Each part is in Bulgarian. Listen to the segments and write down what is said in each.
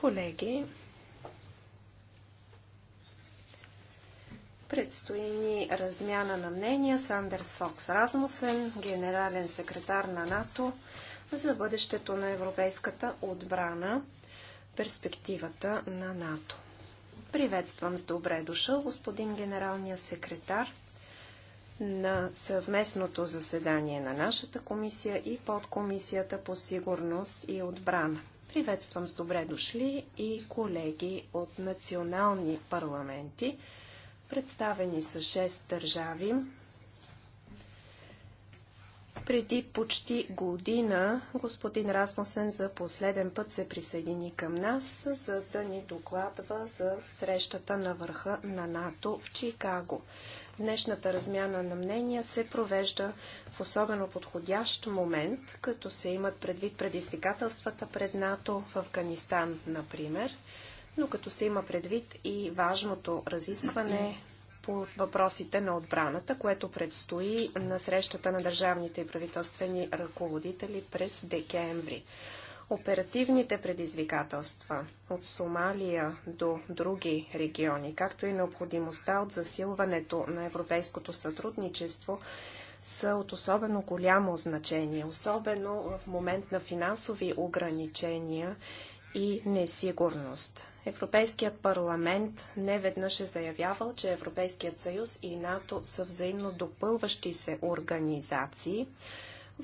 Колеги, предстои ни размяна на мнения с Андерс Фокс Размусен, генерален секретар на НАТО, за бъдещето на европейската отбрана, перспективата на НАТО. Приветствам с добре дошъл господин генералния секретар – на съвместното заседание на нашата комисия и подкомисията по сигурност и отбрана. Приветствам с добре дошли и колеги от национални парламенти. Представени са 6 държави. Преди почти година господин Расмусен за последен път се присъедини към нас, за да ни докладва за срещата на върха на НАТО в Чикаго. Днешната размяна на мнения се провежда в особено подходящ момент, като се имат предвид предизвикателствата пред НАТО в Афганистан, например, но като се има предвид и важното разискване по въпросите на отбраната, което предстои на срещата на държавните и правителствени ръководители през декември оперативните предизвикателства от Сомалия до други региони, както и необходимостта от засилването на европейското сътрудничество, са от особено голямо значение, особено в момент на финансови ограничения и несигурност. Европейският парламент не веднъж е заявявал, че Европейският съюз и НАТО са взаимно допълващи се организации,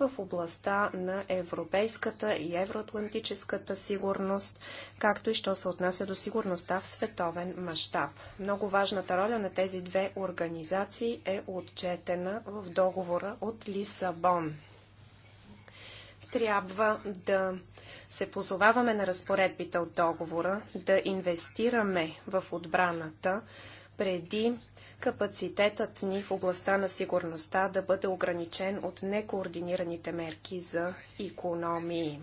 в областта на европейската и евроатлантическата сигурност, както и що се отнася до сигурността в световен мащаб. Много важната роля на тези две организации е отчетена в договора от Лисабон трябва да се позоваваме на разпоредбите от договора, да инвестираме в отбраната преди капацитетът ни в областта на сигурността да бъде ограничен от некоординираните мерки за икономии.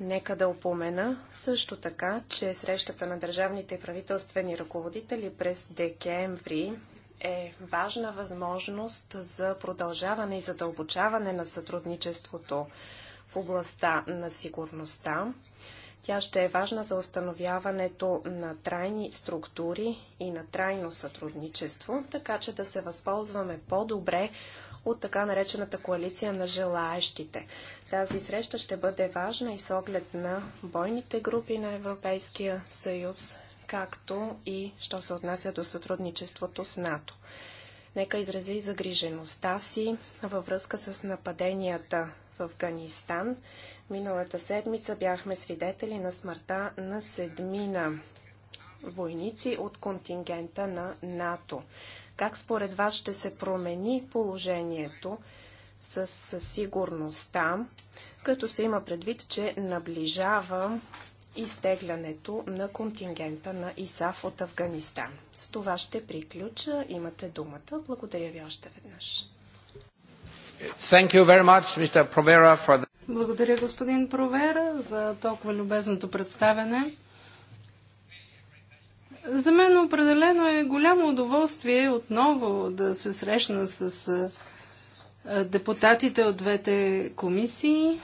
Нека да опомена също така, че срещата на държавните и правителствени ръководители през декември е важна възможност за продължаване и задълбочаване на сътрудничеството в областта на сигурността. Тя ще е важна за установяването на трайни структури и на трайно сътрудничество, така че да се възползваме по-добре от така наречената коалиция на желаещите. Тази среща ще бъде важна и с оглед на бойните групи на Европейския съюз, както и що се отнася до сътрудничеството с НАТО. Нека изрази и загрижеността си във връзка с нападенията в Афганистан. Миналата седмица бяхме свидетели на смъртта на седмина войници от контингента на НАТО. Как според вас ще се промени положението с сигурността, като се има предвид, че наближава изтеглянето на контингента на ИСАФ от Афганистан. С това ще приключа. Имате думата. Благодаря ви още веднъж. Much, Provera, the... Благодаря, господин Провера, за толкова любезното представяне. За мен определено е голямо удоволствие отново да се срещна с депутатите от двете комисии.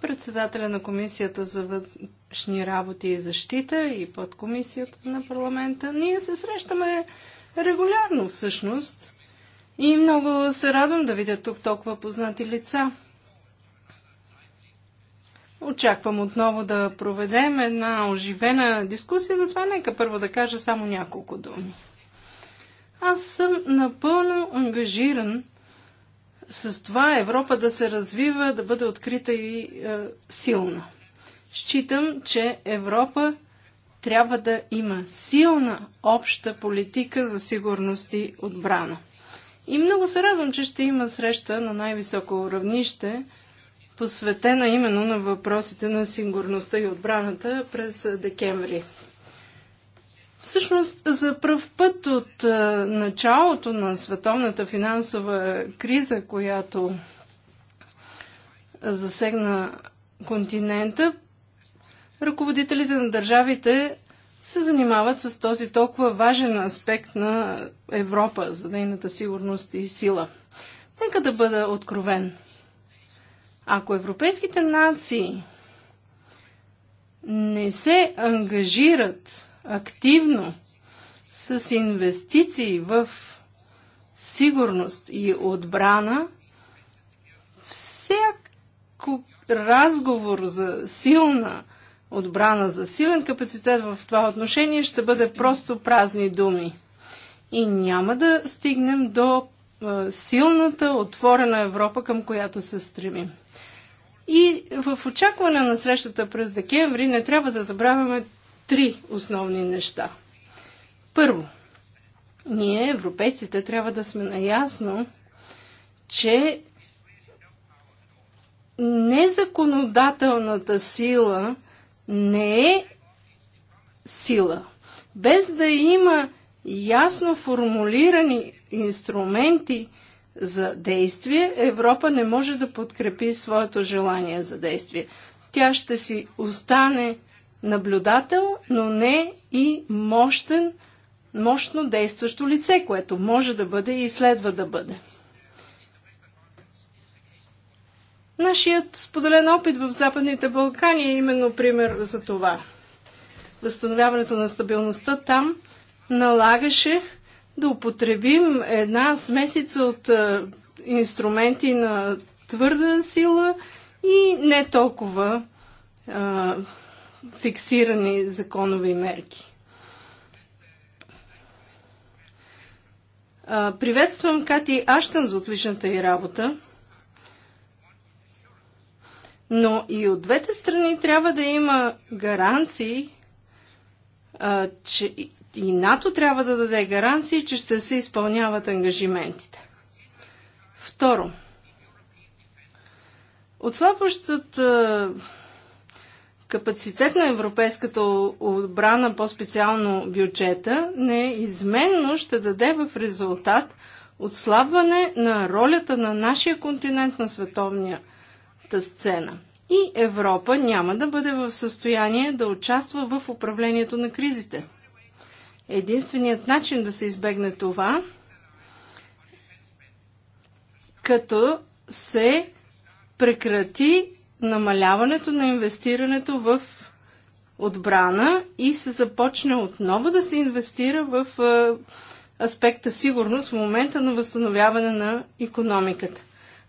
Председателя на комисията за вътрешни работи и защита и подкомисията на парламента. Ние се срещаме регулярно всъщност. И много се радвам да видя тук толкова познати лица. Очаквам отново да проведем една оживена дискусия, затова нека първо да кажа само няколко думи. Аз съм напълно ангажиран с това Европа да се развива, да бъде открита и е, силна. Считам, че Европа трябва да има силна обща политика за сигурност и отбрана. И много се радвам, че ще има среща на най-високо равнище, посветена именно на въпросите на сигурността и отбраната през декември. Всъщност, за пръв път от началото на световната финансова криза, която засегна континента, ръководителите на държавите се занимават с този толкова важен аспект на Европа за нейната сигурност и сила. Нека да бъда откровен. Ако европейските нации не се ангажират активно с инвестиции в сигурност и отбрана, всяко разговор за силна отбрана за силен капацитет в това отношение ще бъде просто празни думи. И няма да стигнем до е, силната, отворена Европа, към която се стремим. И в очакване на срещата през декември не трябва да забравяме три основни неща. Първо, ние, европейците, трябва да сме наясно, че незаконодателната сила не е сила. Без да има ясно формулирани инструменти за действие, Европа не може да подкрепи своето желание за действие. Тя ще си остане наблюдател, но не и мощен, мощно действащо лице, което може да бъде и следва да бъде. Нашият споделен опит в Западните Балкани е именно пример за това. Възстановяването на стабилността там налагаше да употребим една смесица от е, инструменти на твърда сила и не толкова а, е, фиксирани законови мерки. А, е, приветствам Кати Аштан за отличната й работа но и от двете страни трябва да има гаранции, а, че и НАТО трябва да даде гаранции, че ще се изпълняват ангажиментите. Второ, отслабващата капацитет на европейската отбрана, по-специално бюджета, неизменно ще даде в резултат отслабване на ролята на нашия континент на световния сцена. И Европа няма да бъде в състояние да участва в управлението на кризите. Единственият начин да се избегне това, като се прекрати намаляването на инвестирането в отбрана и се започне отново да се инвестира в аспекта сигурност в момента на възстановяване на економиката.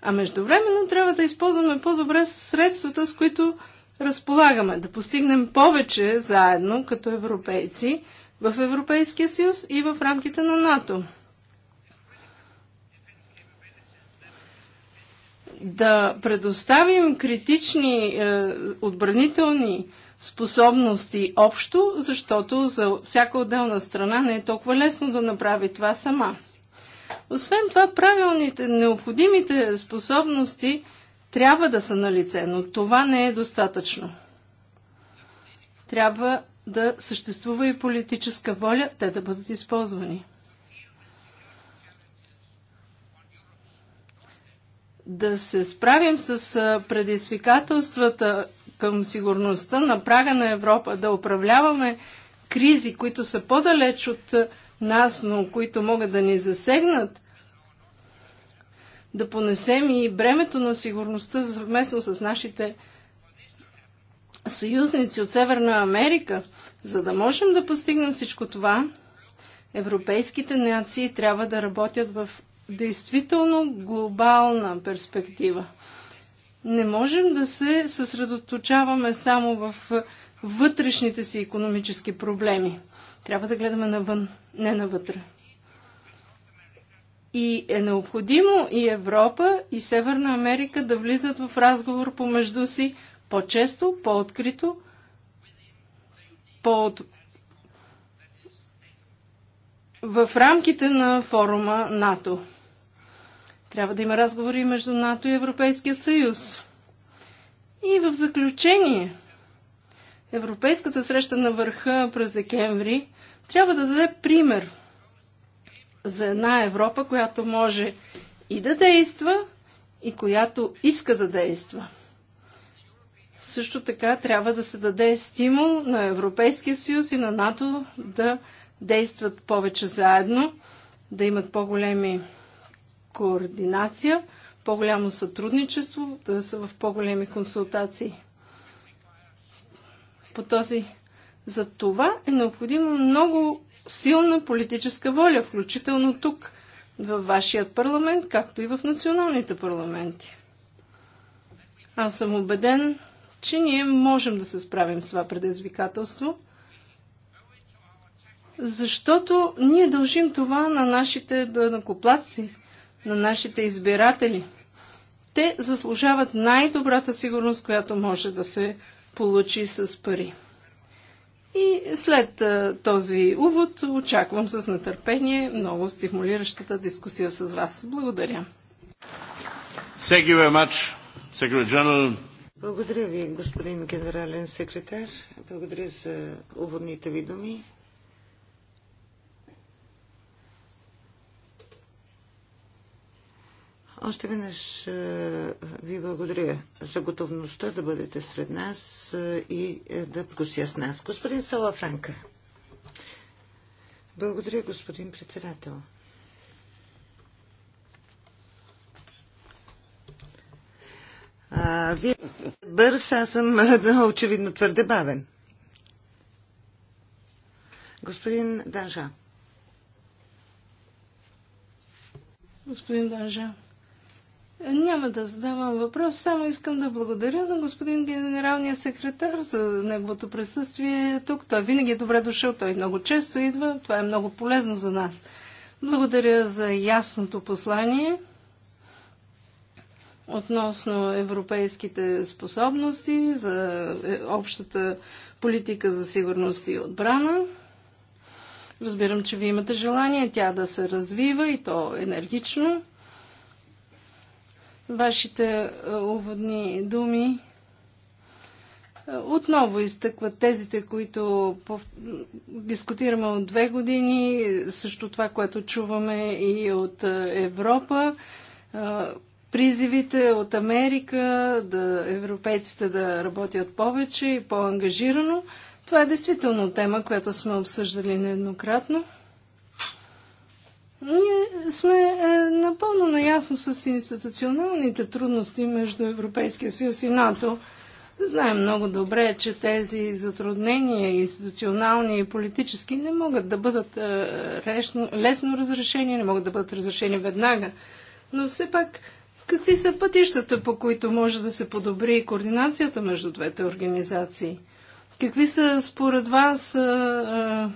А междувременно трябва да използваме по-добре средствата, с които разполагаме, да постигнем повече заедно като европейци в Европейския съюз и в рамките на НАТО. Да предоставим критични е, отбранителни способности общо, защото за всяка отделна страна не е толкова лесно да направи това сама. Освен това, правилните, необходимите способности трябва да са на лице, но това не е достатъчно. Трябва да съществува и политическа воля те да бъдат използвани. Да се справим с предизвикателствата към сигурността на прага на Европа, да управляваме кризи, които са по-далеч от нас, но които могат да ни засегнат, да понесем и бремето на сигурността съвместно с нашите съюзници от Северна Америка. За да можем да постигнем всичко това, европейските нации трябва да работят в действително глобална перспектива. Не можем да се съсредоточаваме само в вътрешните си економически проблеми. Трябва да гледаме навън, не навътре. И е необходимо и Европа, и Северна Америка да влизат в разговор помежду си по-често, по-открито, по-от... в рамките на форума НАТО. Трябва да има разговори между НАТО и Европейският съюз. И в заключение, Европейската среща на върха през декември трябва да даде пример за една Европа, която може и да действа, и която иска да действа. Също така трябва да се даде стимул на Европейския съюз и на НАТО да действат повече заедно, да имат по-големи координация, по-голямо сътрудничество, да са в по-големи консултации. По този за това е необходимо много силна политическа воля, включително тук, във вашия парламент, както и в националните парламенти. Аз съм убеден, че ние можем да се справим с това предизвикателство, защото ние дължим това на нашите данакоплаци, на нашите избиратели. Те заслужават най-добрата сигурност, която може да се получи с пари. И след този увод очаквам с нетърпение много стимулиращата дискусия с вас. Благодаря. Благодаря ви, господин генерален секретар. Благодаря за уводните ви думи. Още веднъж е, ви благодаря за готовността да бъдете сред нас е, и е, да прося с нас. Господин Салафранка. Благодаря, господин председател. А, вие бърз, аз съм очевидно твърде бавен. Господин Данжа. Господин Данжа. Няма да задавам въпрос, само искам да благодаря на господин генералния секретар за неговото присъствие тук. Той винаги е добре дошъл, той много често идва, това е много полезно за нас. Благодаря за ясното послание относно европейските способности, за е, общата политика за сигурност и отбрана. Разбирам, че ви имате желание тя да се развива и то енергично вашите е, уводни думи е, отново изтъкват тезите, които дискутираме от две години, също това, което чуваме и от е, Европа. Призивите от Америка да европейците да работят повече и по-ангажирано. Това е действително тема, която сме обсъждали нееднократно. Ние сме е, напълно наясно с институционалните трудности между Европейския съюз и НАТО. Знаем много добре, че тези затруднения, институционални и политически, не могат да бъдат е, лесно разрешени, не могат да бъдат разрешени веднага. Но все пак, какви са пътищата, по които може да се подобри координацията между двете организации? Какви са според вас е, е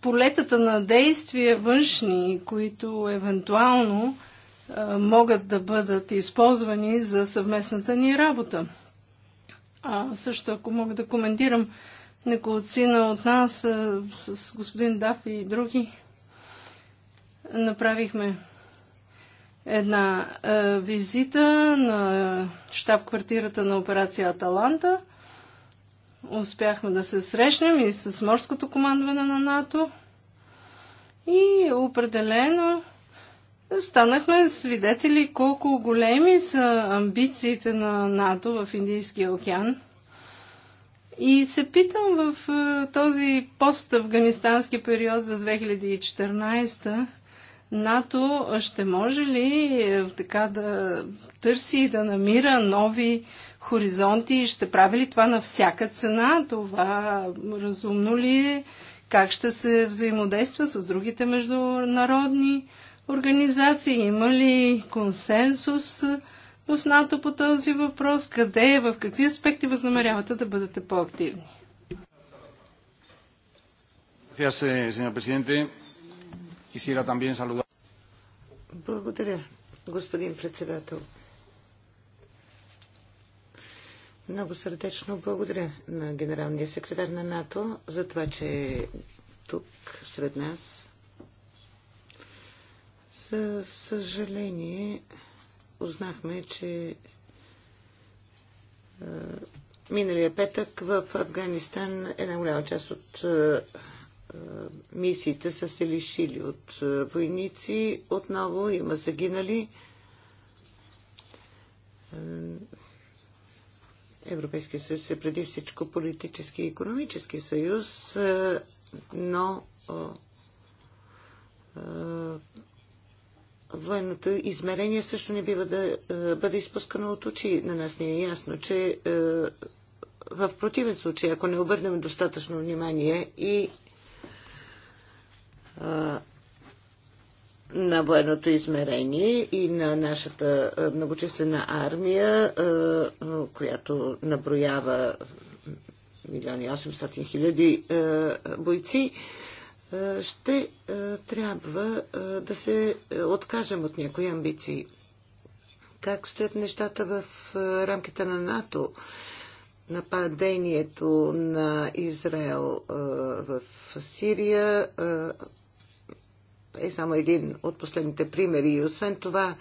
полетата на действия външни, които евентуално а, могат да бъдат използвани за съвместната ни работа. А също, ако мога да коментирам неколцина от нас а, с господин Даф и други, направихме една а, визита на щаб-квартирата на операция Аталанта – успяхме да се срещнем и с морското командване на НАТО. И определено станахме свидетели колко големи са амбициите на НАТО в Индийския океан. И се питам в е, този пост-афганистански период за 2014 НАТО ще може ли е, така да търси и да намира нови хоризонти? Ще прави ли това на всяка цена? Това разумно ли е? Как ще се взаимодейства с другите международни организации? Има ли консенсус в НАТО по този въпрос? Къде, е? в какви аспекти възнамерявате да бъдете по-активни? Благодаря, господин председател. Много сърдечно благодаря на генералния секретар на НАТО за това, че е тук сред нас. За съжаление, узнахме, че миналия петък в Афганистан една голяма част от мисиите са се лишили от войници. Отново има загинали. Европейския съюз е преди всичко политически и економически съюз, е, но е, е, военното измерение също не бива да бъде изпускано от очи. На нас ни е ясно, че в противен случай, ако не обърнем достатъчно внимание и на военното измерение и на нашата е, многочислена армия, е, е, която наброява милиони 800 хиляди бойци, ще трябва да се откажем от някои амбиции. Как стоят нещата в рамките на НАТО? Нападението на Израел в Сирия е само един от последните примери. И освен това,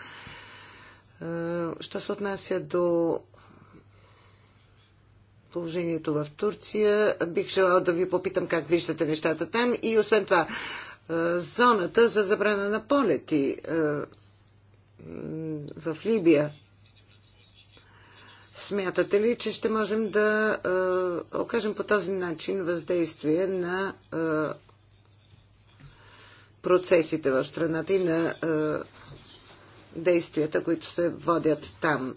е, що се отнася до положението в Турция, бих желала да ви попитам как виждате нещата там. И освен това, е, зоната за забрана на полети е, в Либия. Смятате ли, че ще можем да е, окажем по този начин въздействие на процесите в страната и на действията, които се водят там.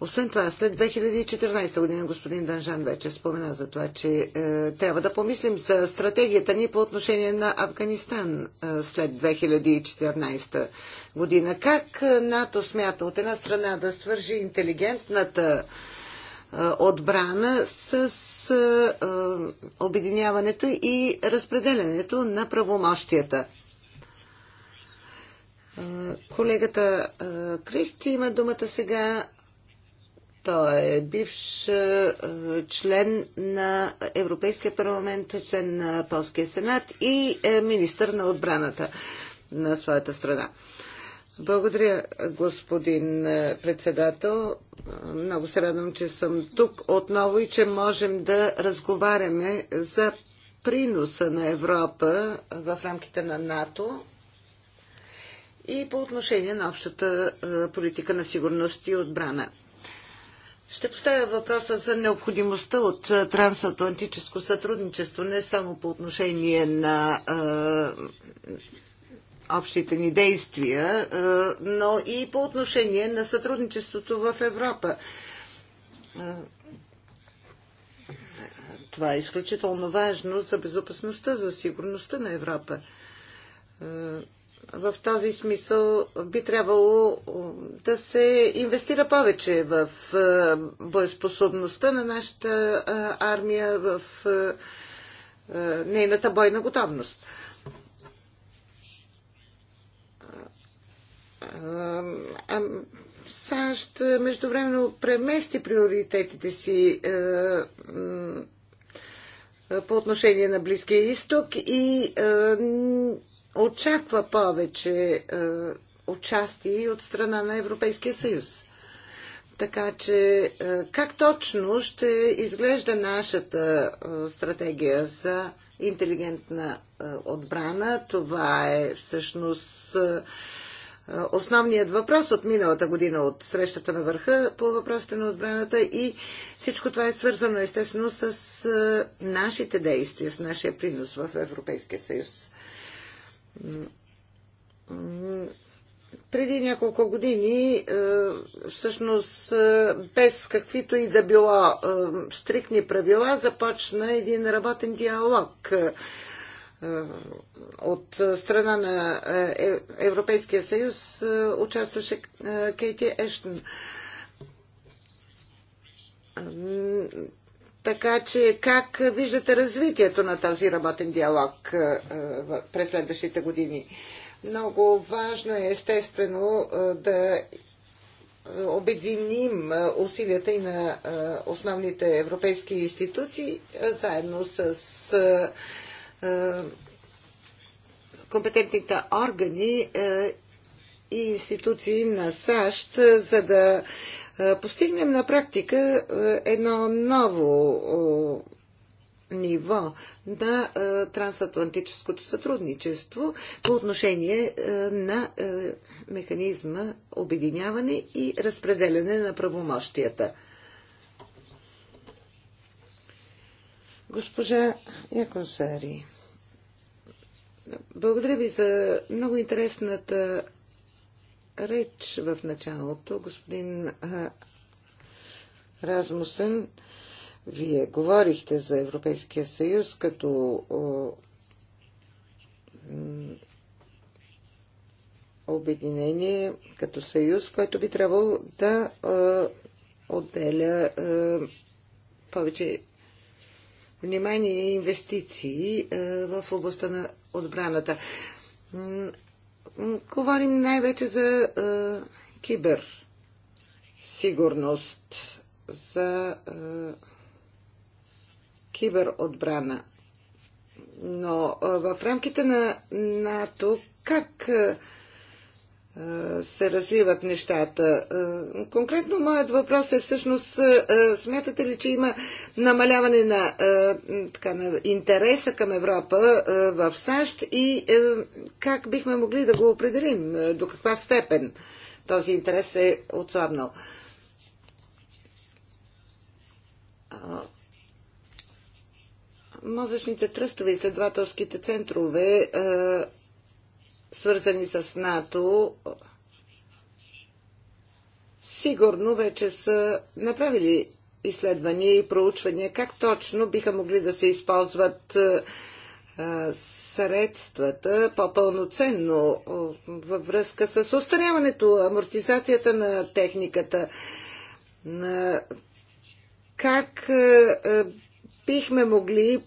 Освен това, след 2014 година господин Данжан вече спомена за това, че е, трябва да помислим за стратегията ни по отношение на Афганистан е, след 2014 година. Как е, НАТО смята от една страна да свържи интелигентната е, отбрана с е, е обединяването и разпределянето на правомощията Колегата Крихти има думата сега. Той е бивш член на Европейския парламент, член на Полския сенат и е министър на отбраната на своята страна. Благодаря, господин председател. Много се радвам, че съм тук отново и че можем да разговаряме за приноса на Европа в рамките на НАТО и по отношение на общата е, политика на сигурност и отбрана. Ще поставя въпроса за необходимостта от е, трансатлантическо сътрудничество не само по отношение на е, общите ни действия, но и по отношение на сътрудничеството в Европа. Това е изключително важно за безопасността, за сигурността на Европа. В този смисъл би трябвало да се инвестира повече в е, боеспособността на нашата е, армия, в е, нейната бойна готовност. САЩ междувременно премести приоритетите си по отношение на Близкия изток и очаква повече е, участие от страна на Европейския съюз. Така че е, как точно ще изглежда нашата е, стратегия за интелигентна отбрана? Това е всъщност основният въпрос от миналата година от срещата на върха по въпросите на отбраната и всичко това е свързано естествено с нашите действия, с нашия принос в Европейския съюз преди няколко години, е, всъщност е, без каквито и да било е, стрикни правила, започна един работен диалог от страна на Европейския съюз участваше Кейти Ештън. Така че как виждате развитието на този работен диалог е, през следващите години? Много важно е естествено е, да е, обединим усилията и на основните европейски институции заедно с компетентните органи и институции на САЩ, за да е, постигнем на практика е, едно ново е, ниво на трансатлантическото сътрудничество по отношение на механизма обединяване и разпределяне на правомощията. Госпожа Яконсари, благодаря ви за много интересната реч в началото, господин Размусен. Вие говорихте за Европейския съюз като обединение, като съюз, който би трябвало да отделя повече внимание и инвестиции в областта на отбраната. Говорим най-вече за а, кибер сигурност, за а, киберотбрана. Но а, в рамките на НАТО как а, се развиват нещата. Е, конкретно моят въпрос е всъщност, е, смятате ли, че има намаляване на, е, така, на интереса към Европа в САЩ и как бихме могли да го определим? До каква степен този интерес е отслабнал? Мозъчните тръстове, и изследователските центрове свързани с НАТО, сигурно вече са направили изследвания и проучвания как точно биха могли да се използват е, е, средствата по-пълноценно е, във връзка с устаряването, амортизацията на техниката. Как бихме могли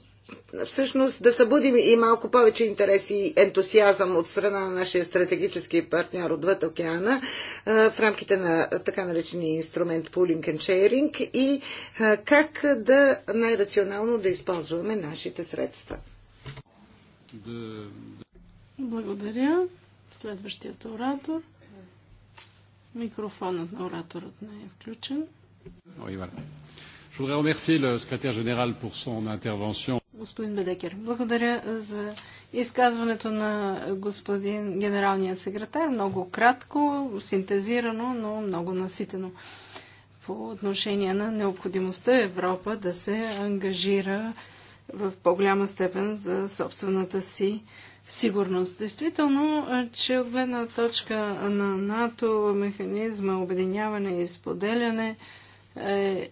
всъщност да събудим и малко повече интерес и ентусиазъм от страна на нашия стратегически партньор отвъд океана в рамките на така наречения инструмент Pooling and Sharing и как да най-рационално да използваме нашите средства. Благодаря. Следващият оратор. Микрофонът на ораторът не е включен. Ще благодаря le secrétaire général pour son intervention господин Бедекер. Благодаря за изказването на господин генералният секретар. Много кратко, синтезирано, но много наситено. По отношение на необходимостта Европа да се ангажира в по-голяма степен за собствената си сигурност. Действително, е, че от гледна точка на НАТО механизма обединяване и споделяне е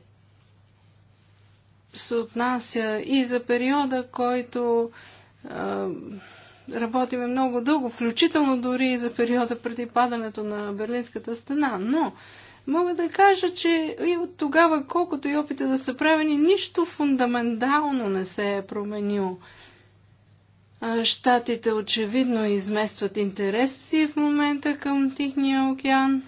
се отнася и за периода, който а, работиме много дълго, включително дори и за периода преди падането на Берлинската стена. Но мога да кажа, че и от тогава, колкото и опита да са правени, нищо фундаментално не се е променило. Штатите очевидно изместват интереси си в момента към Тихния океан.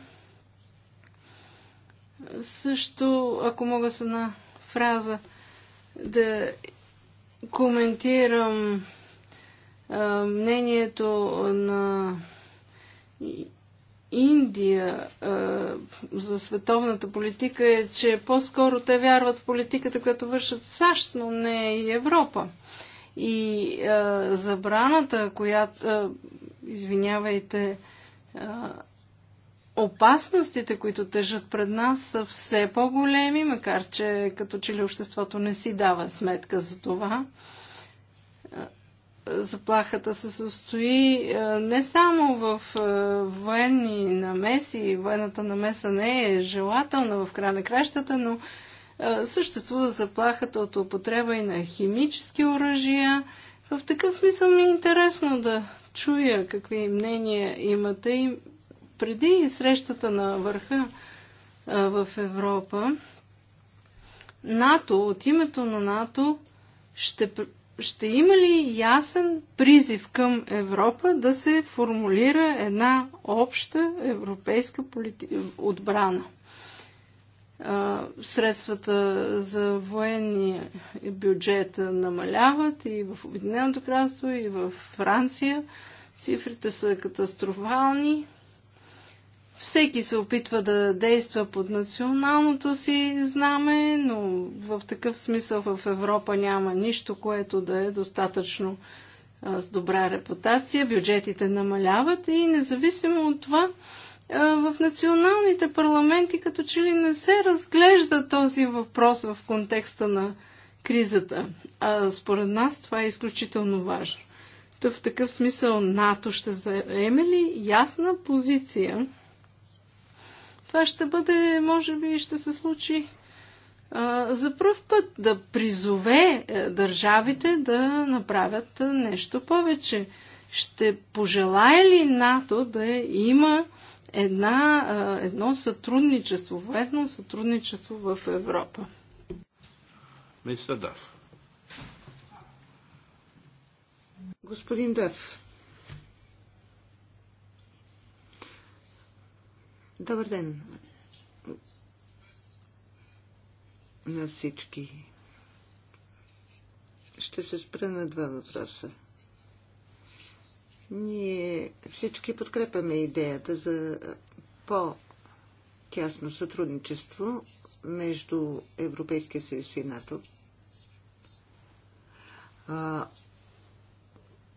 Също, ако мога се на фраза, да коментирам а, мнението на Индия а, за световната политика е, че по-скоро те вярват в политиката, която вършат САЩ, но не и Европа. И а, забраната, която, а, извинявайте, а, опасностите, които тежат пред нас, са все по-големи, макар че като че ли обществото не си дава сметка за това. Е, заплахата се състои е, не само в е, военни намеси, военната намеса не е желателна в края на кращата, но съществува заплахата от употреба и на химически оръжия. В такъв смисъл ми е интересно да чуя какви мнения имате и преди срещата на върха в Европа, НАТО, от името на НАТО, ще, ще има ли ясен призив към Европа да се формулира една обща европейска полити... отбрана? средствата за военния бюджета намаляват и в Обединеното кралство, и в Франция. Цифрите са катастрофални. Всеки се опитва да действа под националното си знаме, но в такъв смисъл в Европа няма нищо, което да е достатъчно с добра репутация. Бюджетите намаляват и независимо от това, в националните парламенти като че ли не се разглежда този въпрос в контекста на кризата. А според нас това е изключително важно. в такъв смисъл НАТО ще заеме ли ясна позиция това ще бъде, може би, ще се случи за първ път да призове е, държавите да направят е, нещо повече. Ще пожелая ли НАТО да има една, е, едно сътрудничество, военно сътрудничество в Европа? Мистер Дав. Господин Дав. Добър ден на всички. Ще се спра на два въпроса. Ние всички подкрепяме идеята за по-тясно сътрудничество между Европейския съюз и НАТО,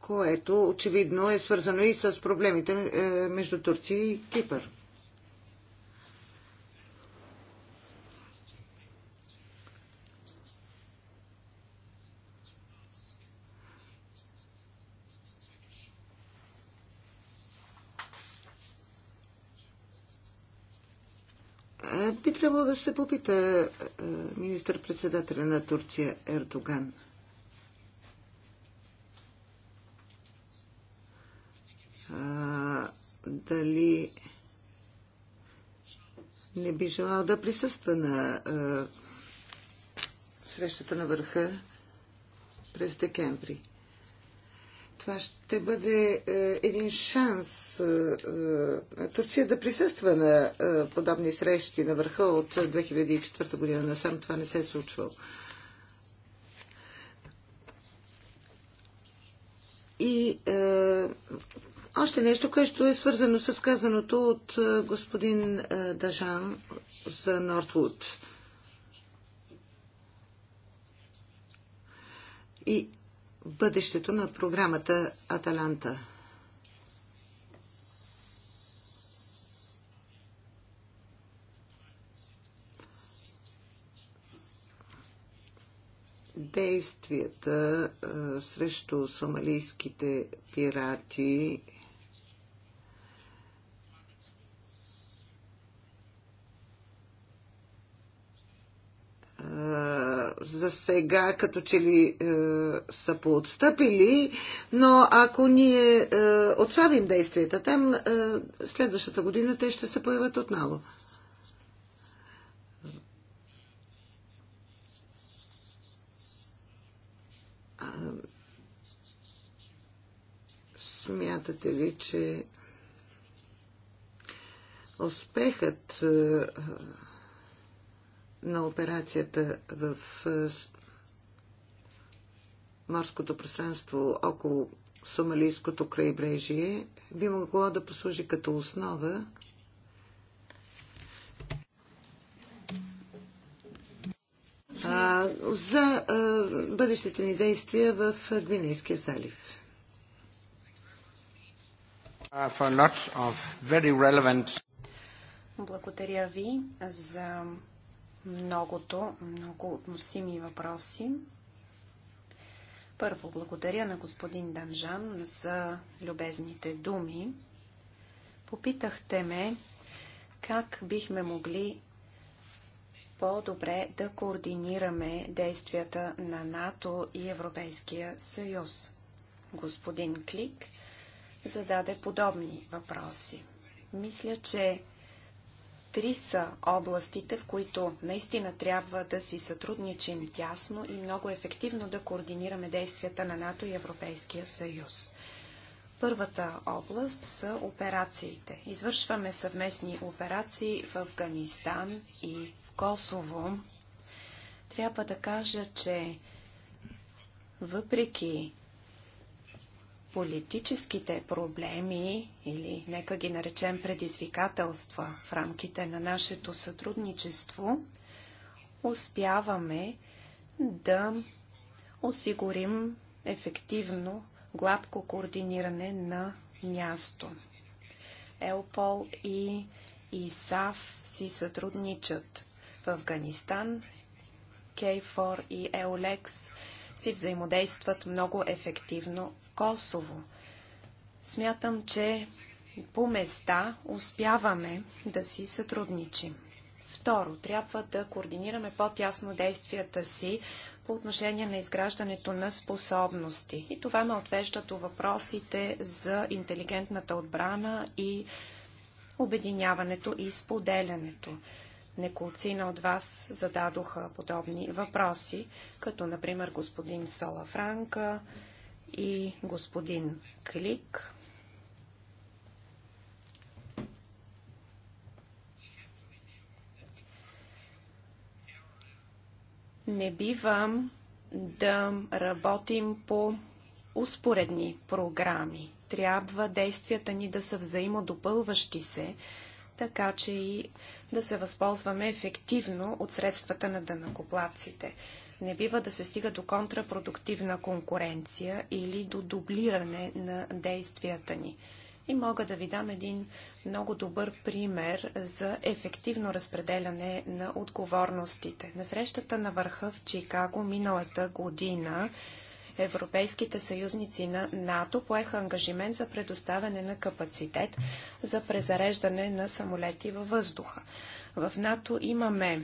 което очевидно е свързано и с проблемите е, между Турция и Кипър. да се попита е, министър-председателя на Турция Ердоган. А, дали не би желал да присъства на а, е, срещата на върха през декември. Това ще бъде е, един шанс е, е, Турция да присъства на подобни срещи на върха от 2004 година. Насам това не се е случвало. И е, още нещо, което е свързано с казаното от господин е, Дажан за Нортвуд. И бъдещето на програмата Аталанта. Действията а, срещу сомалийските пирати за сега като че ли е, са поотстъпили, но ако ние е, отслабим действията там, е, следващата година те ще се появят отново. Смятате ли, че успехът е, на операцията в е, морското пространство около Сомалийското крайбрежие би могло да послужи като основа за е, бъдещите ни действия в Гвинейския залив. Uh, Благодаря ви за многото, много относими въпроси. Първо, благодаря на господин Данжан за любезните думи. Попитахте ме как бихме могли по-добре да координираме действията на НАТО и Европейския съюз. Господин Клик зададе подобни въпроси. Мисля, че Три са областите, в които наистина трябва да си сътрудничим тясно и много ефективно да координираме действията на НАТО и Европейския съюз. Първата област са операциите. Извършваме съвместни операции в Афганистан и в Косово. Трябва да кажа, че въпреки политическите проблеми или нека ги наречем предизвикателства в рамките на нашето сътрудничество, успяваме да осигурим ефективно гладко координиране на място. Елпол и ИСАФ си сътрудничат в Афганистан, Кейфор и Еолекс – си взаимодействат много ефективно в Косово. Смятам, че по места успяваме да си сътрудничим. Второ, трябва да координираме по-тясно действията си по отношение на изграждането на способности. И това ме отвежда до въпросите за интелигентната отбрана и обединяването и споделянето. Неколцина от вас зададоха подобни въпроси, като например господин Салафранка и господин Клик. Не бивам да работим по успоредни програми. Трябва действията ни да са взаимодопълващи се, така че и да се възползваме ефективно от средствата на дънакоплаците. Не бива да се стига до контрапродуктивна конкуренция или до дублиране на действията ни. И мога да ви дам един много добър пример за ефективно разпределяне на отговорностите. На срещата на върха в Чикаго миналата година Европейските съюзници на НАТО поеха ангажимент за предоставяне на капацитет за презареждане на самолети във въздуха. В НАТО имаме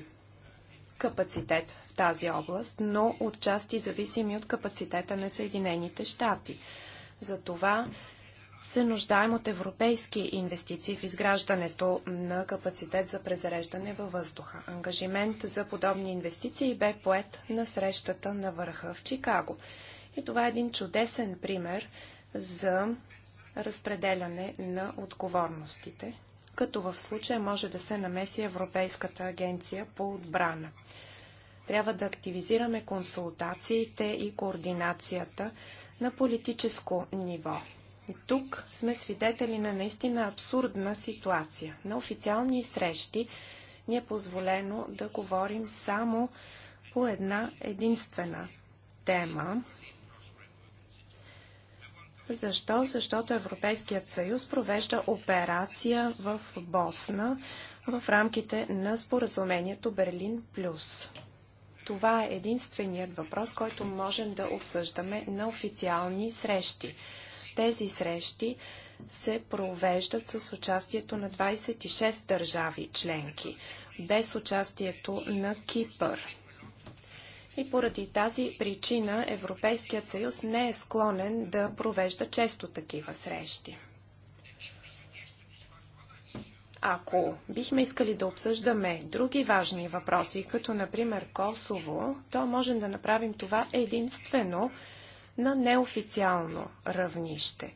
капацитет в тази област, но отчасти зависими от капацитета на Съединените щати. Затова се нуждаем от европейски инвестиции в изграждането на капацитет за презареждане във въздуха. Ангажимент за подобни инвестиции бе поет на срещата на върха в Чикаго. И това е един чудесен пример за разпределяне на отговорностите, като в случая може да се намеси Европейската агенция по отбрана. Трябва да активизираме консултациите и координацията на политическо ниво. Тук сме свидетели на наистина абсурдна ситуация. На официални срещи ни е позволено да говорим само по една единствена тема, защо? Защото Европейският съюз провежда операция в Босна в рамките на споразумението Берлин Плюс. Това е единственият въпрос, който можем да обсъждаме на официални срещи. Тези срещи се провеждат с участието на 26 държави членки, без участието на Кипър и поради тази причина Европейският съюз не е склонен да провежда често такива срещи. Ако бихме искали да обсъждаме други важни въпроси, като например Косово, то можем да направим това единствено на неофициално равнище.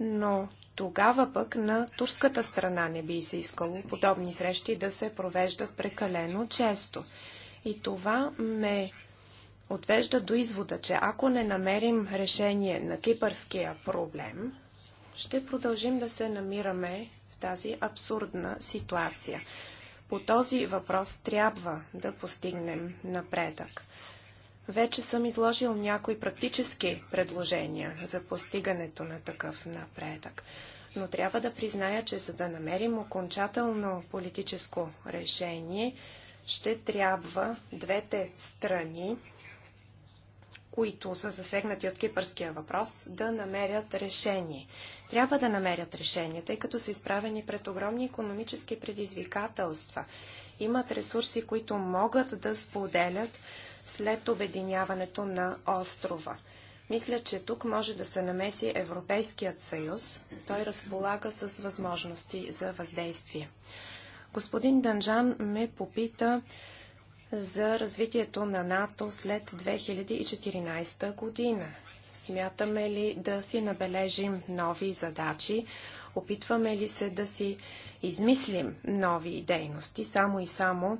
Но тогава пък на турската страна не би се искало подобни срещи да се провеждат прекалено често. И това ме отвежда до извода, че ако не намерим решение на кипърския проблем, ще продължим да се намираме в тази абсурдна ситуация. По този въпрос трябва да постигнем напредък. Вече съм изложил някои практически предложения за постигането на такъв напредък. Но трябва да призная, че за да намерим окончателно политическо решение, ще трябва двете страни, които са засегнати от кипърския въпрос, да намерят решение. Трябва да намерят решение, тъй като са изправени пред огромни економически предизвикателства. Имат ресурси, които могат да споделят след обединяването на острова. Мисля, че тук може да се намеси Европейският съюз. Той разполага с възможности за въздействие. Господин Данжан ме попита за развитието на НАТО след 2014 година. Смятаме ли да си набележим нови задачи? Опитваме ли се да си измислим нови дейности само и само,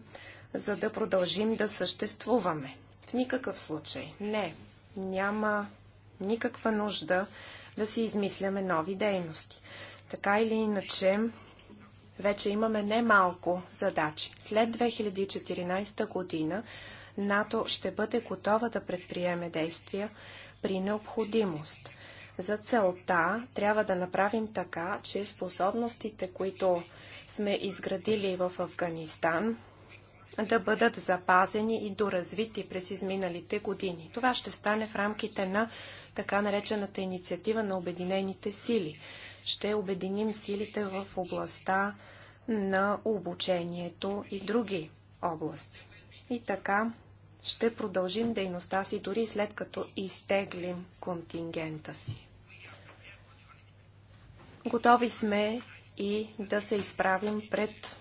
за да продължим да съществуваме? В никакъв случай. Не. Няма никаква нужда да си измисляме нови дейности. Така или иначе, вече имаме немалко задачи. След 2014 година НАТО ще бъде готова да предприеме действия при необходимост. За целта трябва да направим така, че способностите, които сме изградили в Афганистан, да бъдат запазени и доразвити през изминалите години. Това ще стане в рамките на така наречената инициатива на Обединените сили. Ще обединим силите в областта на обучението и други области. И така ще продължим дейността си дори след като изтеглим контингента си. Готови сме и да се изправим пред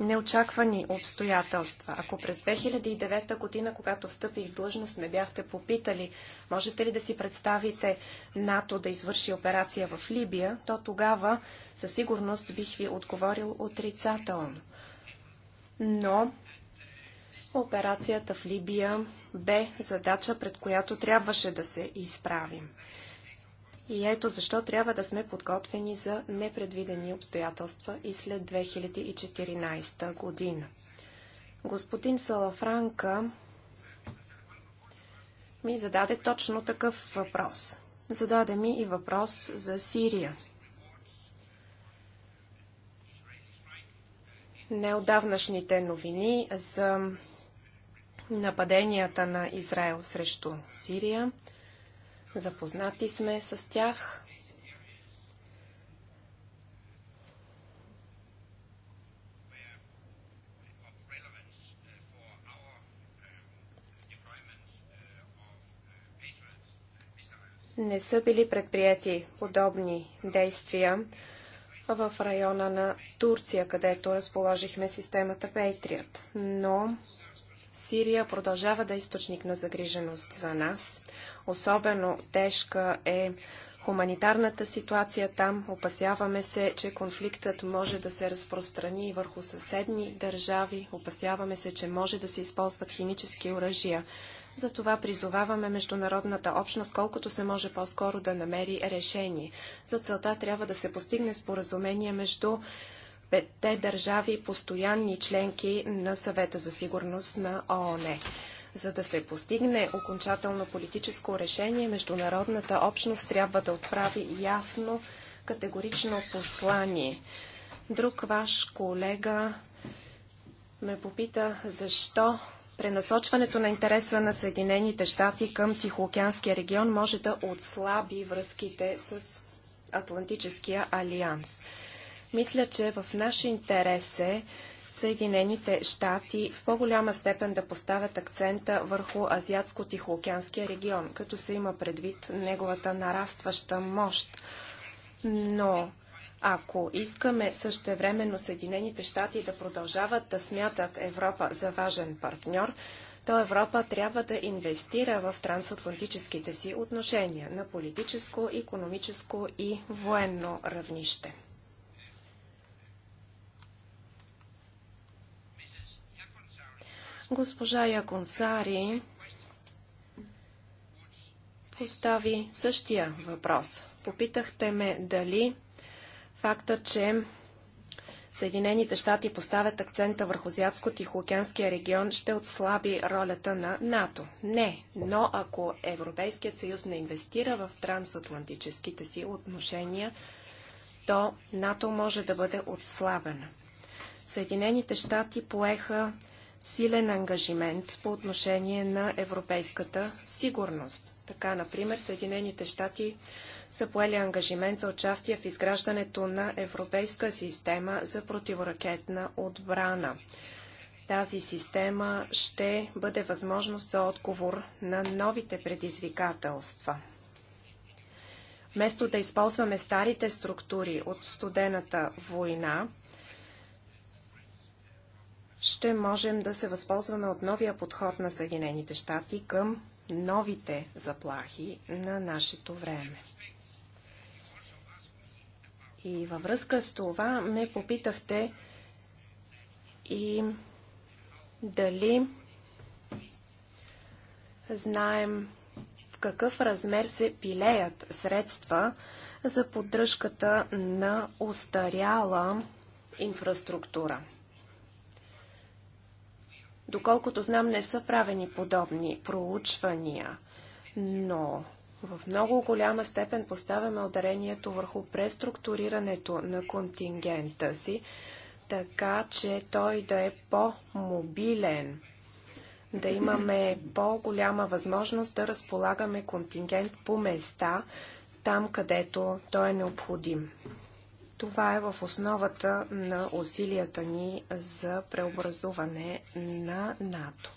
неочаквани обстоятелства. Ако през 2009 година, когато встъпих в длъжност, ме бяхте попитали, можете ли да си представите НАТО да извърши операция в Либия, то тогава със сигурност бих ви отговорил отрицателно. Но операцията в Либия бе задача, пред която трябваше да се изправим. И ето защо трябва да сме подготвени за непредвидени обстоятелства и след 2014 година. Господин Салафранка ми зададе точно такъв въпрос. Зададе ми и въпрос за Сирия. Неодавнашните новини за нападенията на Израел срещу Сирия – Запознати сме с тях. не са били предприяти подобни действия в района на Турция, където разположихме системата Patriot. Но Сирия продължава да е източник на загриженост за нас. Особено тежка е хуманитарната ситуация там. Опасяваме се, че конфликтът може да се разпространи и върху съседни държави. Опасяваме се, че може да се използват химически оръжия. Затова призоваваме международната общност колкото се може по-скоро да намери решение. За целта трябва да се постигне споразумение между петте държави постоянни членки на съвета за сигурност на ООН. За да се постигне окончателно политическо решение, международната общност трябва да отправи ясно, категорично послание. Друг ваш колега ме попита защо пренасочването на интереса на Съединените щати към Тихоокеанския регион може да отслаби връзките с Атлантическия алианс. Мисля, че в наш интерес е Съединените щати в по-голяма степен да поставят акцента върху Азиатско-Тихоокеанския регион, като се има предвид неговата нарастваща мощ. Но ако искаме същевременно Съединените щати да продължават да смятат Европа за важен партньор, то Европа трябва да инвестира в трансатлантическите си отношения на политическо, економическо и военно равнище. Госпожа Яконсари постави същия въпрос. Попитахте ме дали факта, че Съединените щати поставят акцента върху Азиатско-Тихоокеанския регион, ще отслаби ролята на НАТО. Не, но ако Европейският съюз не инвестира в трансатлантическите си отношения, то НАТО може да бъде отслабена. Съединените щати поеха силен ангажимент по отношение на европейската сигурност. Така, например, Съединените щати са поели ангажимент за участие в изграждането на европейска система за противоракетна отбрана. Тази система ще бъде възможност за отговор на новите предизвикателства. Вместо да използваме старите структури от студената война, ще можем да се възползваме от новия подход на Съединените щати към новите заплахи на нашето време. И във връзка с това ме попитахте и дали знаем в какъв размер се пилеят средства за поддръжката на устаряла инфраструктура. Доколкото знам, не са правени подобни проучвания, но в много голяма степен поставяме ударението върху преструктурирането на контингента си, така че той да е по-мобилен, да имаме по-голяма възможност да разполагаме контингент по места, там където той е необходим. Това е в основата на усилията ни за преобразуване на НАТО.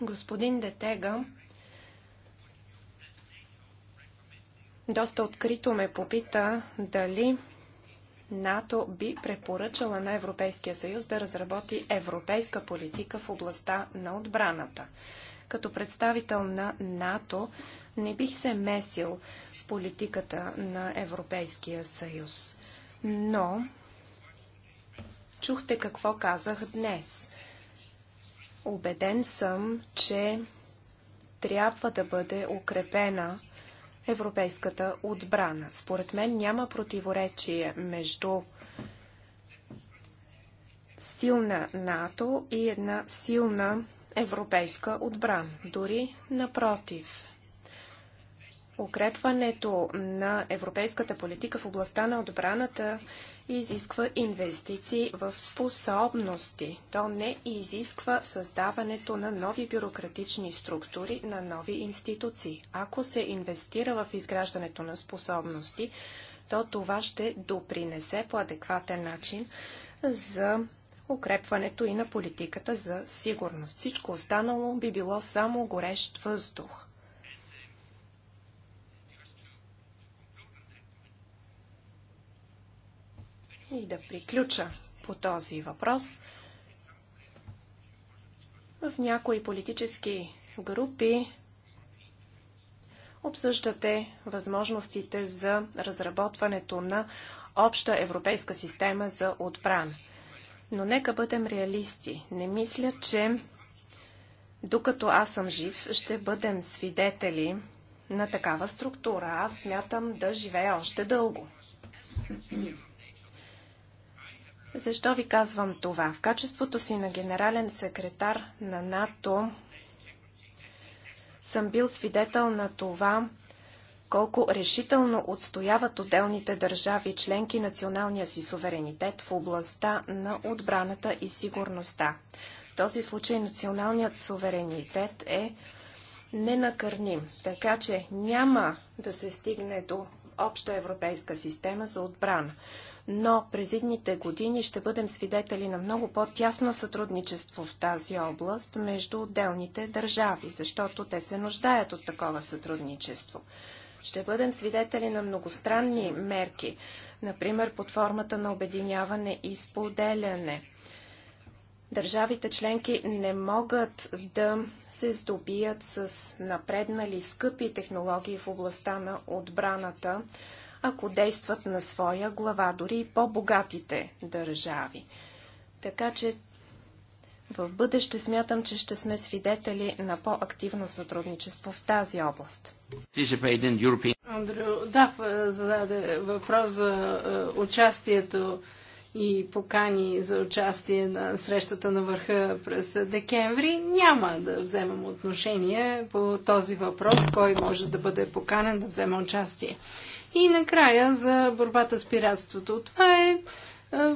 Господин Детега доста открито ме попита дали НАТО би препоръчала на Европейския съюз да разработи европейска политика в областта на отбраната. Като представител на НАТО не бих се месил в политиката на Европейския съюз но чухте какво казах днес. Обеден съм, че трябва да бъде укрепена европейската отбрана. Според мен няма противоречие между силна НАТО и една силна европейска отбрана. Дори напротив, Укрепването на европейската политика в областта на отбраната изисква инвестиции в способности. То не изисква създаването на нови бюрократични структури, на нови институции. Ако се инвестира в изграждането на способности, то това ще допринесе по адекватен начин за укрепването и на политиката за сигурност. Всичко останало би било само горещ въздух. И да приключа по този въпрос. В някои политически групи обсъждате възможностите за разработването на обща европейска система за отбран. Но нека бъдем реалисти. Не мисля, че докато аз съм жив, ще бъдем свидетели на такава структура. Аз смятам да живея още дълго. Защо ви казвам това? В качеството си на генерален секретар на НАТО съм бил свидетел на това, колко решително отстояват отделните държави членки националния си суверенитет в областта на отбраната и сигурността. В този случай националният суверенитет е ненакърним, така че няма да се стигне до обща европейска система за отбрана но през едните години ще бъдем свидетели на много по-тясно сътрудничество в тази област между отделните държави, защото те се нуждаят от такова сътрудничество. Ще бъдем свидетели на многостранни мерки, например под формата на обединяване и споделяне – държавите членки не могат да се здобият с напреднали скъпи технологии в областта на отбраната ако действат на своя глава, дори и по-богатите държави. Така че в бъдеще смятам, че ще сме свидетели на по-активно сътрудничество в тази област. Андрю да, зададе въпрос за е, участието и покани за участие на срещата на върха през декември. Няма да вземам отношение по този въпрос, кой може да бъде поканен да взема участие. И накрая за борбата с пиратството. Това е, е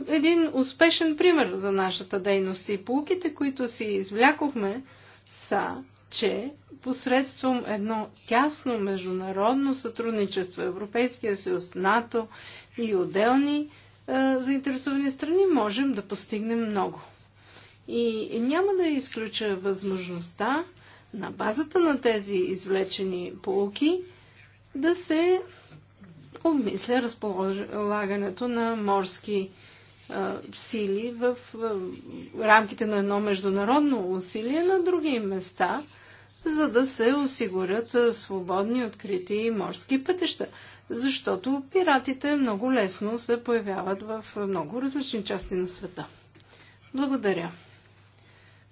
един успешен пример за нашата дейност и полуките, които си извлякохме са, че посредством едно тясно международно сътрудничество Европейския съюз, НАТО и отделни е, заинтересовани страни можем да постигнем много. И няма да изключа възможността на базата на тези извлечени полуки да се обмисля разполагането на морски а, сили в, в рамките на едно международно усилие на други места, за да се осигурят свободни, открити морски пътища. Защото пиратите много лесно се появяват в много различни части на света. Благодаря.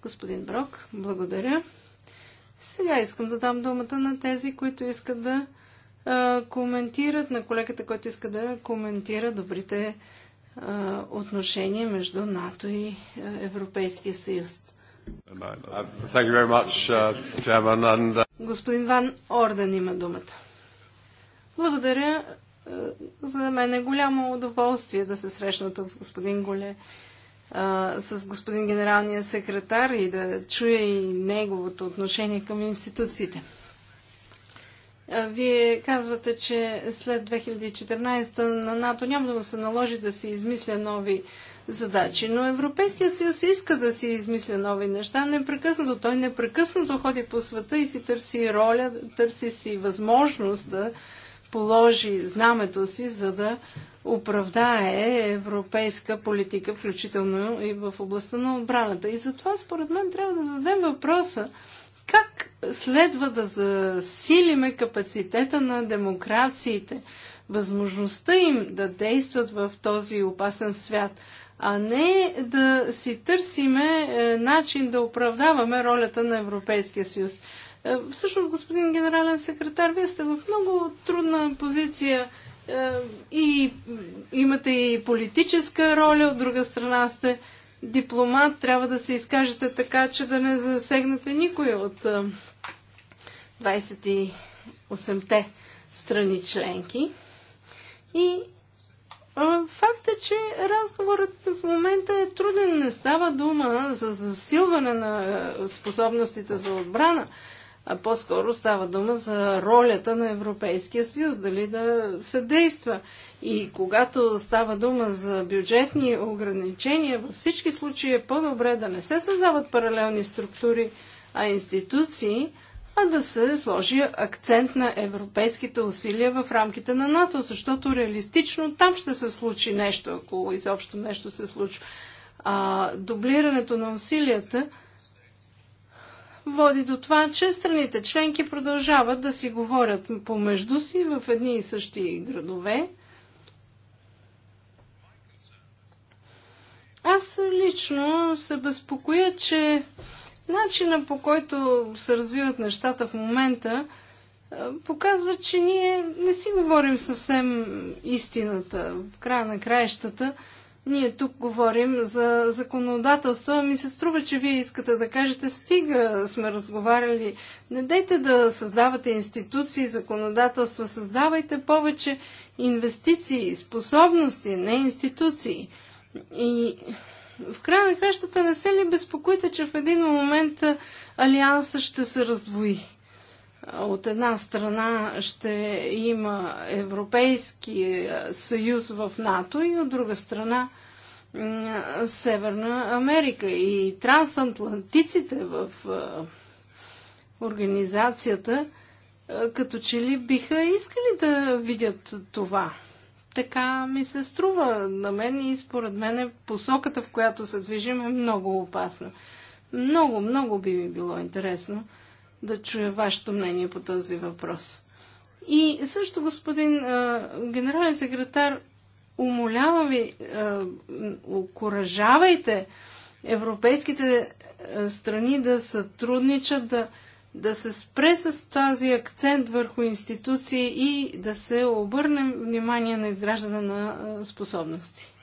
Господин Брок, благодаря. Сега искам да дам думата на тези, които искат да а, коментират, на колегата, който иска да коментира добрите а, отношения между НАТО и Европейския съюз. Uh, uh, господин Ван Орден има думата. Благодаря. За мен е голямо удоволствие да се срещна тук с господин Голе, с господин генералния секретар и да чуя и неговото отношение към институциите. Вие казвате, че след 2014 на НАТО няма да му се наложи да се измисля нови задачи, но Европейския съюз иска да си измисля нови неща непрекъснато. Той непрекъснато ходи по света и си търси роля, търси си възможност да положи знамето си, за да оправдае европейска политика, включително и в областта на отбраната. И затова, според мен, трябва да зададем въпроса как следва да засилиме капацитета на демокрациите, възможността им да действат в този опасен свят, а не да си търсиме е, начин да оправдаваме ролята на Европейския съюз? Е, всъщност, господин генерален секретар, вие сте в много трудна позиция е, и имате и политическа роля, от друга страна сте дипломат трябва да се изкажете така, че да не засегнете никой от 28-те страни членки. И факт е, че разговорът в момента е труден. Не става дума за засилване на способностите за отбрана а по-скоро става дума за ролята на Европейския съюз, дали да се действа. И когато става дума за бюджетни ограничения, във всички случаи е по-добре да не се създават паралелни структури, а институции, а да се сложи акцент на европейските усилия в рамките на НАТО, защото реалистично там ще се случи нещо, ако изобщо нещо се случва. А, дублирането на усилията – води до това, че страните членки продължават да си говорят помежду си в едни и същи градове. Аз лично се безпокоя, че начина по който се развиват нещата в момента показва, че ние не си говорим съвсем истината в края на краищата. Ние тук говорим за законодателство, а ми се струва, че вие искате да кажете, стига сме разговаряли, не дайте да създавате институции, законодателства, създавайте повече инвестиции, способности, не институции. И в края на кращата не се ли безпокоите, че в един момент Алианса ще се раздвои? От една страна ще има Европейски е, съюз в НАТО и от друга страна Северна Америка и трансатлантиците в е, организацията е, като че ли биха искали да видят това. Така ми се струва на мен и според мен посоката, в която се движим е много опасна. Много, много би ми било интересно да чуя вашето мнение по този въпрос. И също, господин а, генерален секретар, умолявам ви, а, окоръжавайте европейските а, страни да сътрудничат, да, да се спре с тази акцент върху институции и да се обърне внимание на изграждане на а, способности.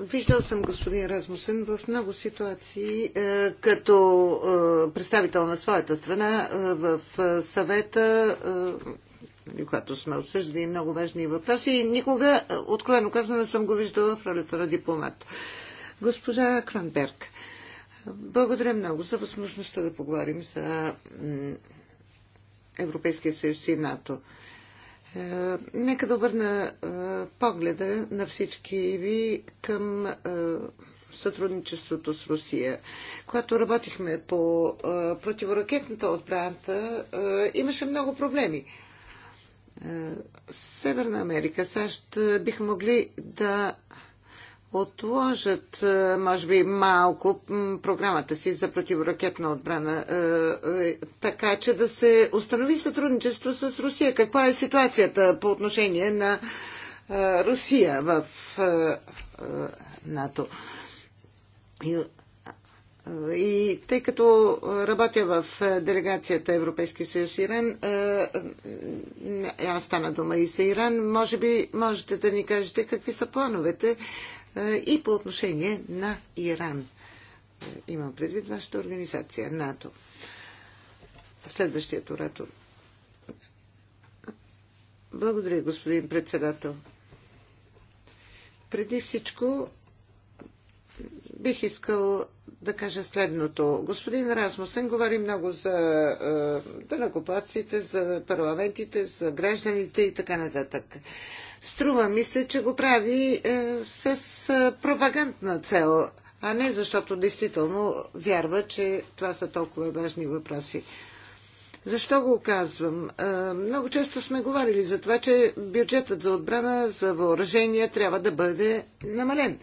Виждал съм господин Размусен в много ситуации е, като е, представител на своята страна е, в съвета, когато сме обсъждали много важни въпроси никога, откровено казано, не съм го виждала в ролята на дипломат. Госпожа Кронберг, благодаря много за възможността да поговорим за Европейския съюз и НАТО. Е, нека да обърна е, погледа на всички ви към е, сътрудничеството с Русия. Когато работихме по противоракетната отбраната, имаше много проблеми. Северна Америка, САЩ биха могли да отложат, е, може би, малко програмата си за противоракетна отбрана, е, е, така че да се установи сътрудничество с Русия. Каква е ситуацията по отношение на Русия в НАТО? И тъй като работя в делегацията Европейски съюз Иран, аз стана дума и за Иран, може би можете да ни кажете какви са плановете е, и по отношение на Иран. Е, имам предвид вашата организация, НАТО. Следващият оратор. Благодаря, господин председател. Преди всичко бих искал да кажа следното. Господин Размусен говори много за е, дънакопаците, за парламентите, за гражданите и така нататък. Струва ми се, че го прави е, с е, пропагандна цел, а не защото действително вярва, че това са толкова важни въпроси. Защо го казвам? Е, много често сме говорили за това, че бюджетът за отбрана, за въоръжение трябва да бъде намален.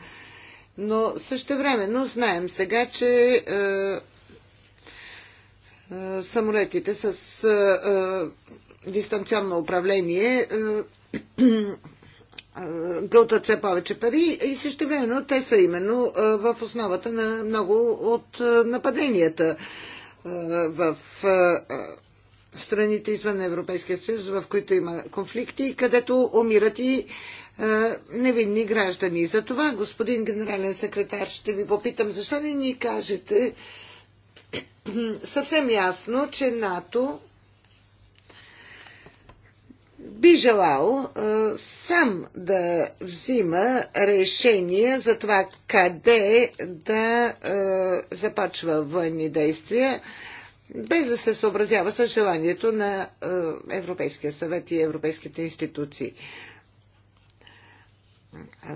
Но също но знаем сега, че е, е, самолетите с е, е дистанционно управление е, е, гълтат все повече пари и също но те са именно в основата на много от нападенията в страните извън Европейския съюз, в които има конфликти, където умират и невинни граждани. За това, господин генерален секретар, ще ви попитам, защо не ни кажете съвсем ясно, че НАТО би желал сам да взима решение за това къде да започва военни действия, без да се съобразява с желанието на Европейския съвет и европейските институции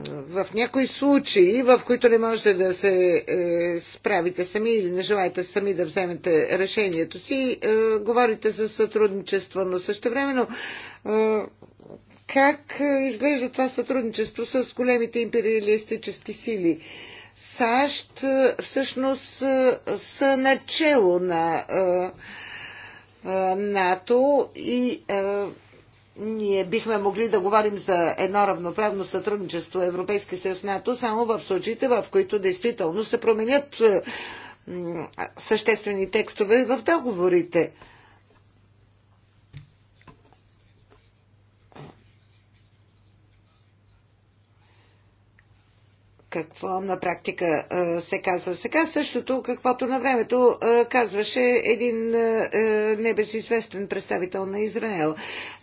в някои случаи, в които не можете да се е, справите сами или не желаете сами да вземете решението си, е, говорите за сътрудничество, но същевременно е, как е, изглежда това сътрудничество с големите империалистически сили? САЩ е, всъщност е, са начало на е, е, НАТО и е, ние бихме могли да говорим за едно равноправно сътрудничество Европейски съюз НАТО само в случаите, в които действително се променят съществени текстове в договорите. какво на практика се казва сега, същото каквото на времето казваше един небезизвестен представител на Израел,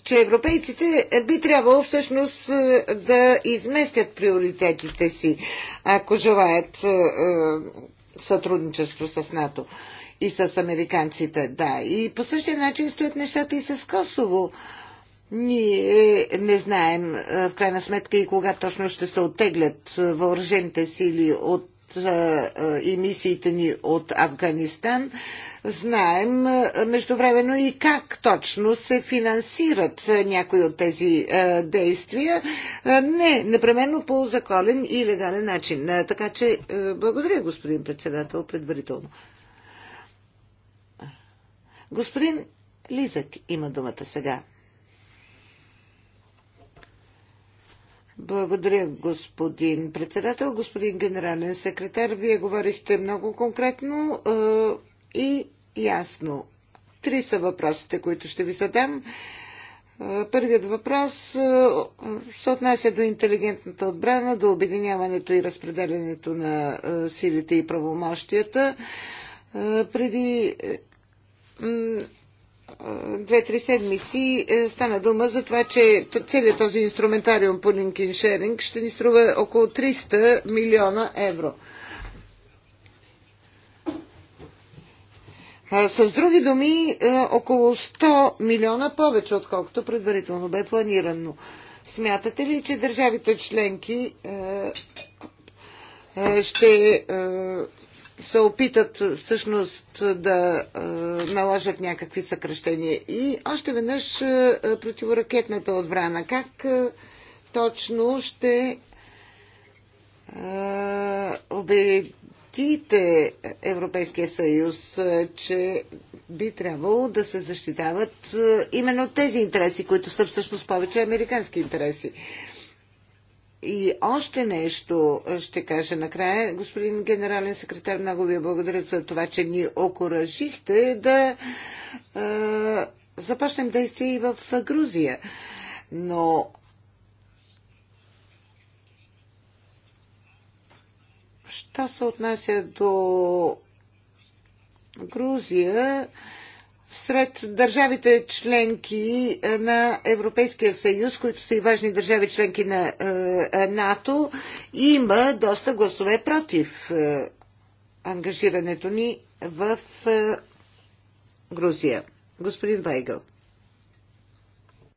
че европейците би трябвало всъщност да изместят приоритетите си, ако желаят сътрудничество с НАТО и с американците. Да, и по същия начин стоят нещата и с Косово. Ние не знаем е, в крайна сметка и кога точно ще се оттеглят е, въоръжените сили от е, и мисиите ни от Афганистан. Знаем междувременно и как точно се финансират някои от тези действия. Не, непременно по законен и легален начин. Така че благодаря, господин председател, предварително. Господин Лизък има думата сега. Благодаря, господин председател. Господин генерален секретар, вие говорихте много конкретно е, и ясно. Три са въпросите, които ще ви задам. Е, първият въпрос е, се отнася до интелигентната отбрана, до обединяването и разпределянето на е, силите и правомощията. Е, преди две-три седмици е, стана дума за това, че целият този инструментариум по LinkedIn Sharing ще ни струва около 300 милиона евро. С други думи, е, около 100 милиона повече, отколкото предварително бе планирано. Смятате ли, че държавите членки е, ще се опитат е, всъщност да е, наложат някакви съкръщения. И още веднъж е, противоракетната отбрана. Как точно ще убедите Европейския съюз, че би трябвало да се защитават именно тези интереси, които са всъщност повече американски интереси? И още нещо ще кажа накрая. Господин генерален секретар, много ви благодаря за това, че ни окоръжихте да е, започнем действия и в Грузия. Но що се отнася до Грузия, е, сред държавите членки е, на Европейския съюз, които са и важни държави членки на е, е, НАТО, има доста гласове против ангажирането ни в Грузия. Господин Байгъл.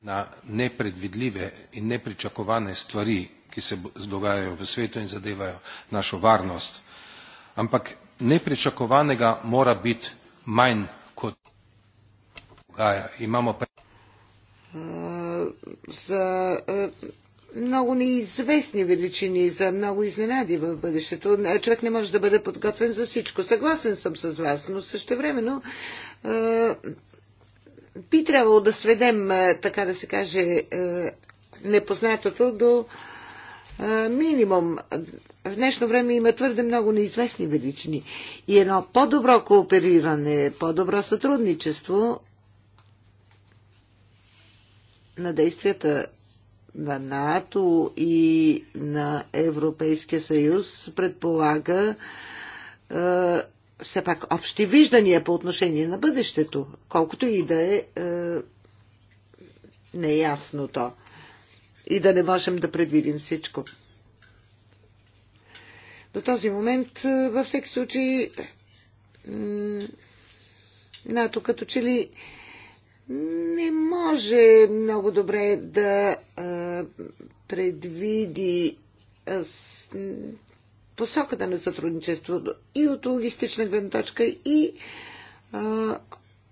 На непредвидливе и непричаковане ствари, ки се dogajajo в svetu и zadevajo нашу варност. Ампак nepričakovanega мора бит manj имамо... За много неизвестни величини, за много изненади в бъдещето. Е, човек не може да бъде подготвен за всичко. Съгласен съм с вас, но същевременно е, би трябвало да сведем, така да се каже, непознатото до минимум. В днешно време има твърде много неизвестни величини. И едно по-добро коопериране, по-добро сътрудничество на действията на НАТО и на Европейския съюз предполага е, все пак общи виждания по отношение на бъдещето, колкото и да е, е неясно то и да не можем да предвидим всичко. До този момент, е, във всеки случай, НАТО като че ли не може много добре да предвиди посоката на сътрудничеството и от логистична гледна точка, и а,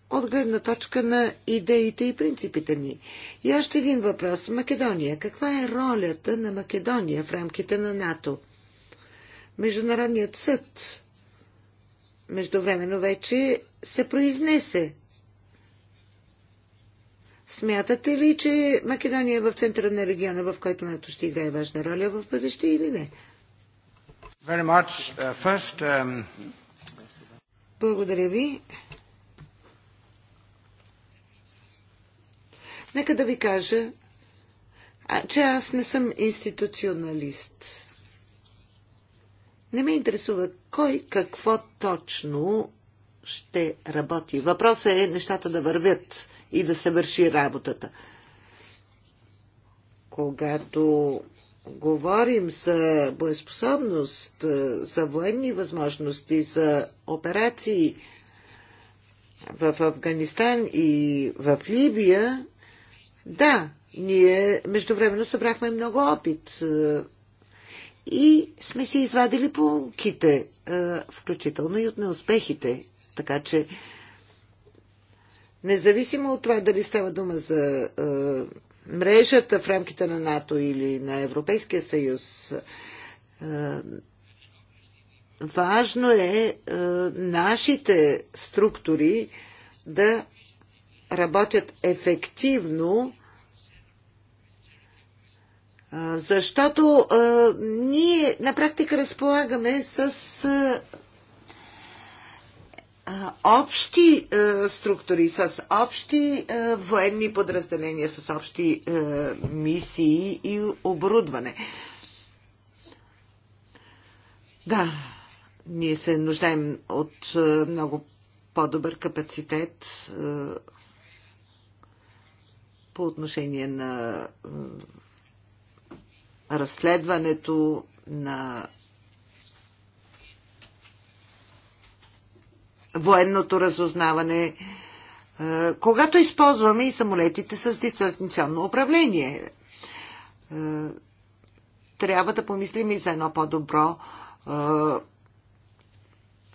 от гледна точка на идеите и принципите ни. И още един въпрос. Македония. Каква е ролята на Македония в рамките на НАТО? Международният съд междувременно вече се произнесе Смятате ли, че Македония е в центъра на региона, в който НАТО ще играе важна роля в бъдеще или не? Uh, first, um... Благодаря ви. Нека да ви кажа, че аз не съм институционалист. Не ме интересува кой какво точно ще работи. Въпросът е нещата да вървят и да се върши работата. Когато говорим за боеспособност, е, за военни възможности, за операции в Афганистан и в Либия, да, ние междувременно събрахме много опит е, и сме си извадили полките, е, включително и от неуспехите. Така че Независимо от това дали става дума за е, мрежата в рамките на НАТО или на Европейския съюз, е, важно е, е нашите структури да работят ефективно, е, защото а, е, ние на практика разполагаме с а, е, общи е, структури, с общи е, военни подразделения, с общи е, мисии и оборудване. Да, ние се нуждаем от е, много по-добър капацитет е, по отношение на е, разследването на военното разузнаване, е, когато използваме и самолетите с дистанционно управление. Е, трябва да помислим и за едно по-добро е,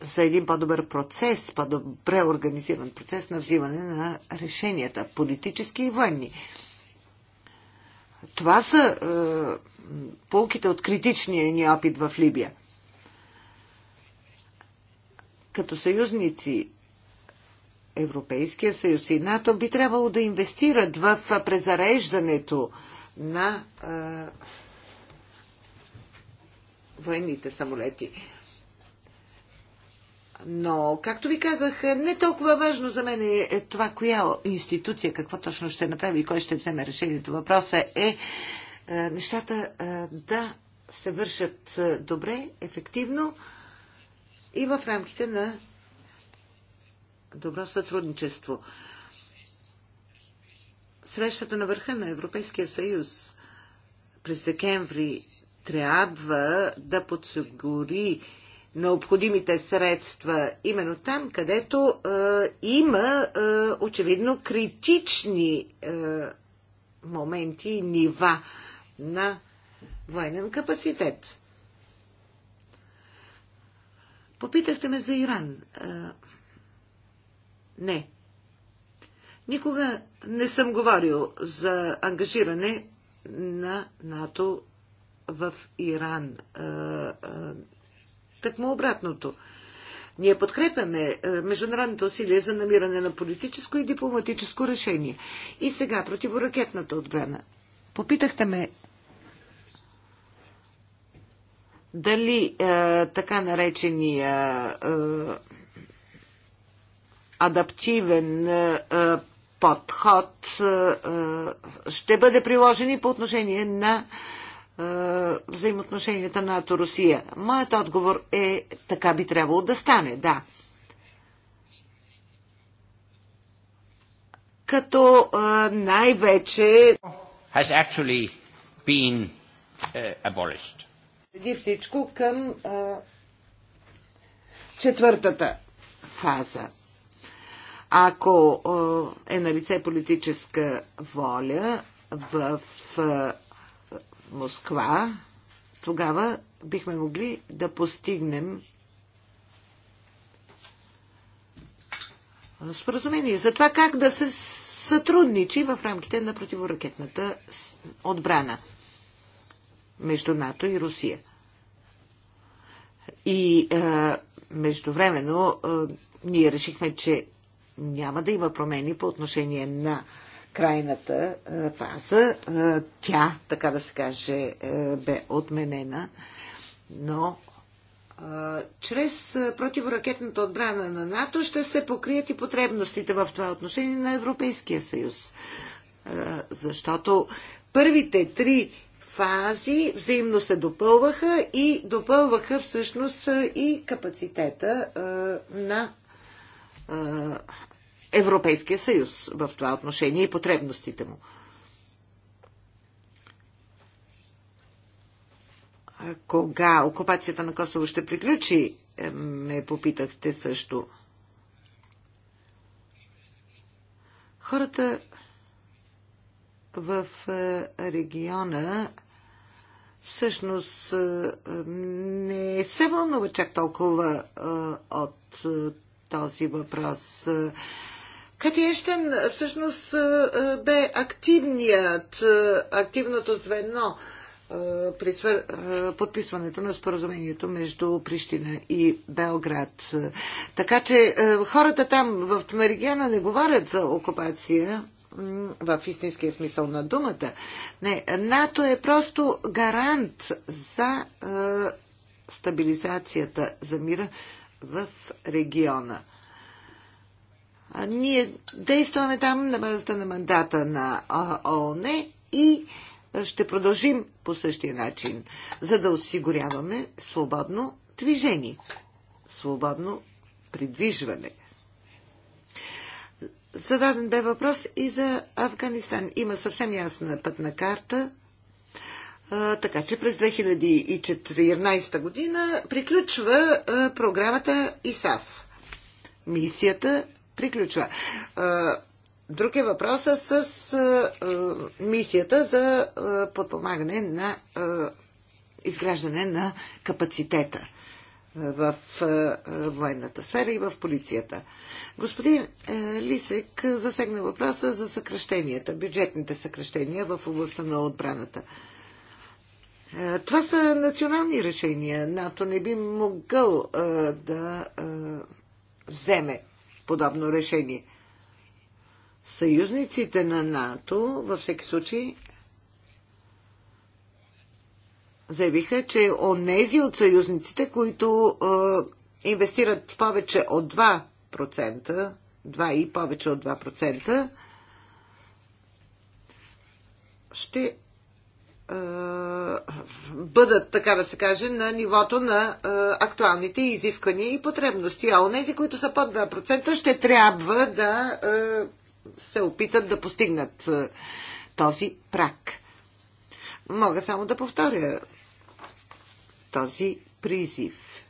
за един по-добър процес, по-добре организиран процес на взимане на решенията, политически и военни. Това са е, полките от критичния ни опит в Либия като съюзници Европейския съюз и НАТО би трябвало да инвестират в презареждането на а, военните самолети. Но, както ви казах, не толкова важно за мен е, е това, коя институция, какво точно ще направи и кой ще вземе решението. Въпросът е, е нещата да се вършат добре, ефективно и в рамките на добро сътрудничество. Срещата на върха на Европейския съюз през декември трябва да подсигури необходимите средства именно там, където е, има е, очевидно критични е, моменти и нива на военен капацитет. Попитахте ме за Иран. А, не. Никога не съм говорил за ангажиране на НАТО в Иран. А, а, так му обратното. Ние подкрепяме международните усилия за намиране на политическо и дипломатическо решение. И сега противоракетната отбрана. Попитахте ме дали е, така наречения е, адаптивен е, е подход е, е, ще бъде приложен и по отношение на е, взаимоотношенията на НАТО-Русия. Моят отговор е така би трябвало да стане, да. Като е, най-вече has actually been uh, abolished преди всичко към а, четвъртата фаза. Ако а, е на лице политическа воля в а, Москва, тогава бихме могли да постигнем споразумение за това как да се сътрудничи в рамките на противоракетната отбрана между НАТО и Русия. И а, е, междувременно а, е, ние решихме, че няма да има промени по отношение на крайната а, е, фаза. А, тя, така да се каже, а, бе отменена, но чрез противоракетната отбрана на НАТО ще се покрият и потребностите в това отношение на Европейския съюз. Защото първите три фази взаимно се допълваха и допълваха всъщност и капацитета на Европейския съюз в това отношение и потребностите му. Кога окупацията на Косово ще приключи, е, ме попитахте също. Хората в е, региона всъщност е, не се вълнува чак толкова е, от този въпрос. Кати Ещен всъщност бе активният, активното звено при свър... подписването на споразумението между Прищина и Белград. Така че хората там в региона не говорят за окупация, в истинския смисъл на думата. Не, НАТО е просто гарант за е, стабилизацията, за мира в региона. А ние действаме там на базата на мандата на ООН и ще продължим по същия начин, за да осигуряваме свободно движение, свободно придвижване. Зададен бе въпрос и за Афганистан. Има съвсем ясна пътна карта, така че през 2014 година приключва програмата ИСАФ. Мисията приключва. Друг е въпроса с мисията за подпомагане на изграждане на капацитета в е, е, военната сфера и в полицията. Господин е, Лисек засегна въпроса за съкръщенията, бюджетните съкръщения в областта на отбраната. Това са национални решения. НАТО не би могъл да вземе подобно решение. Съюзниците на НАТО във всеки случай заявиха, че онези от съюзниците, които е, инвестират повече от 2%, 2 и повече от 2%, ще е, бъдат, така да се каже, на нивото на е, актуалните изисквания и потребности. А онези, които са под 2%, ще трябва да е, се опитат да постигнат е, този прак. Мога само да повторя този призив.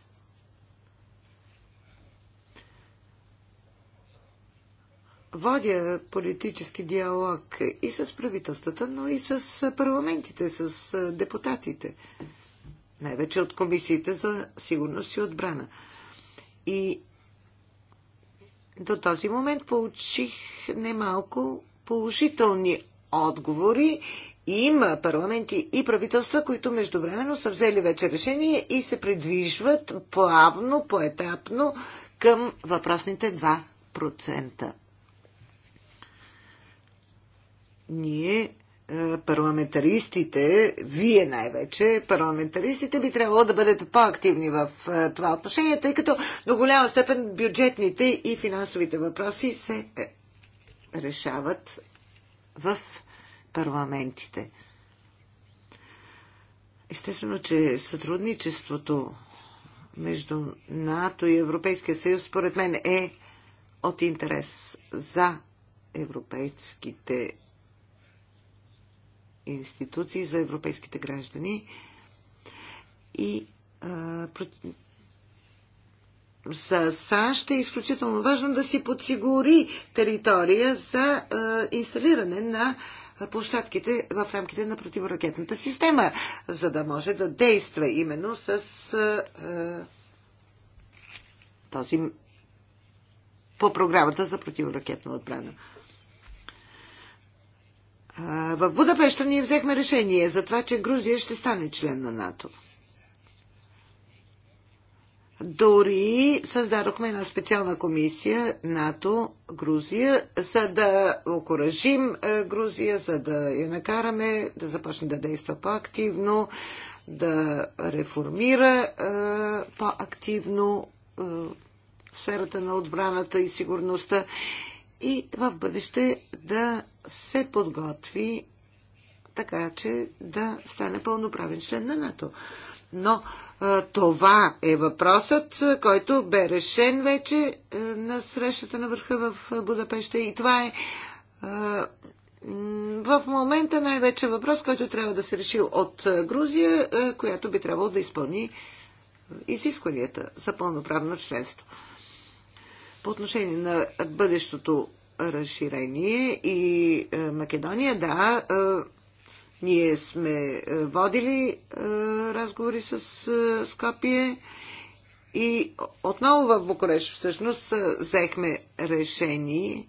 Водя политически диалог и с правителствата, но и с парламентите, с депутатите. Най-вече от комисиите за сигурност и отбрана. И до този момент получих немалко положителни отговори има парламенти и правителства, които междувременно са взели вече решение и се придвижват плавно, поетапно към въпросните 2%. Ние, е, парламентаристите, вие най-вече, парламентаристите би трябвало да бъдете по-активни в е, това отношение, тъй като до голяма степен бюджетните и финансовите въпроси се е, решават в парламентите. Естествено, че сътрудничеството между НАТО и Европейския съюз, според мен, е от интерес за европейските институции, за европейските граждани. И а, за САЩ е изключително важно да си подсигури територия за а, инсталиране на а, площадките в рамките на противоракетната система, за да може да действа именно с е, е този по програмата за противоракетна отбрана. Е, в Будапешта ние взехме решение за това, че Грузия ще стане член на НАТО. Дори създадохме една специална комисия НАТО-Грузия, за да окоръжим е, Грузия, за да я накараме да започне да действа по-активно, да реформира е, по-активно е, сферата на отбраната и сигурността и в бъдеще да се подготви така, че да стане пълноправен член на НАТО. Но това е въпросът, който бе решен вече е, на срещата на върха в Будапеща и това е в момента най-вече въпрос, който трябва да се реши от Грузия, е, която би трябвало да изпълни изискванията за пълноправно членство. По отношение на бъдещото разширение и е, Македония, да, ние сме е, водили е, разговори с е, Скопие и отново в Букуреш всъщност взехме решение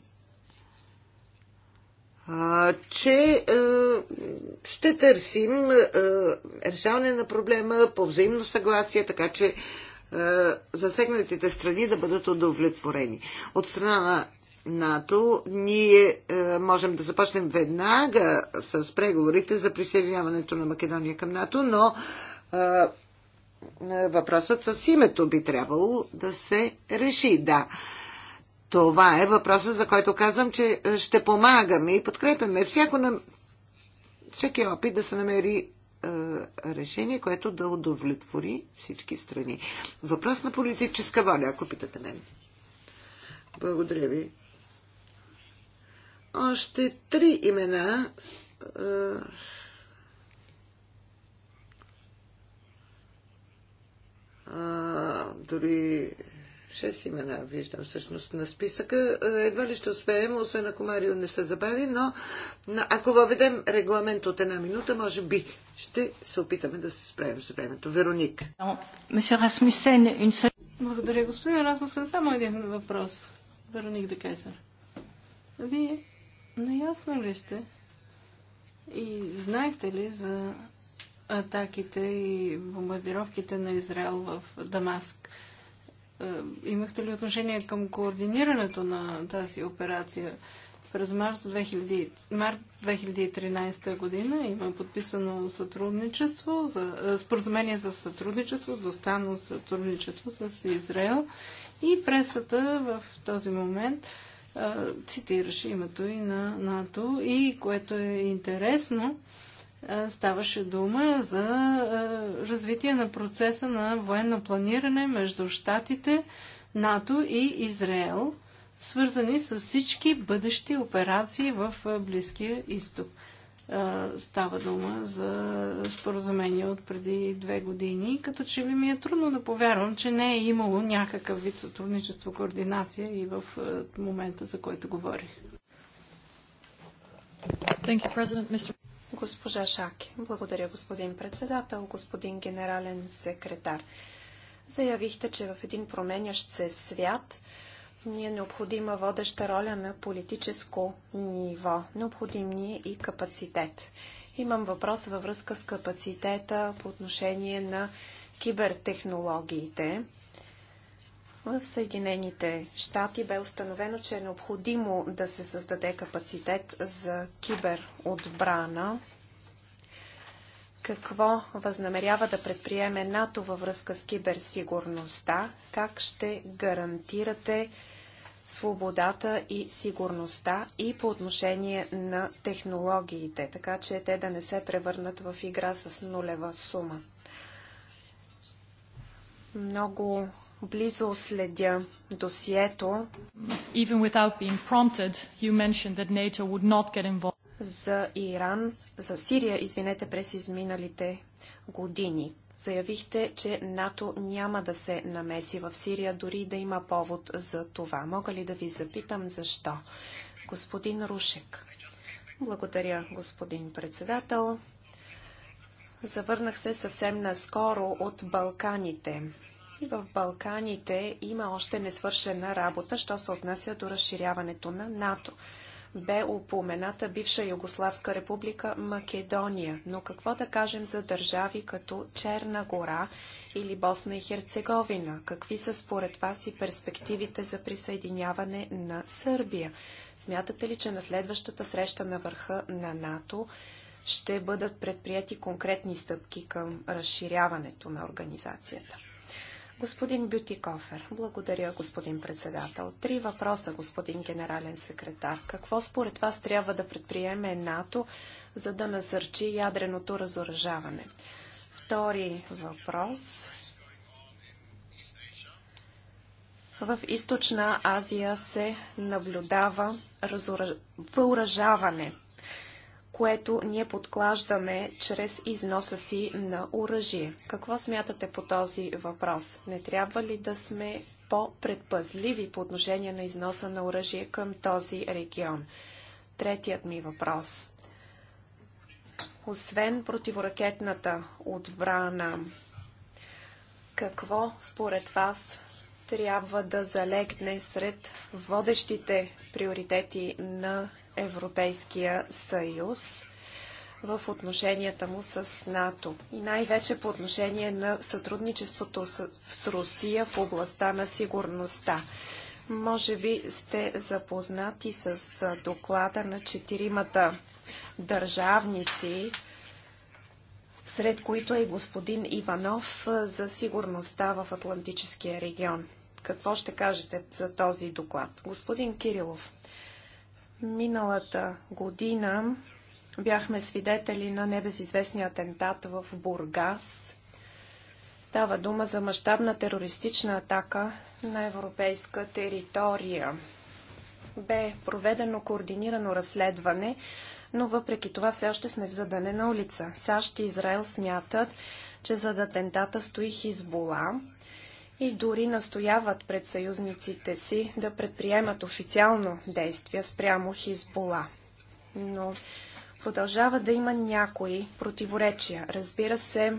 че ще търсим решаване на проблема по взаимно съгласие, така че засегнатите страни да бъдат удовлетворени. От страна на НАТО, ние е, можем да започнем веднага с преговорите за присъединяването на Македония към НАТО, но е, въпросът с името би трябвало да се реши. Да, това е въпросът, за който казвам, че ще помагаме и подкрепяме всяко на... всеки опит да се намери е, решение, което да удовлетвори всички страни. Въпрос на политическа воля, ако питате мен. Благодаря ви още три имена а, дори шест имена виждам всъщност на списъка. Едва ли ще успеем, освен ако Марио не се забави, но ако въведем регламент от една минута, може би ще се опитаме да се справим с времето. Вероник. Благодаря, господин Расмусен. Само един въпрос. Вероник Декайзер. Вие Наясно ли сте? И знаете ли за атаките и бомбардировките на Израел в Дамаск? Е, имахте ли отношение към координирането на тази операция? През март, 2000, март 2013 година има подписано сътрудничество за, е, споразумение за сътрудничество, двустранно сътрудничество с Израел и пресата в този момент цитираше името и на НАТО и което е интересно, ставаше дума за развитие на процеса на военно планиране между Штатите, НАТО и Израел, свързани с всички бъдещи операции в Близкия изток става дума за споразумение от преди две години, като че ли ми е трудно да повярвам, че не е имало някакъв вид сътрудничество, координация и в момента, за който говорих. You, Госпожа Шаки. Благодаря, господин председател, господин генерален секретар. Заявихте, че в един променящ се свят – ни е необходима водеща роля на политическо ниво. Необходим ни е и капацитет. Имам въпрос във връзка с капацитета по отношение на кибертехнологиите. В Съединените щати бе установено, че е необходимо да се създаде капацитет за киберотбрана. Какво възнамерява да предприеме НАТО във връзка с киберсигурността? Как ще гарантирате свободата и сигурността и по отношение на технологиите, така че те да не се превърнат в игра с нулева сума. Много близо следя досието. Even without being prompted, you mentioned that NATO would not get involved за Иран, за Сирия, извинете, през изминалите години. Заявихте, че НАТО няма да се намеси в Сирия, дори да има повод за това. Мога ли да ви запитам защо? Господин Рушек. Благодаря, господин председател. Завърнах се съвсем наскоро от Балканите. И в Балканите има още несвършена работа, що се отнася до разширяването на НАТО бе упомената бивша Югославска република Македония. Но какво да кажем за държави като Черна гора или Босна и Херцеговина? Какви са според вас и перспективите за присъединяване на Сърбия? Смятате ли, че на следващата среща на върха на НАТО ще бъдат предприяти конкретни стъпки към разширяването на организацията? Господин Бютикофер, благодаря, господин председател. Три въпроса, господин генерален секретар. Какво според вас трябва да предприеме НАТО, за да насърчи ядреното разоръжаване? Втори въпрос. В източна Азия се наблюдава разоръ... въоръжаване което ние подклаждаме чрез износа си на оръжие. Какво смятате по този въпрос? Не трябва ли да сме по-предпазливи по отношение на износа на оръжие към този регион? Третият ми въпрос. Освен противоракетната отбрана, какво според вас трябва да залегне сред водещите приоритети на Европейския съюз в отношенията му с НАТО и най-вече по отношение на сътрудничеството с, Русия в областта на сигурността. Може би сте запознати с доклада на четиримата държавници, сред които е и господин Иванов за сигурността в Атлантическия регион. Какво ще кажете за този доклад? Господин Кирилов. Миналата година бяхме свидетели на небезизвестния атентат в Бургас. Става дума за мащабна терористична атака на европейска територия. Бе проведено координирано разследване, но въпреки това все още сме в на улица. САЩ и Израел смятат, че зад атентата стои Хизбула, и дори настояват пред съюзниците си да предприемат официално действия спрямо Хизбула. Но продължава да има някои противоречия. Разбира се,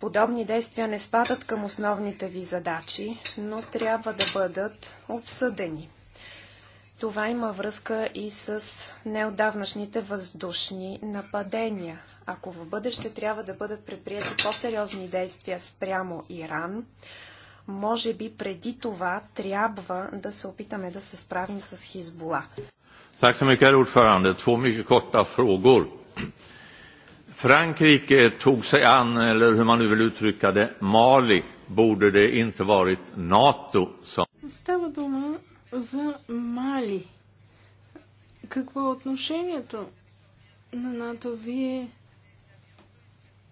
подобни действия не спадат към основните ви задачи, но трябва да бъдат обсъдени. Това има връзка и с неодавнашните въздушни нападения. Ако в бъдеще трябва да бъдат предприяти по-сериозни действия спрямо Иран, може би преди това трябва да се опитаме да се справим с Хизбула. Tack så mycket, herr ordförande. Två mycket korta frågor. Frankrike tog sig an, eller hur man nu vill uttrycka det, Mali. Borde det inte varit NATO som... Става дума за Мали. Какво е отношението на НАТО? Вие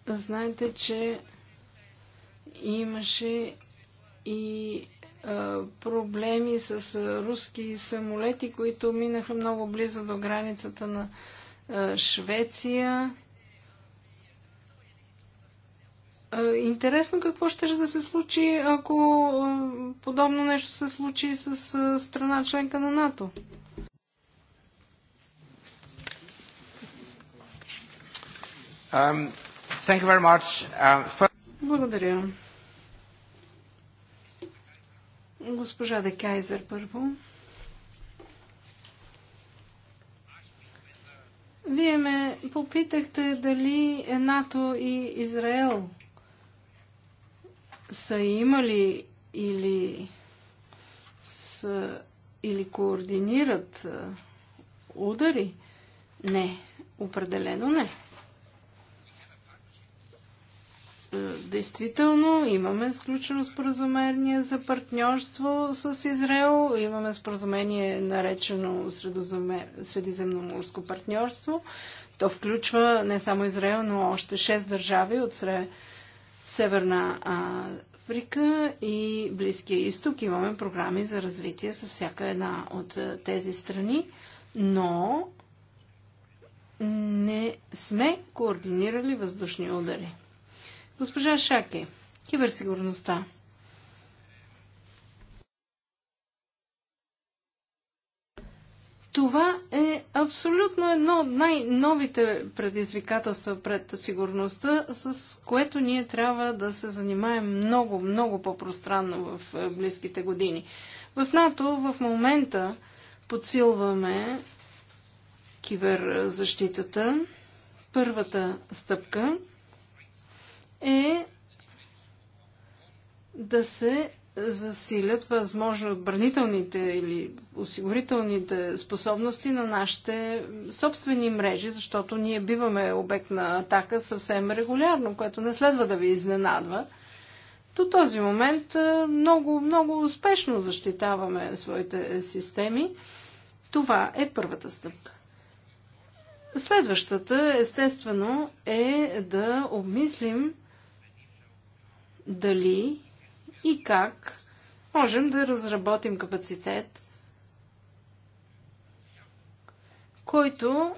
знаете, че имаше и а, проблеми с а, руски самолети, които минаха много близо до границата на а, Швеция. Е, интересно какво ще да се случи, ако е, подобно нещо се случи с е, страна членка на НАТО. uh, um, um, for... Благодаря. Госпожа Де Кайзер първо. Вие ме попитахте дали е НАТО и Израел са имали или, са, или координират удари? Не, определено не. Действително, имаме сключено споразумение за партньорство с Израел, имаме споразумение наречено Средиземноморско партньорство. То включва не само Израел, но още 6 държави от Северна Африка и Близкия изток. Имаме програми за развитие с всяка една от тези страни, но не сме координирали въздушни удари. Госпожа Шаки, киберсигурността. Това е абсолютно едно от най-новите предизвикателства пред сигурността, с което ние трябва да се занимаем много, много по-пространно в е, близките години. В НАТО в момента подсилваме киберзащитата. Първата стъпка е да се засилят възможно отбранителните или осигурителните способности на нашите собствени мрежи, защото ние биваме обект на атака съвсем регулярно, което не следва да ви изненадва. До този момент е, много, много успешно защитаваме своите системи. Това е първата стъпка. Следващата, естествено, е да обмислим дали и как можем да разработим капацитет, който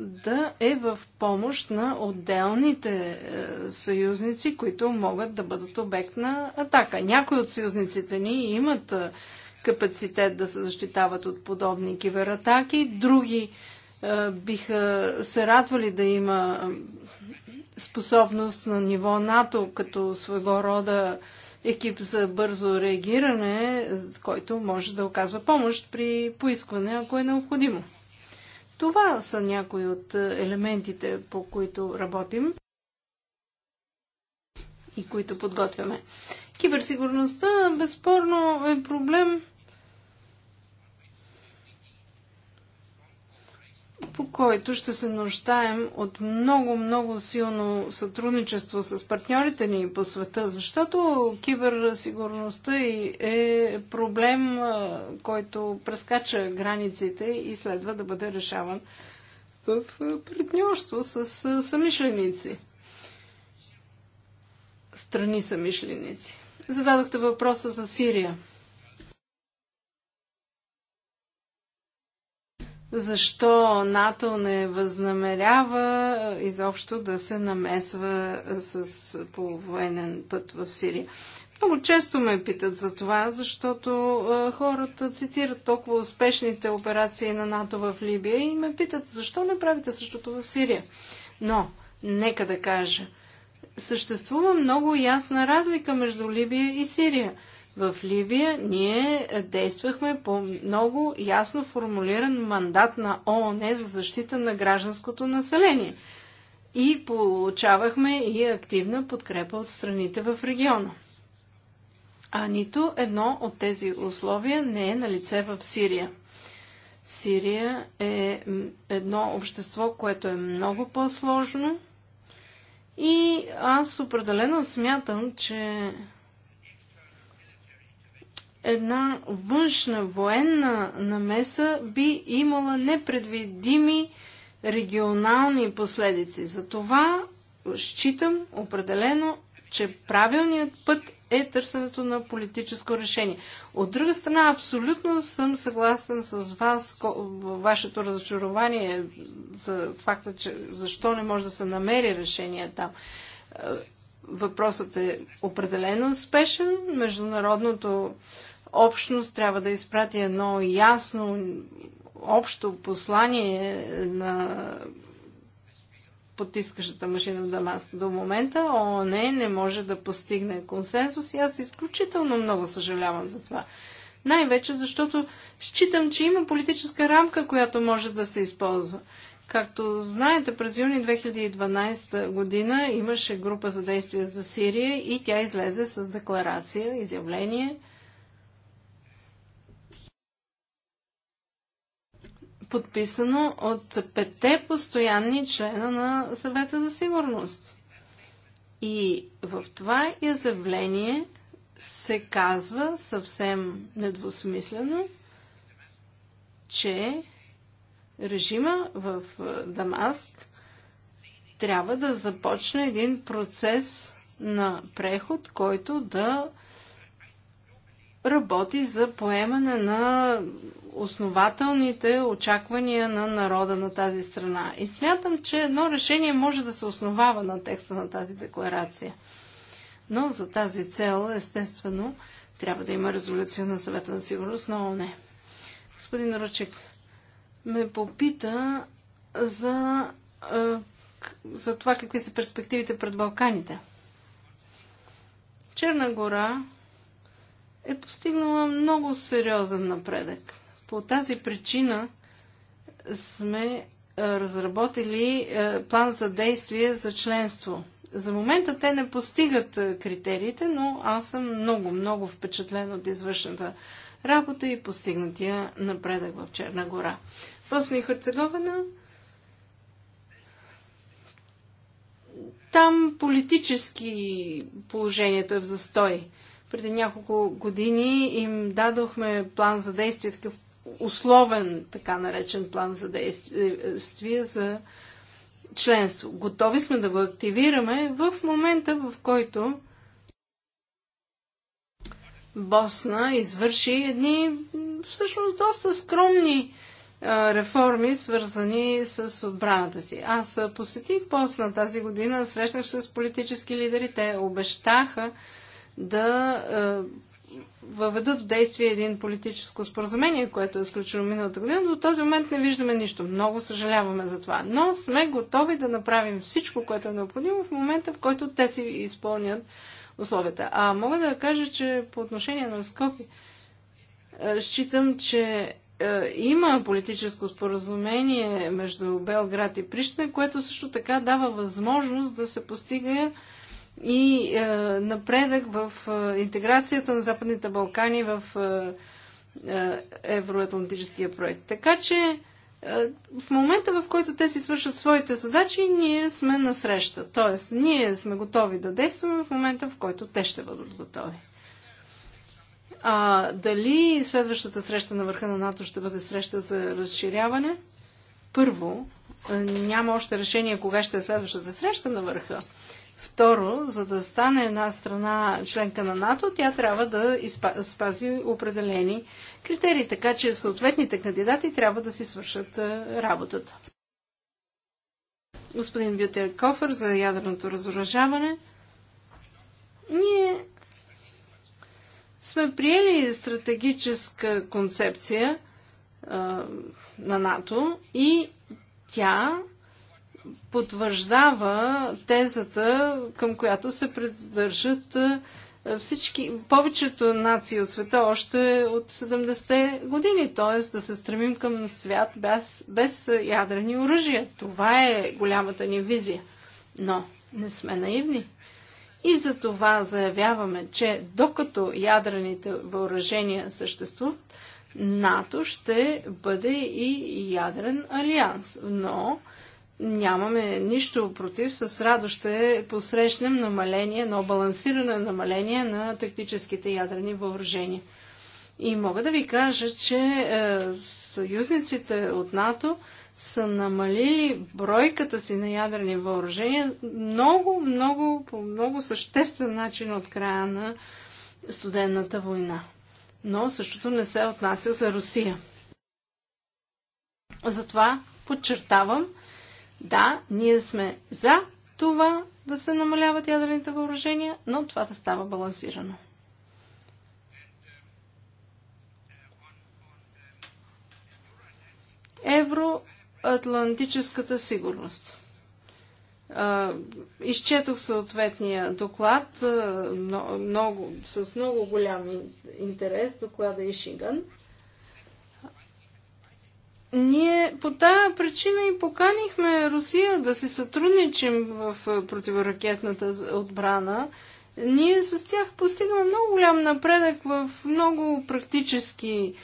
да е в помощ на отделните е, съюзници, които могат да бъдат обект на атака. Някои от съюзниците ни имат е, капацитет да се защитават от подобни кибератаки, други е, биха се радвали да има способност на ниво НАТО като своего рода екип за бързо реагиране, който може да оказва помощ при поискване, ако е необходимо. Това са някои от елементите, по които работим и които подготвяме. Киберсигурността безспорно е проблем, по който ще се нуждаем от много, много силно сътрудничество с партньорите ни по света, защото киберсигурността е проблем, който прескача границите и следва да бъде решаван в партньорство с самишленици. Страни самишленици. Зададохте въпроса за Сирия. защо НАТО не възнамерява изобщо да се намесва с полувоенен път в Сирия. Много често ме питат за това, защото хората цитират толкова успешните операции на НАТО в Либия и ме питат защо не правите същото в Сирия. Но, нека да кажа, съществува много ясна разлика между Либия и Сирия в Либия, ние действахме по много ясно формулиран мандат на ООН за защита на гражданското население. И получавахме и активна подкрепа от страните в региона. А нито едно от тези условия не е на лице в Сирия. Сирия е едно общество, което е много по-сложно. И аз определено смятам, че една външна военна намеса би имала непредвидими регионални последици. Затова считам определено, че правилният път е търсенето на политическо решение. От друга страна, абсолютно съм съгласен с вас, вашето разочарование за факта, че защо не може да се намери решение там. Е, въпросът е определено успешен. Международното общност трябва да изпрати едно ясно общо послание на потискащата машина в Дамас. До момента ООН не може да постигне консенсус и аз изключително много съжалявам за това. Най-вече защото считам, че има политическа рамка, която може да се използва. Както знаете, през юни 2012 година имаше група за действие за Сирия и тя излезе с декларация, изявление – подписано от петте постоянни члена на съвета за сигурност. И в това изявление се казва съвсем недвусмислено, че режима в е, Дамаск трябва да започне един процес на преход, който да работи за поемане на основателните очаквания на народа на тази страна. И смятам, че едно решение може да се основава на текста на тази декларация. Но за тази цел, естествено, трябва да има резолюция на съвета на сигурност но не. Господин Ръчек ме попита за, е, за това какви са перспективите пред Балканите. Черна гора е постигнала много сериозен напредък. По тази причина сме е, разработили е, план за действие за членство. За момента те не постигат е, критериите, но аз съм много, много впечатлен от извършената работа и постигнатия напредък в Черна гора. Босна и Херцеговина там политически положението е в застой. Преди няколко години им дадохме план за действие, такъв условен, така наречен план за действие за членство. Готови сме да го активираме в момента, в който Босна извърши едни всъщност доста скромни реформи, свързани с отбраната си. Аз посетих Босна тази година, срещнах се с политически лидери. Те обещаха да въведат в действие един политическо споразумение, което е сключено миналата година. До този момент не виждаме нищо. Много съжаляваме за това. Но сме готови да направим всичко, което е необходимо в момента, в който те си изпълнят условията. А мога да кажа, че по отношение на Скопи, е, считам, че е, има политическо споразумение между Белград и Прищина, което също така дава възможност да се постига и е, напредък в е, интеграцията на Западните Балкани в е, е, евроатлантическия проект. Така че е, в момента, в който те си свършат своите задачи, ние сме на среща. Тоест, ние сме готови да действаме в момента, в който те ще бъдат готови. А дали следващата среща на върха на НАТО ще бъде среща за разширяване? Първо, е, няма още решение кога ще е следващата среща на върха. Второ, за да стане една страна членка на НАТО, тя трябва да спази определени критерии, така че съответните кандидати трябва да си свършат е, работата. Господин Бютер Кофър за ядерното разоръжаване. Ние сме приели стратегическа концепция а, е, на НАТО и тя потвърждава тезата, към която се придържат е, всички, повечето нации от света още от 70-те години, т.е. да се стремим към свят без, без ядрени оръжия. Това е голямата ни визия. Но не сме наивни. И за това заявяваме, че докато ядрените въоръжения съществуват, НАТО ще бъде и ядрен алианс. Но нямаме нищо против. С радост ще посрещнем намаление, но балансиране намаление на тактическите ядрени въоръжения. И мога да ви кажа, че е, съюзниците от НАТО са намалили бройката си на ядрени въоръжения много, много, по много съществен начин от края на студенната война. Но същото не се отнася за Русия. Затова подчертавам, да, ние сме за това да се намаляват ядрените въоръжения, но това да става балансирано. Евроатлантическата сигурност. Изчетох съответния доклад много, с много голям интерес, доклада Ишиган. Ние по тая причина и поканихме Русия да си сътрудничим в противоракетната отбрана. Ние с тях постигаме много голям напредък в много практически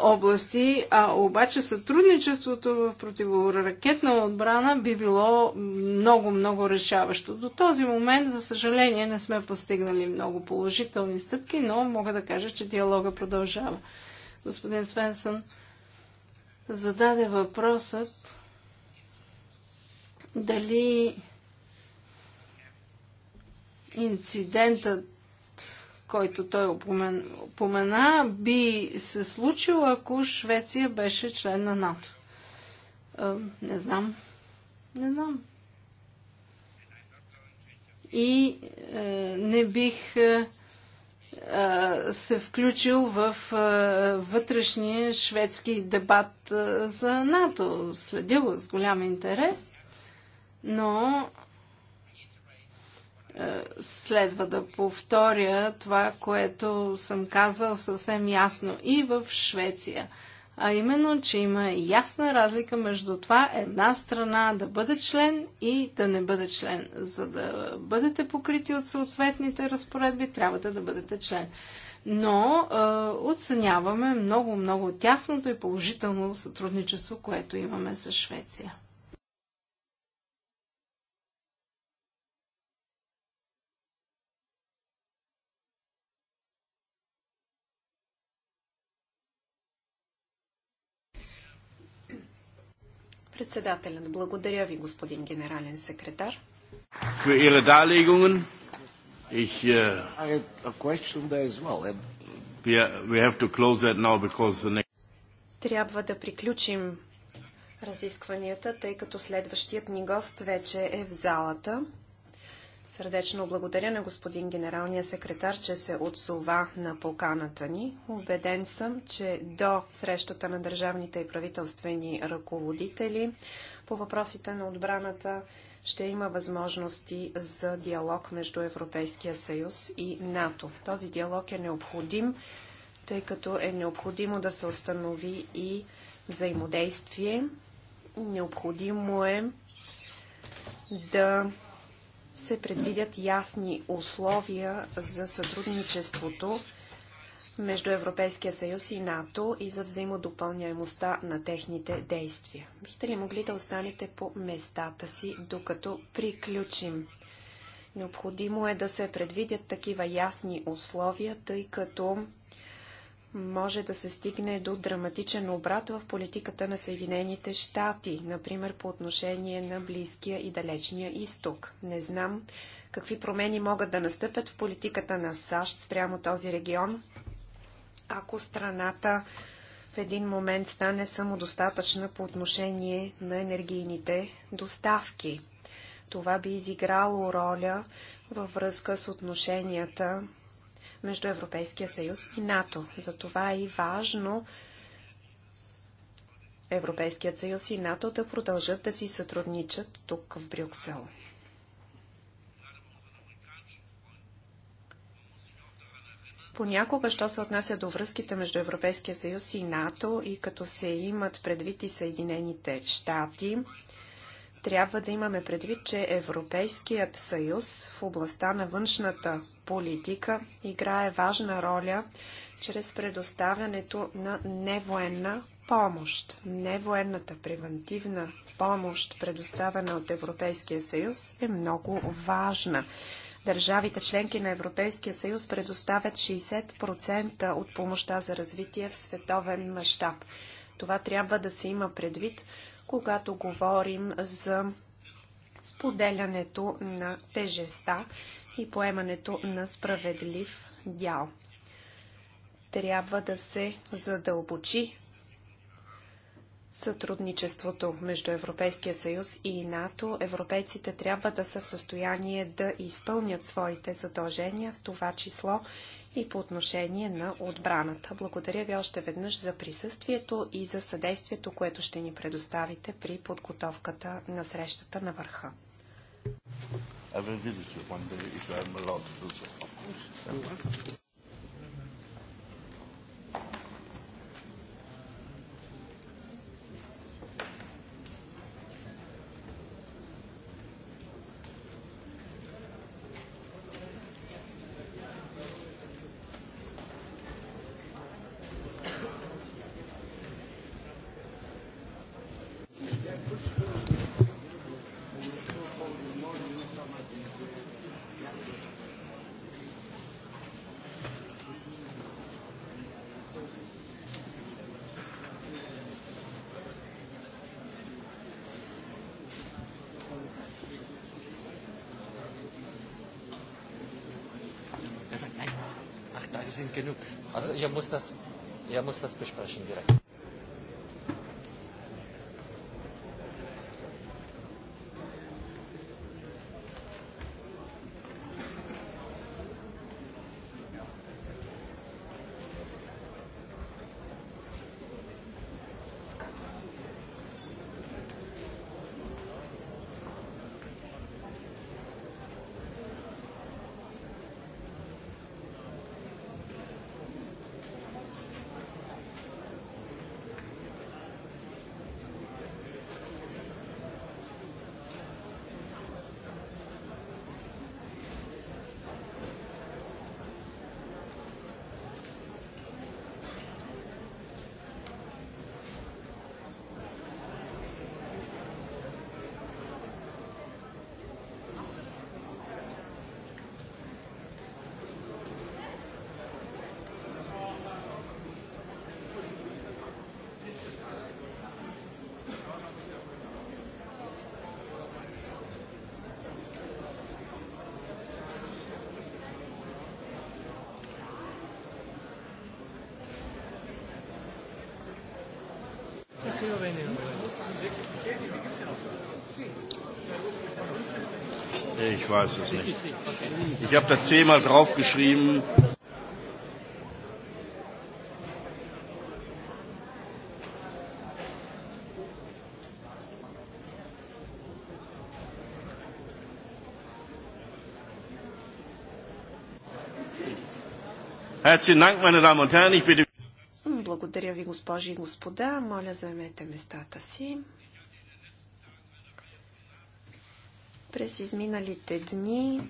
области, а обаче сътрудничеството в противоракетна отбрана би било много, много решаващо. До този момент, за съжаление, не сме постигнали много положителни стъпки, но мога да кажа, че диалога продължава. Господин Свенсън, зададе въпросът дали инцидентът, който той упомена, би се случил, ако Швеция беше член на НАТО. Не знам. Не знам. И е, не бих е, се включил в вътрешния шведски дебат за НАТО. следило го с голям интерес, но следва да повторя това, което съм казвал съвсем ясно и в Швеция – а именно, че има ясна разлика между това една страна да бъде член и да не бъде член. За да бъдете покрити от съответните разпоредби, трябва да бъдете член. Но е, оценяваме много-много тясното и положително сътрудничество, което имаме с Швеция. Председателят, благодаря ви, господин генерален секретар. Трябва да приключим разискванията, тъй като следващият ни гост вече е в залата. Сърдечно благодаря на господин генералния секретар, че се отзова на поканата ни. Убеден съм, че до срещата на държавните и правителствени ръководители по въпросите на отбраната ще има възможности за диалог между Европейския съюз и НАТО. Този диалог е необходим, тъй като е необходимо да се установи и взаимодействие. Необходимо е да се предвидят ясни условия за сътрудничеството между Европейския съюз и НАТО и за взаимодопълняемостта на техните действия. Бихте ли могли да останете по местата си, докато приключим? Необходимо е да се предвидят такива ясни условия, тъй като може да се стигне до драматичен обрат в политиката на Съединените щати, например по отношение на Близкия и Далечния изток. Не знам какви промени могат да настъпят в политиката на САЩ спрямо този регион, ако страната в един момент стане самодостатъчна по отношение на енергийните доставки. Това би изиграло роля във връзка с отношенията между Европейския съюз и НАТО. Затова е и важно Европейският съюз и НАТО да продължат да си сътрудничат тук в Брюксел. Понякога, що се отнася до връзките между Европейския съюз и НАТО и като се имат предвид и Съединените щати, трябва да имаме предвид, че Европейският съюз в областта на външната политика играе важна роля чрез предоставянето на невоенна помощ. Невоенната превентивна помощ, предоставена от Европейския съюз, е много важна. Държавите членки на Европейския съюз предоставят 60% от помощта за развитие в световен мащаб. Това трябва да се има предвид когато говорим за споделянето на тежеста и поемането на справедлив дял. Трябва да се задълбочи сътрудничеството между Европейския съюз и НАТО, европейците трябва да са в състояние да изпълнят своите задължения, в това число и по отношение на отбраната. Благодаря ви още веднъж за присъствието и за съдействието, което ще ни предоставите при подготовката на срещата на върха. sind genug. Also ihr muss das, ihr muss das besprechen direkt. Ich weiß es nicht. Ich habe da zehnmal draufgeschrieben. Herzlichen Dank, meine Damen und Herren. Ich bitte благодаря ви, госпожи и господа. Моля, заемете местата си. През изминалите дни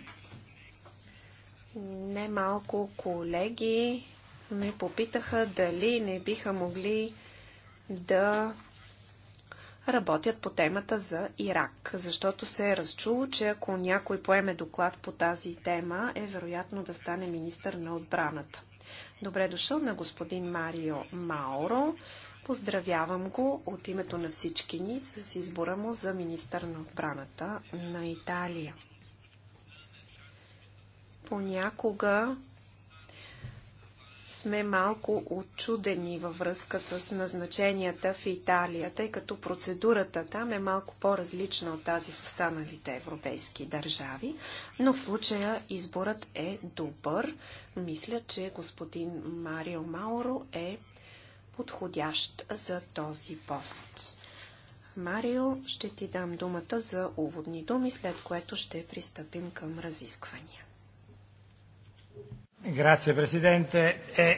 немалко колеги ме попитаха дали не биха могли да работят по темата за Ирак, защото се е разчуло, че ако някой поеме доклад по тази тема, е вероятно да стане министър на отбраната. Добре дошъл на господин Марио Мауро. Поздравявам го от името на всички ни с избора му за министър на отбраната на Италия. Понякога сме малко отчудени във връзка с назначенията в Италия, тъй като процедурата там е малко по-различна от тази в останалите европейски държави, но в случая изборът е добър. Мисля, че господин Марио Мауро е подходящ за този пост. Марио, ще ти дам думата за уводни думи, след което ще пристъпим към разисквания. E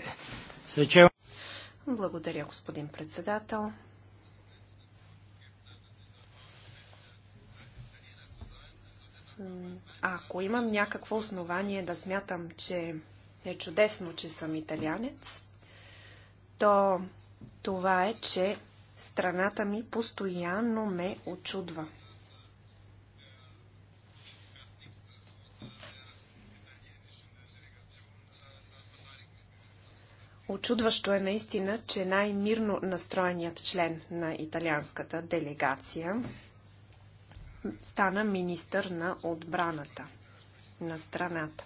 Благодаря, господин председател. Ако имам някакво основание да смятам, че е чудесно, че съм италянец, то това е, че страната ми постоянно ме очудва. Очудващо е наистина, че най-мирно настроеният член на италианската делегация стана министър на отбраната на страната.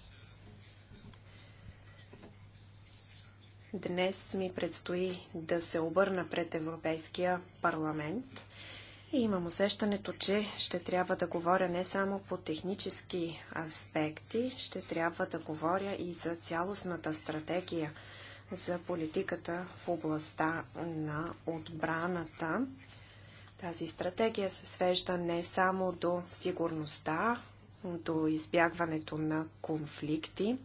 Днес ми предстои да се обърна пред Европейския парламент и имам усещането, че ще трябва да говоря не само по технически аспекти, ще трябва да говоря и за цялостната стратегия – за политиката в областта на отбраната. Тази стратегия се свежда не само до сигурността, до избягването на конфликти.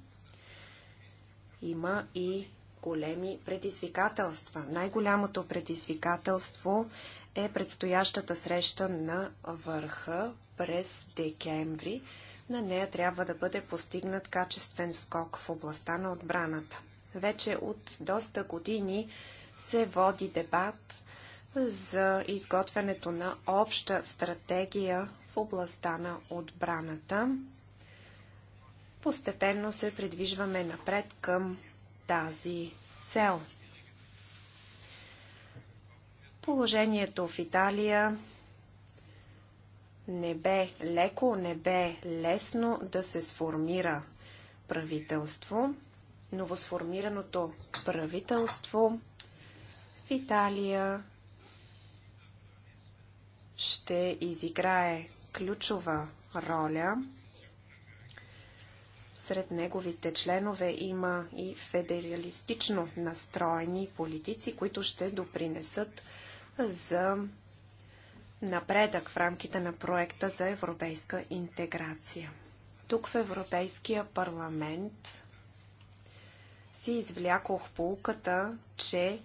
Има и големи предизвикателства. Най-голямото предизвикателство е предстоящата среща на върха през декември. На нея трябва да бъде постигнат качествен скок в областта на отбраната. Вече от доста години се води дебат за изготвянето на обща стратегия в областта на отбраната. Постепенно се придвижваме напред към тази цел. Положението в Италия не бе леко, не бе лесно да се сформира правителство новосформираното правителство в Италия ще изиграе ключова роля. Сред неговите членове има и федералистично настроени политици, които ще допринесат за напредък в рамките на проекта за европейска интеграция. Тук в Европейския парламент си извлякох полуката, че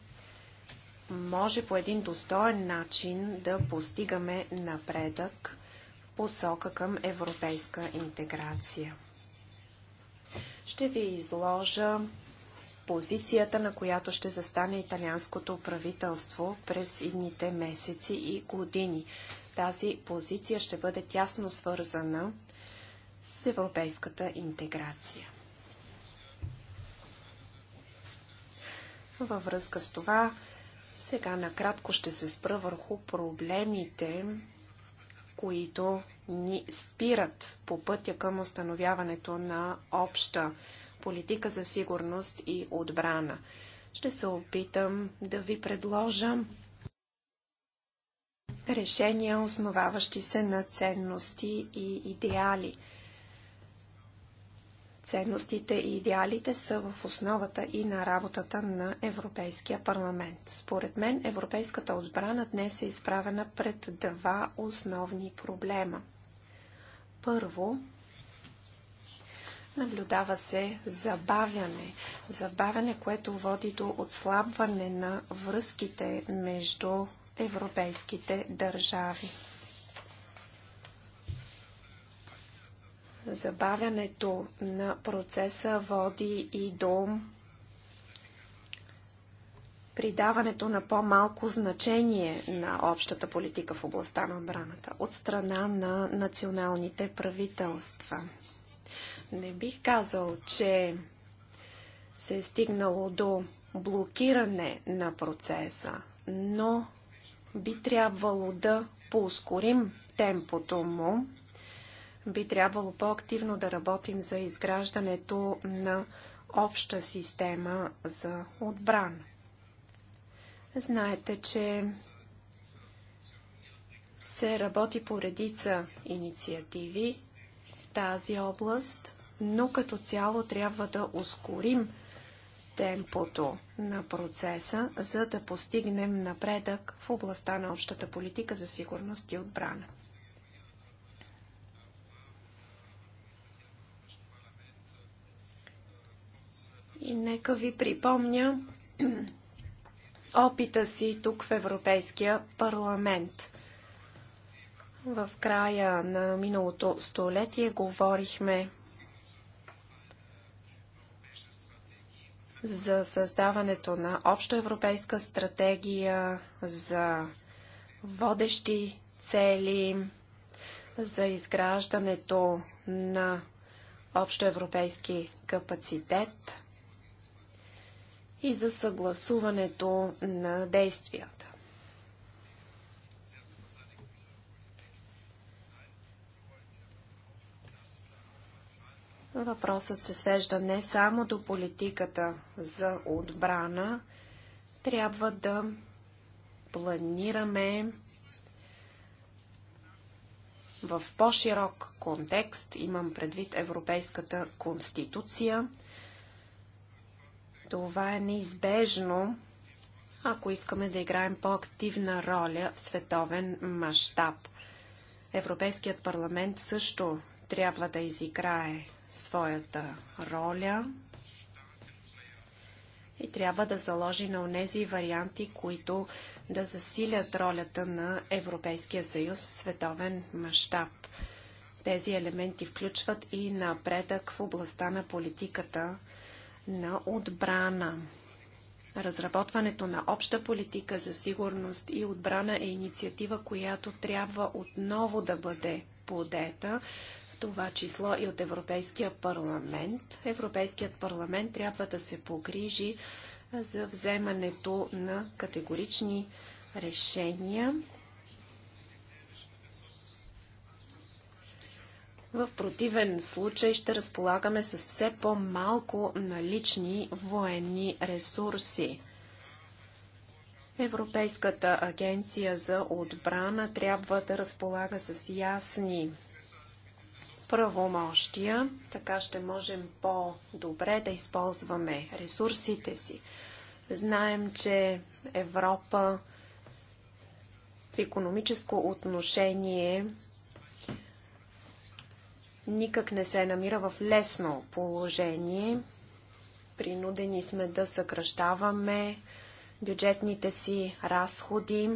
може по един достоен начин да постигаме напредък в посока към европейска интеграция. Ще ви изложа с позицията, на която ще застане италианското правителство през идните месеци и години. Тази позиция ще бъде тясно свързана с европейската интеграция. Във връзка с това, сега накратко ще се спра върху проблемите, които ни спират по пътя към установяването на обща политика за сигурност и отбрана. Ще се опитам да ви предложа решения, основаващи се на ценности и идеали – Ценностите и идеалите са в основата и на работата на Европейския парламент. Според мен, европейската отбрана днес е изправена пред два основни проблема. Първо, наблюдава се забавяне. Забавяне, което води до отслабване на връзките между европейските държави. Забавянето на процеса води и до придаването на по-малко значение на общата политика в областта на отбраната от страна на националните правителства. Не бих казал, че се е стигнало до блокиране на процеса, но би трябвало да поускорим темпото му, би трябвало по-активно да работим за изграждането на обща система за отбрана. Знаете, че се работи по редица инициативи в тази област, но като цяло трябва да ускорим темпото на процеса, за да постигнем напредък в областта на общата политика за сигурност и отбрана. И нека ви припомня опита си тук в Европейския парламент. В края на миналото столетие говорихме за създаването на обща европейска стратегия, за водещи цели, за изграждането на общоевропейски капацитет и за съгласуването на действията. Въпросът се свежда не само до политиката за отбрана. Трябва да планираме в по-широк контекст, имам предвид Европейската конституция – това е неизбежно, ако искаме да играем по-активна роля в световен мащаб. Европейският парламент също трябва да изиграе своята роля и трябва да заложи на онези варианти, които да засилят ролята на Европейския съюз в световен мащаб. Тези елементи включват и напредък в областта на политиката на отбрана. Разработването на обща политика за сигурност и отбрана е инициатива, която трябва отново да бъде подета, в това число и от Европейския парламент. Европейският парламент трябва да се погрижи за вземането на категорични решения В противен случай ще разполагаме с все по-малко налични военни ресурси. Европейската агенция за отбрана трябва да разполага с ясни правомощия, така ще можем по-добре да използваме ресурсите си. Знаем, че Европа в економическо отношение никак не се намира в лесно положение. Принудени сме да съкръщаваме бюджетните си разходи.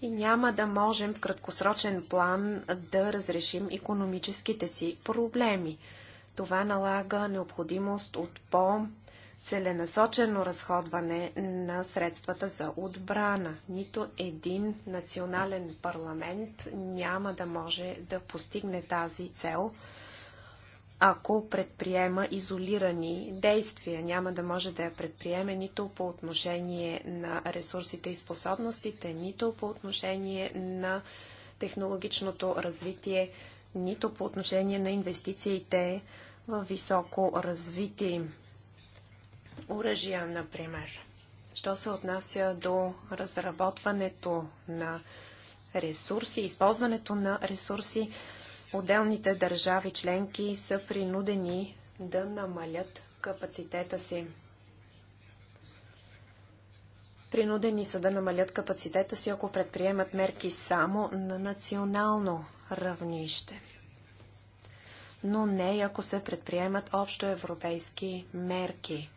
И няма да можем в краткосрочен план да разрешим економическите си проблеми. Това налага необходимост от по- целенасочено разходване на средствата за отбрана. Нито един национален парламент няма да може да постигне тази цел, ако предприема изолирани действия. Няма да може да я предприеме нито по отношение на ресурсите и способностите, нито по отношение на технологичното развитие, нито по отношение на инвестициите в високо развитие оръжия, например. Що се отнася до разработването на ресурси, използването на ресурси, отделните държави членки са принудени да намалят капацитета си. Принудени са да намалят капацитета си, ако предприемат мерки само на национално равнище. Но не ако се предприемат общоевропейски мерки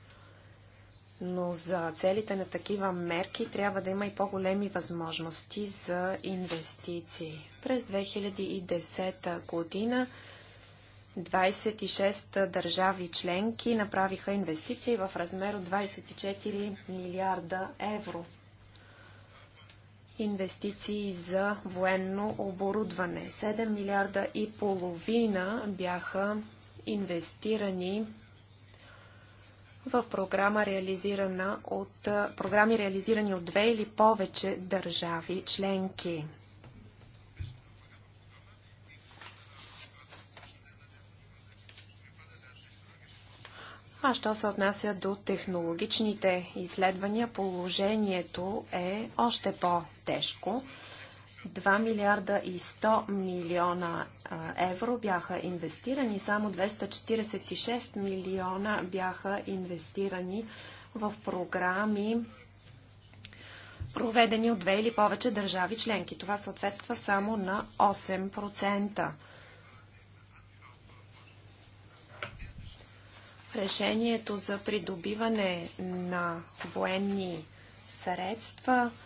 но за целите на такива мерки трябва да има и по-големи възможности за инвестиции. През 2010 година 26 държави членки направиха инвестиции в размер от 24 милиарда евро. Инвестиции за военно оборудване. 7 милиарда и половина бяха инвестирани в програма реализирана от, програми реализирани от две или повече държави членки. А що се отнася до технологичните изследвания, положението е още по-тежко. 2 милиарда и 100 милиона евро бяха инвестирани, само 246 милиона бяха инвестирани в програми, проведени от две или повече държави членки. Това съответства само на 8%. Решението за придобиване на военни средства –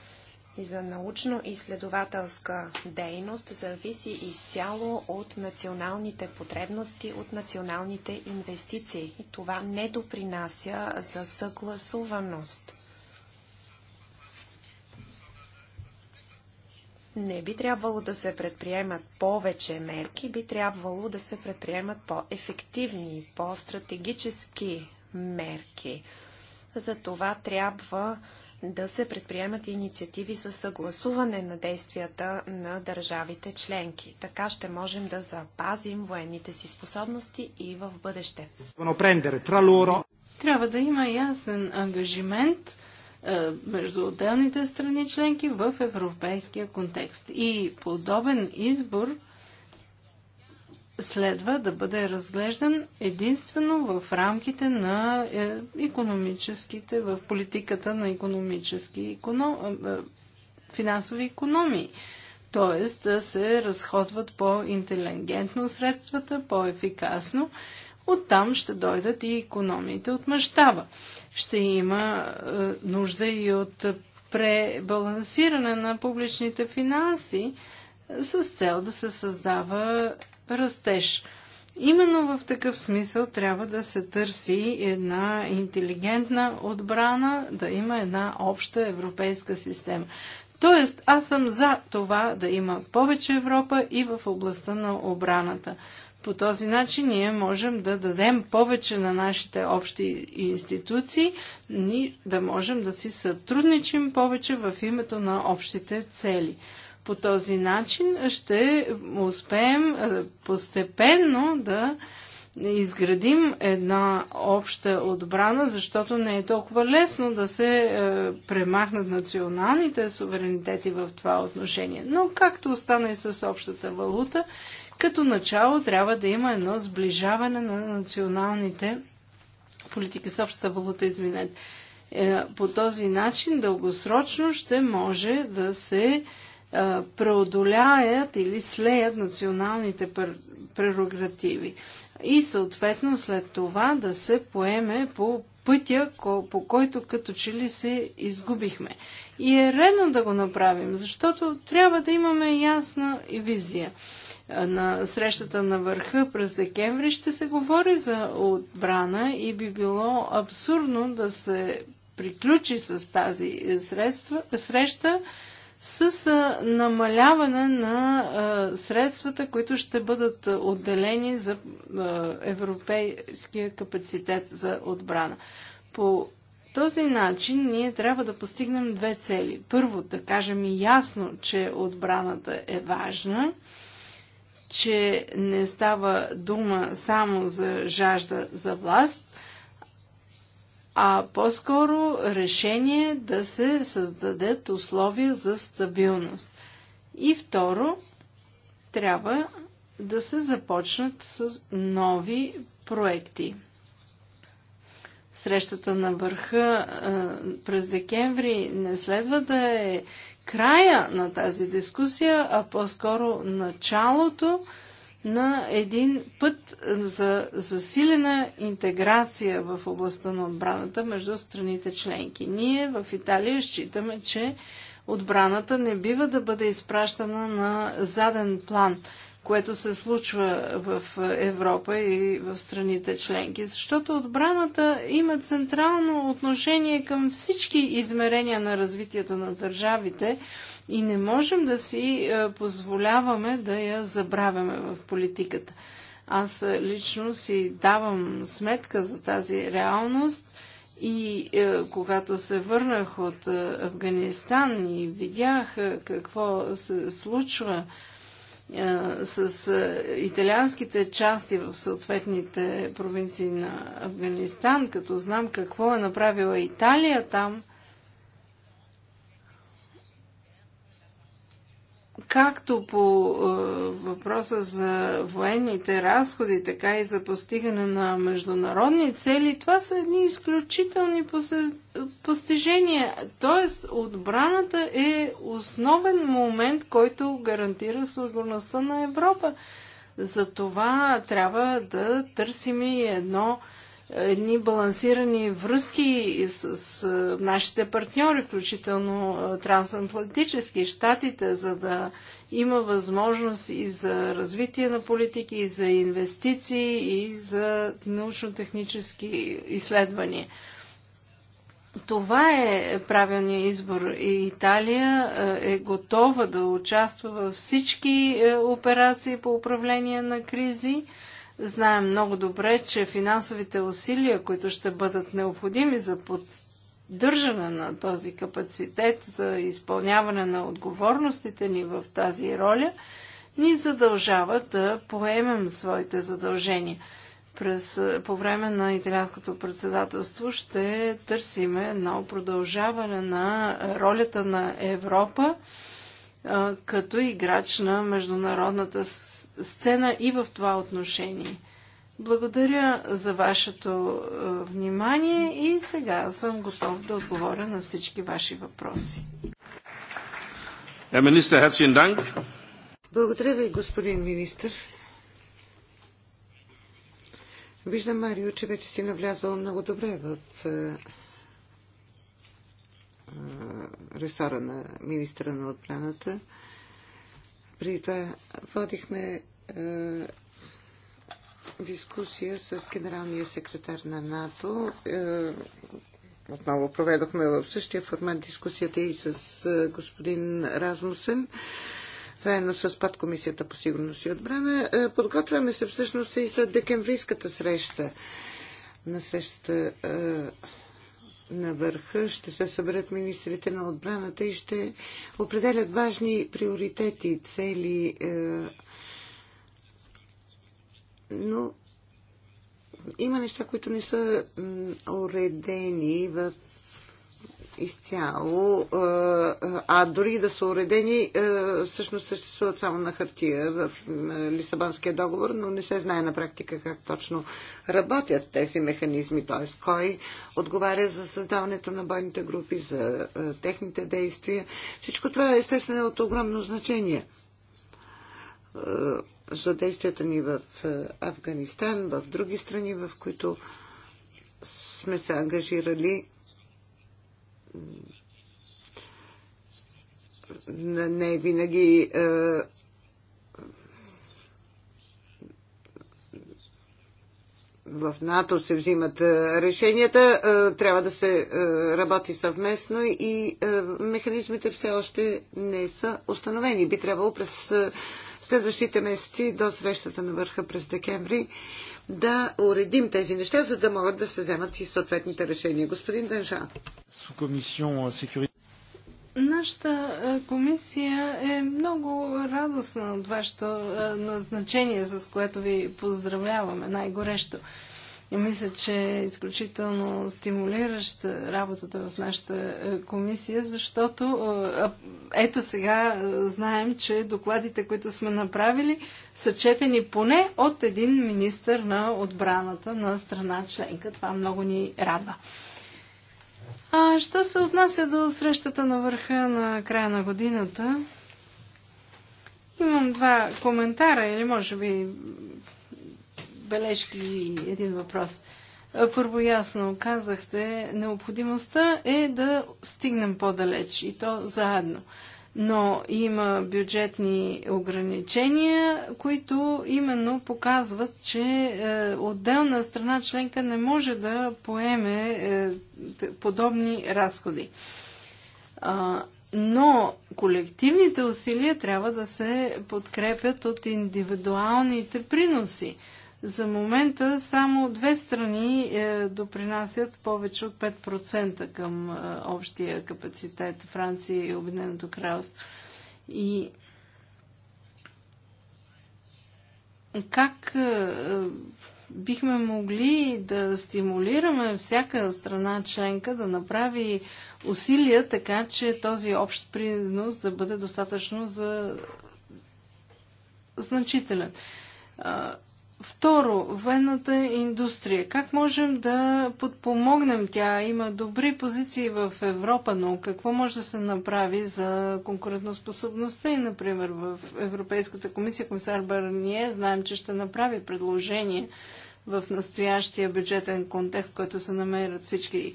за научно-изследователска дейност зависи изцяло от националните потребности, от националните инвестиции. И това не допринася за съгласуваност. Не би трябвало да се предприемат повече мерки, би трябвало да се предприемат по-ефективни, по-стратегически мерки. За това трябва да се предприемат инициативи за съгласуване на действията на държавите членки. Така ще можем да запазим военните си способности и в бъдеще. Трябва да има ясен ангажимент е, между отделните страни членки в европейския контекст. И подобен избор следва да бъде разглеждан единствено в рамките на економическите, в политиката на економически е, е, финансови економии. Т.е. да се разходват по-интелигентно средствата, по-ефикасно. Оттам ще дойдат и економиите от мащаба. Ще има е, нужда и от пребалансиране на публичните финанси с цел да се създава растеж. Именно в такъв смисъл трябва да се търси една интелигентна отбрана, да има една обща европейска система. Тоест, аз съм за това да има повече Европа и в областта на обраната. По този начин ние можем да дадем повече на нашите общи институции, ни да можем да си сътрудничим повече в името на общите цели. По този начин ще успеем е, постепенно да изградим една обща отбрана, защото не е толкова лесно да се е, премахнат националните суверенитети в това отношение. Но както остана и с общата валута, като начало трябва да има едно сближаване на националните политики с общата валута, извинете. Е, по този начин дългосрочно ще може да се преодоляят или слеят националните прерогативи. И съответно след това да се поеме по пътя, по който като че ли се изгубихме. И е редно да го направим, защото трябва да имаме ясна визия. На срещата на върха през декември ще се говори за отбрана и би било абсурдно да се приключи с тази е, средства, среща с намаляване на средствата, които ще бъдат отделени за европейския капацитет за отбрана. По този начин ние трябва да постигнем две цели. Първо, да кажем и ясно, че отбраната е важна, че не става дума само за жажда за власт – а по-скоро решение да се създадат условия за стабилност. И второ, трябва да се започнат с нови проекти. Срещата на върха през декември не следва да е края на тази дискусия, а по-скоро началото на един път за засилена интеграция в областта на отбраната между страните членки. Ние в Италия считаме, че отбраната не бива да бъде изпращана на заден план, което се случва в Европа и в страните членки, защото отбраната има централно отношение към всички измерения на развитието на държавите – и не можем да си е, позволяваме да я забравяме в политиката. Аз е, лично си давам сметка за тази реалност и е, когато се върнах от е, Афганистан и видях е, какво се случва е, с е, италианските части в съответните провинции на Афганистан, като знам какво е направила Италия там, както по е, въпроса за военните разходи, така и за постигане на международни цели, това са едни изключителни посе... постижения. Тоест, отбраната е основен момент, който гарантира сигурността на Европа. Затова трябва да търсим и едно е, едни балансирани връзки с, с нашите партньори, включително трансатлантически, щатите, за да има възможност и за развитие на политики, и за инвестиции, и за научно-технически изследвания. Това е правилният избор. И Италия е готова да участва във всички е, операции по управление на кризи Знаем много добре, че финансовите усилия, които ще бъдат необходими за поддържане на този капацитет, за изпълняване на отговорностите ни в тази роля, ни задължават да поемем своите задължения. През, по време на италианското председателство ще търсим едно продължаване на ролята на Европа като играч на международната сцена и в това отношение. Благодаря за вашето е, внимание и сега съм готов да отговоря на всички ваши въпроси. Благодаря ви, господин министр. Виждам, Марио, че вече си навлязал много добре в е, е, ресора на министра на отбраната. Преди това водихме е, дискусия с генералния секретар на НАТО. Е, отново проведохме в същия формат дискусията и с е, господин Размусен, заедно с подкомисията по сигурност и отбрана. Подготвяме се всъщност и за декемврийската среща на срещата на върха ще се съберат министрите на отбраната и ще определят важни приоритети, цели. Е, но има неща, които не са уредени в изцяло, а дори да са уредени, всъщност съществуват само на хартия в Лисабонския договор, но не се знае на практика как точно работят тези механизми, т.е. кой отговаря за създаването на бойните групи, за техните действия. Всичко това е естествено от огромно значение за действията ни в Афганистан, в други страни, в които сме се ангажирали не винаги е, в НАТО се взимат е, решенията, е, трябва да се е, работи съвместно и е, механизмите все още не са установени. Би трябвало през е, следващите месеци до срещата на върха през декември да уредим тези неща, за да могат да се вземат и съответните решения. Господин Дънжан. Е, Нашата е, комисия е много радостна от вашето е, назначение, с което ви поздравляваме най-горещо. И мисля, че е изключително стимулираща работата в нашата е, комисия, защото е, ето сега е, знаем, че докладите, които сме направили, са четени поне от един министр на отбраната на страна членка. Това много ни радва. А що се отнася до срещата на върха на края на годината, имам два коментара или може би бележки и един въпрос. Първо ясно казахте, необходимостта е да стигнем по-далеч и то заедно. Но има бюджетни ограничения, които именно показват, че е, отделна страна членка не може да поеме е, подобни разходи. Но колективните усилия трябва да се подкрепят от индивидуалните приноси. За момента само две страни е, допринасят повече от 5% към е, общия капацитет Франция и Обединеното кралство. И как е, бихме могли да стимулираме всяка страна членка да направи усилия, така че този общ принос да бъде достатъчно за значителен. Второ, военната индустрия. Как можем да подпомогнем тя? Има добри позиции в Европа, но какво може да се направи за конкурентоспособността и, например, в Европейската комисия комисар Барние знаем, че ще направи предложение в настоящия бюджетен контекст, който се намерят всички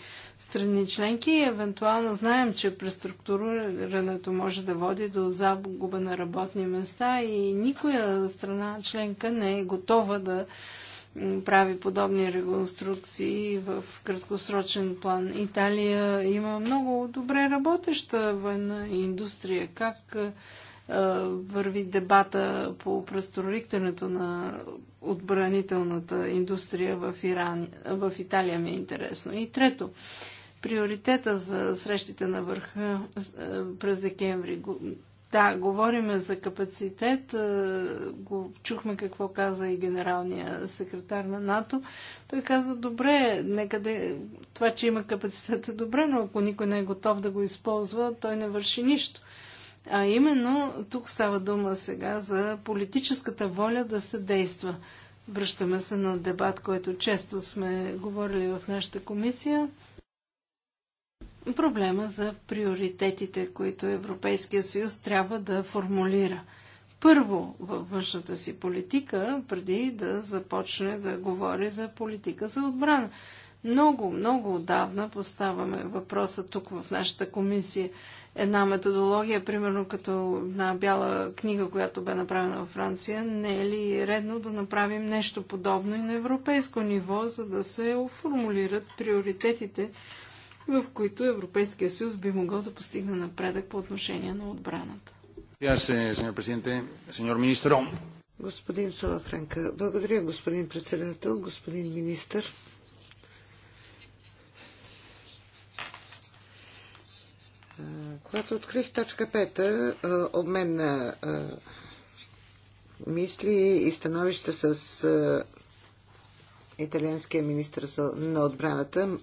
страни членки и евентуално знаем, че преструктурирането може да води до загуба на работни места и никоя страна членка не е готова да прави подобни реконструкции в краткосрочен план. Италия има много добре работеща военна индустрия. Как е, върви дебата по преструктурирането на отбранителната индустрия в, Иран, в Италия ми е интересно. И трето, приоритета за срещите на върха е, през декември. Да, говориме за капацитет. Е, го чухме какво каза и генералния секретар на НАТО. Той каза, добре, нека да... това, че има капацитет е добре, но ако никой не е готов да го използва, той не върши нищо. А именно, тук става дума сега за политическата воля да се действа. Връщаме се на дебат, който често сме говорили в нашата комисия проблема за приоритетите, които Европейския съюз трябва да формулира. Първо във външната си политика, преди да започне да говори за политика за отбрана. Много, много отдавна поставяме въпроса тук в нашата комисия. Една методология, примерно като една бяла книга, която бе направена във Франция, не е ли редно да направим нещо подобно и на европейско ниво, за да се оформулират приоритетите в които Европейския съюз би могъл да постигне напредък по отношение на отбраната. Господин Салафренка, благодаря, господин председател, господин министър. Когато открих точка 5, обмен на мисли и становища с италианския министр на отбраната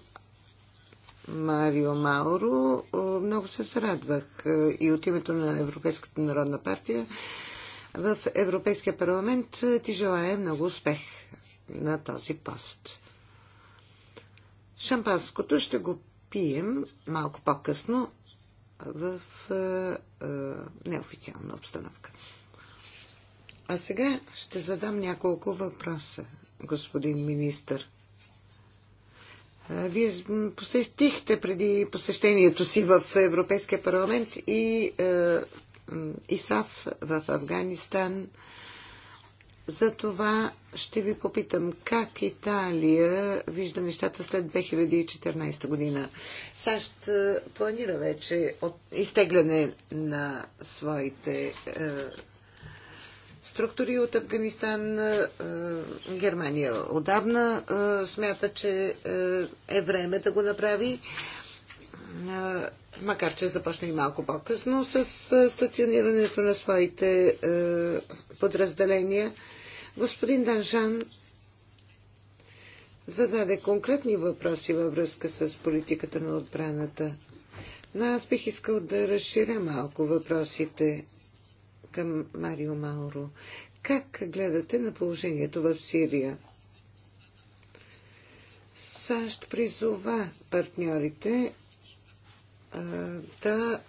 Марио Мауро, много се зарадвах е, и от името на Европейската народна партия в Европейския парламент е, ти желая много успех на този пост. Шампанското ще го пием малко по-късно в е, неофициална обстановка. А сега ще задам няколко въпроса, господин министър. Вие посетихте преди посещението си в Европейския парламент и ИСАФ в Афганистан. За това ще ви попитам как Италия вижда нещата след 2014 година. САЩ планира вече от изтегляне на своите е, структури от Афганистан. Германия отдавна смята, че е време да го направи, макар че започна и малко по-късно с стационирането на своите подразделения. Господин Данжан зададе конкретни въпроси във връзка с политиката на отбраната. Но аз бих искал да разширя малко въпросите към Марио Мауро. Как гледате на положението в Сирия? САЩ призова партньорите а, да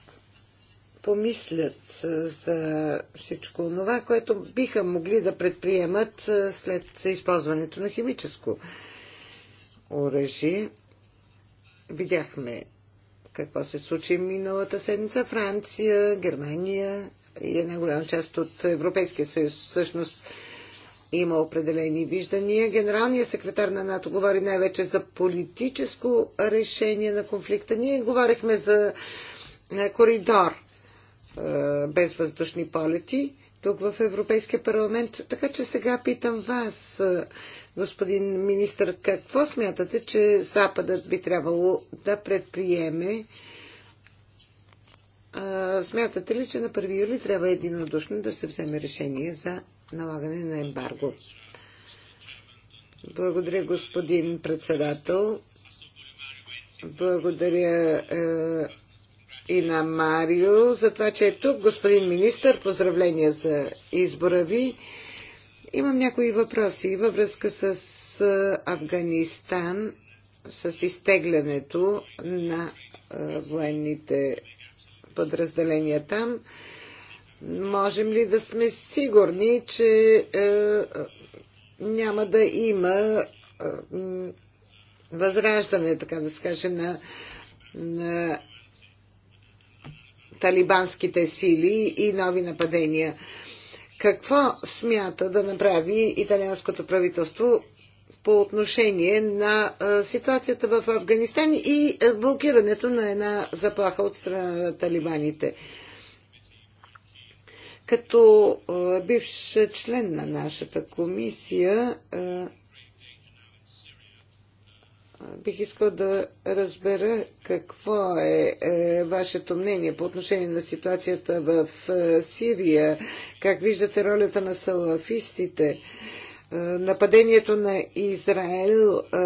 помислят за всичко това, което биха могли да предприемат след използването на химическо оръжие. Видяхме какво се случи миналата седмица. Франция, Германия, и една голяма част от Европейския съюз всъщност има определени виждания. Генералният секретар на НАТО говори най-вече за политическо решение на конфликта. Ние говорихме за е, коридор е, без въздушни полети тук в Европейския парламент. Така че сега питам вас, е, господин министр, какво смятате, че Западът би трябвало да предприеме смятате ли, че на 1 юли трябва единодушно да се вземе решение за налагане на ембарго? Благодаря, господин председател. Благодаря е, и на Марио за това, че е тук. Господин министр, поздравления за избора ви. Имам някои въпроси във връзка с е, Афганистан, с изтеглянето на е, военните подразделения там. Можем ли да сме сигурни, че е, няма да има е, възраждане, така да се каже, на, на талибанските сили и нови нападения? Какво смята да направи италианското правителство по отношение на ситуацията в Афганистан и блокирането на една заплаха от страна на талибаните. Като бивш член на нашата комисия, бих искал да разбера какво е, е, вашето мнение по отношение на ситуацията в Сирия, как виждате ролята на салафистите. Е, нападението на Израел е,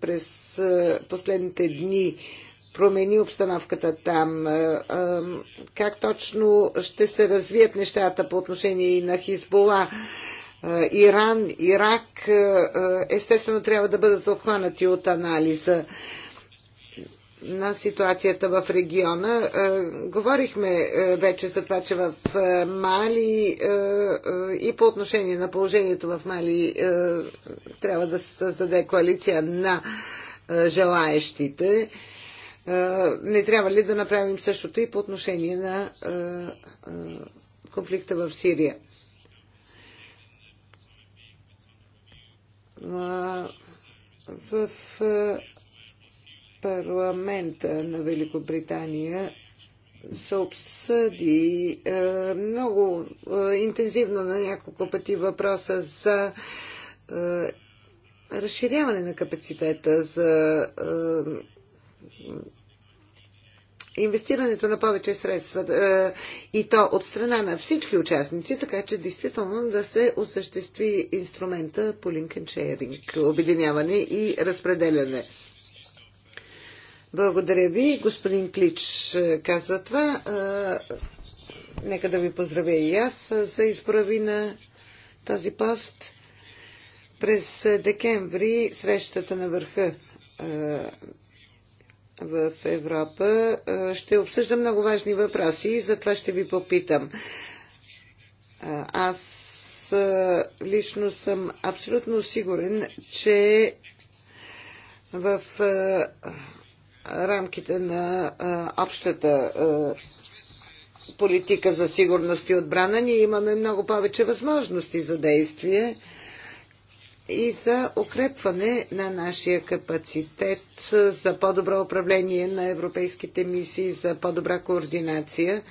през е, последните дни промени обстановката там? Как точно ще се развият нещата по отношение и на Хизбола? Иран, Ирак, естествено трябва да бъдат обхванати от анализа на ситуацията в региона. Е, говорихме е, вече за това, че в е, Мали и по отношение на положението в Мали трябва да се създаде коалиция на желаещите. Не трябва ли да направим същото и по отношение на конфликта в Сирия? В парламента на Великобритания се обсъди е, много е, интензивно на няколко пъти въпроса за е, разширяване на капацитета, за инвестирането на повече средства и то от страна на всички участници, така че действително да се осъществи инструмента по линкен шеринг, обединяване и разпределяне. Благодаря ви, господин Клич е, казва това. Е, нека да ви поздравя и аз е, за изправи на този пост. През декември срещата на върха в Европа ще обсъжда много важни въпроси и затова ще ви попитам. Аз лично съм абсолютно сигурен, че в рамките на общата политика за сигурност и отбрана, ние имаме много повече възможности за действие и за укрепване на нашия капацитет за по-добро управление на европейските мисии, за по-добра координация.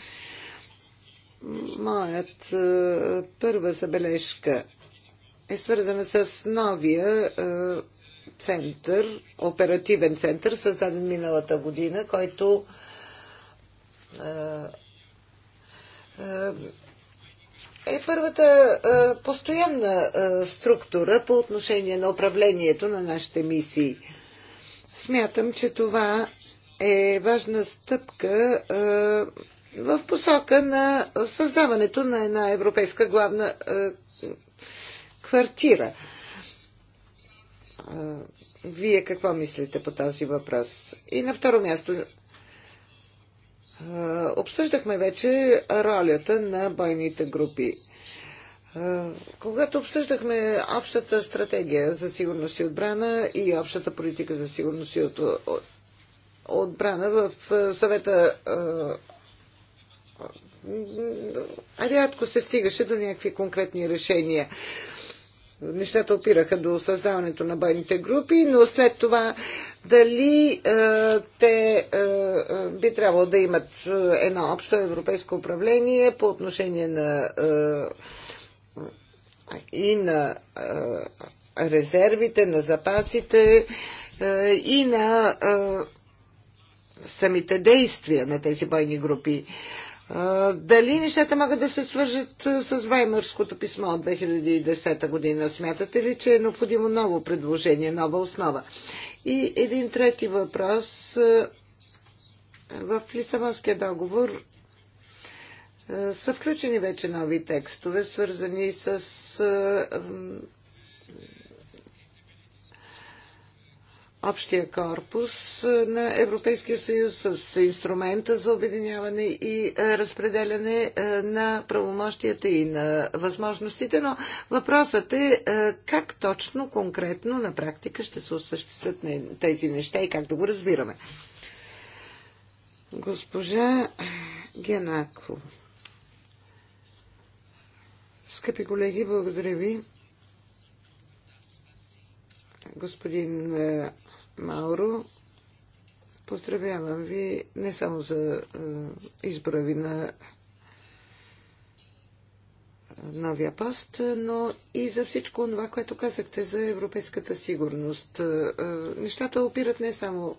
Моят първа забележка е свързана с новия център, оперативен център, създаден миналата година, който е първата постоянна структура по отношение на управлението на нашите мисии. Смятам, че това е важна стъпка в посока на създаването на една европейска главна квартира. Вие какво мислите по този въпрос? И на второ място, обсъждахме вече ролята на бойните групи. Когато обсъждахме общата стратегия за сигурност и отбрана и общата политика за сигурност и отбрана в съвета рядко се стигаше до някакви конкретни решения нещата опираха до създаването на бойните групи, но след това дали е, те е, е би трябвало да имат е, едно общо европейско управление по отношение на е, и на е, резервите, на запасите е, и на е, самите действия на тези бойни групи. Е, дали нещата могат да се свържат с Ваймърското писмо от 2010 година? Смятате ли, че е необходимо ново предложение, нова основа? И един трети въпрос. В Лисабонския договор са включени вече нови текстове, свързани с общия корпус на Европейския съюз с инструмента за обединяване и разпределяне на правомощията и на възможностите, но въпросът е как точно, конкретно на практика ще се осъществят тези неща и как да го разбираме. Госпожа Генако. Скъпи колеги, благодаря ви господин Мауро, поздравявам ви не само за е, избора ви на е, новия пост, но и за всичко това, което казахте за европейската сигурност. Е, нещата опират не само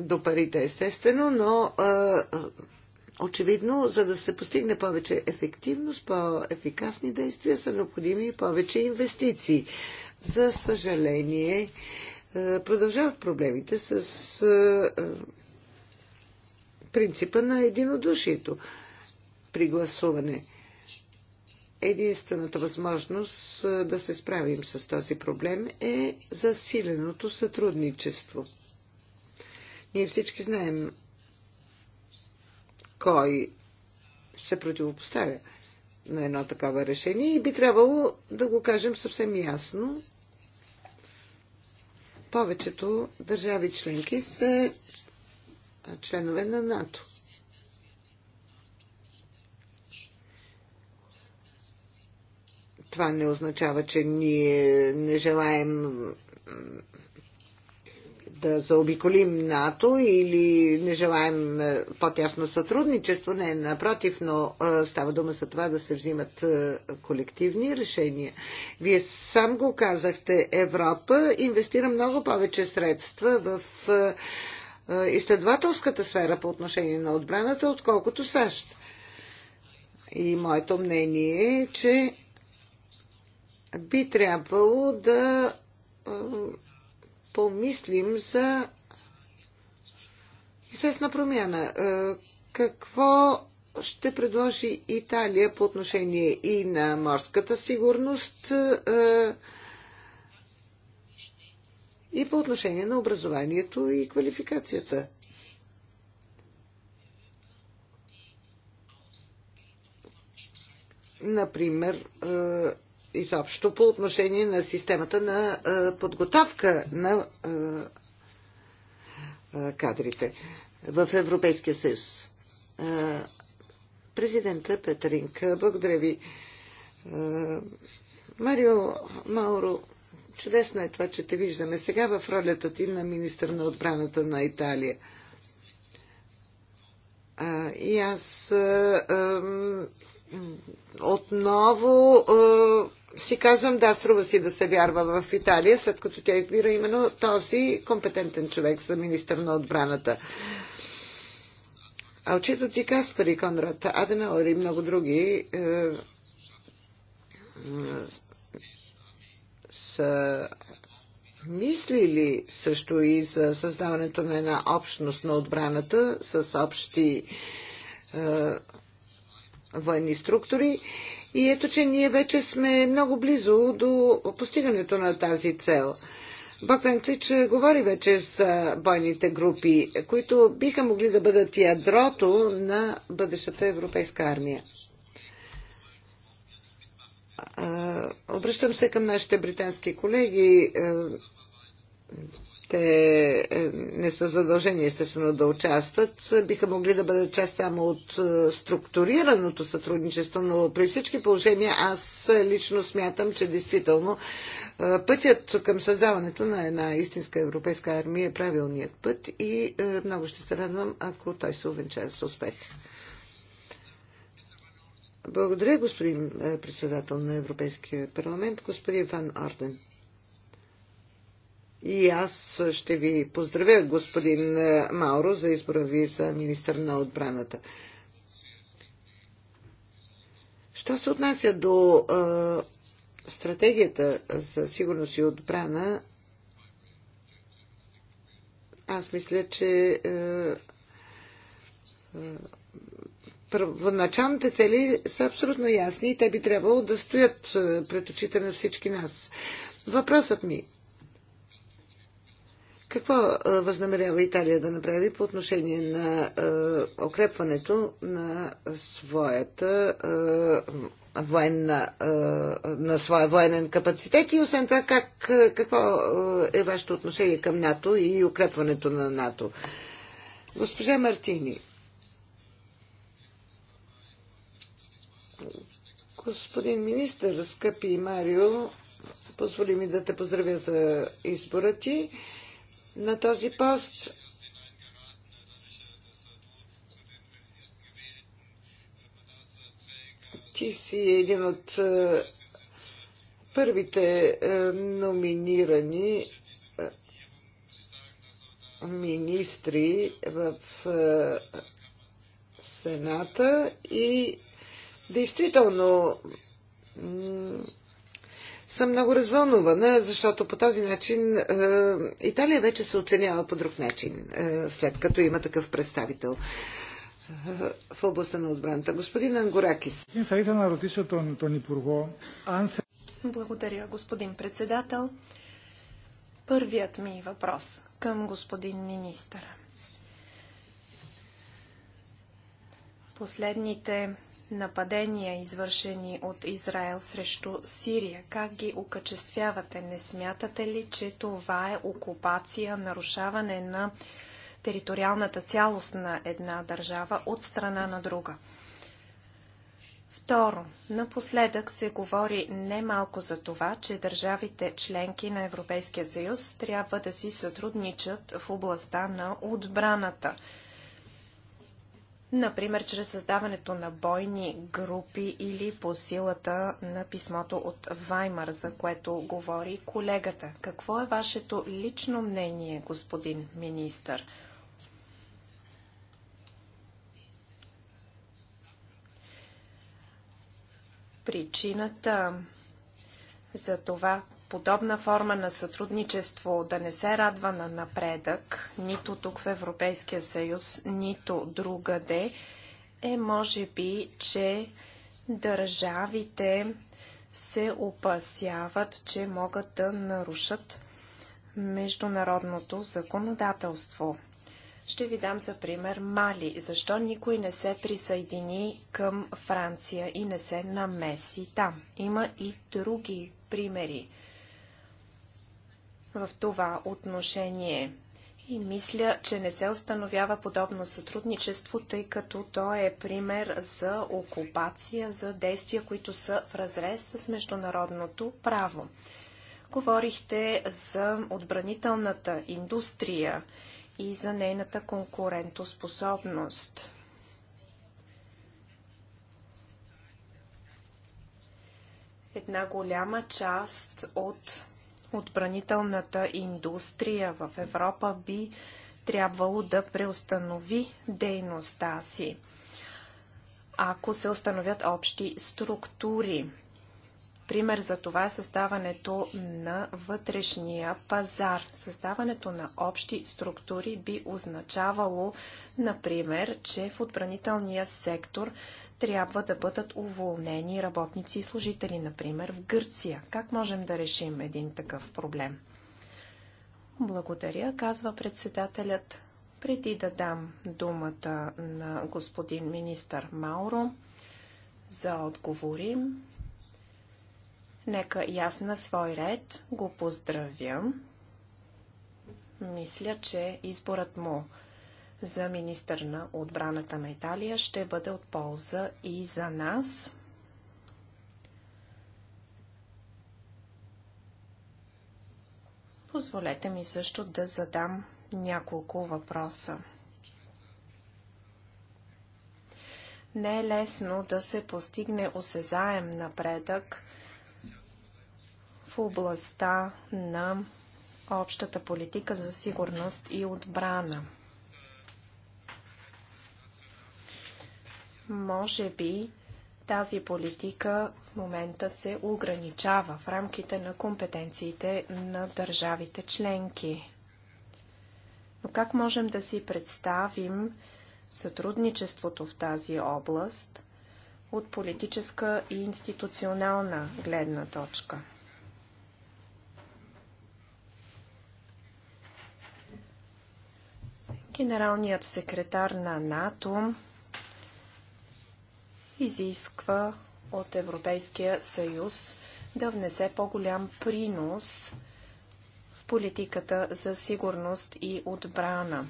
до парите, естествено, но очевидно, за да се постигне повече ефективност, по-ефикасни действия, са необходими и повече инвестиции. За съжаление, е, продължават проблемите с е, е, принципа на единодушието при гласуване. Единствената възможност да се справим с този проблем е засиленото сътрудничество. Ние всички знаем кой се противопоставя на едно такова решение и би трябвало да го кажем съвсем ясно повечето държави членки са членове на НАТО. Това не означава, че ние не желаем да заобиколим НАТО или не желаем е, по-тясно сътрудничество. Не, напротив, но е, става дума за това да се взимат е, колективни решения. Вие сам го казахте, Европа инвестира много повече средства в изследователската сфера по отношение на отбраната, отколкото САЩ. И моето мнение е, че би трябвало да помислим за известна промяна. Е, какво ще предложи Италия по отношение и на морската сигурност е, и по отношение на образованието и квалификацията? Например, е, изобщо по отношение на системата на подготовка на кадрите в Европейския съюз. Президента Петринка, благодаря ви. Марио Мауро, чудесно е това, че те виждаме сега в ролята ти на министър на отбраната на Италия. А, и аз а, а, отново а, си казвам, да, струва си да се вярва в Италия, след като тя избира именно този компетентен човек за министър на отбраната. А очито ти Каспари, Конрад Аденауер и много други е, е, са мислили също и за създаването на една общност на отбраната с общи е, военни структури. Е, и ето, че ние вече сме много близо до постигането на тази цел. Богдан Клич говори вече с бойните групи, които биха могли да бъдат ядрото на бъдещата европейска армия. Обръщам се към нашите британски колеги те е, не са задължени естествено да участват, биха могли да бъдат част само от е, структурираното сътрудничество, но при всички положения аз лично смятам, че действително е, пътят към създаването на една истинска европейска армия е правилният път и много ще се радвам, ако той се увенчае с успех. Благодаря, господин председател на Европейския парламент, господин Ван Орден. И аз ще ви поздравя, господин е, Мауро, за избора ви за министър на отбраната. Що се отнася до а, е, стратегията за сигурност и отбрана, аз мисля, че е, първоначалните цели са абсолютно ясни и те би трябвало да стоят пред очите на всички нас. Въпросът ми какво възнамерява Италия да направи по отношение на укрепването на своята военна, на своя военен капацитет и освен това как, какво е вашето отношение към НАТО и укрепването на НАТО? Госпожа Мартини, господин министър, скъпи Марио, позволи ми да те поздравя за избора ти на този пост. Ти си един от е, първите е, номинирани е, министри в Сената и действително съм много развълнувана, защото по този начин е, Италия вече се оценява по друг начин, е, след като има такъв представител е, в областта на отбраната. Господин Ангоракис. Благодаря, господин председател. Първият ми въпрос към господин министъра. Последните нападения, извършени от Израел срещу Сирия? Как ги окачествявате? Не смятате ли, че това е окупация, нарушаване на териториалната цялост на една държава от страна на друга? Второ, напоследък се говори немалко за това, че държавите членки на Европейския съюз трябва да си сътрудничат в областта на отбраната – например чрез създаването на бойни групи или по силата на писмото от Ваймар, за което говори колегата. Какво е вашето лично мнение, господин министър? Причината за това подобна форма на сътрудничество да не се радва на напредък, нито тук в Европейския съюз, нито другаде, е може би, че държавите се опасяват, че могат да нарушат международното законодателство. Ще ви дам за пример Мали. Защо никой не се присъедини към Франция и не се намеси там? Има и други примери в това отношение. И мисля, че не се установява подобно сътрудничество, тъй като то е пример за окупация, за действия, които са в разрез с международното право. Говорихте за отбранителната индустрия и за нейната конкурентоспособност. Една голяма част от отбранителната индустрия в Европа би трябвало да преустанови дейността си, ако се установят общи структури. Пример за това е създаването на вътрешния пазар. Създаването на общи структури би означавало, например, че в отбранителния сектор трябва да бъдат уволнени работници и служители, например в Гърция. Как можем да решим един такъв проблем? Благодаря, казва председателят. Преди да дам думата на господин министър Мауро за отговори, нека и аз на свой ред го поздравя. Мисля, че изборът му за министър на отбраната на Италия ще бъде от полза и за нас. Позволете ми също да задам няколко въпроса. Не е лесно да се постигне осезаем напредък в областта на общата политика за сигурност и отбрана. Може би тази политика в момента се ограничава в рамките на компетенциите на държавите членки. Но как можем да си представим сътрудничеството в тази област от политическа и институционална гледна точка? Генералният секретар на НАТО изисква от Европейския съюз да внесе по-голям принос в политиката за сигурност и отбрана.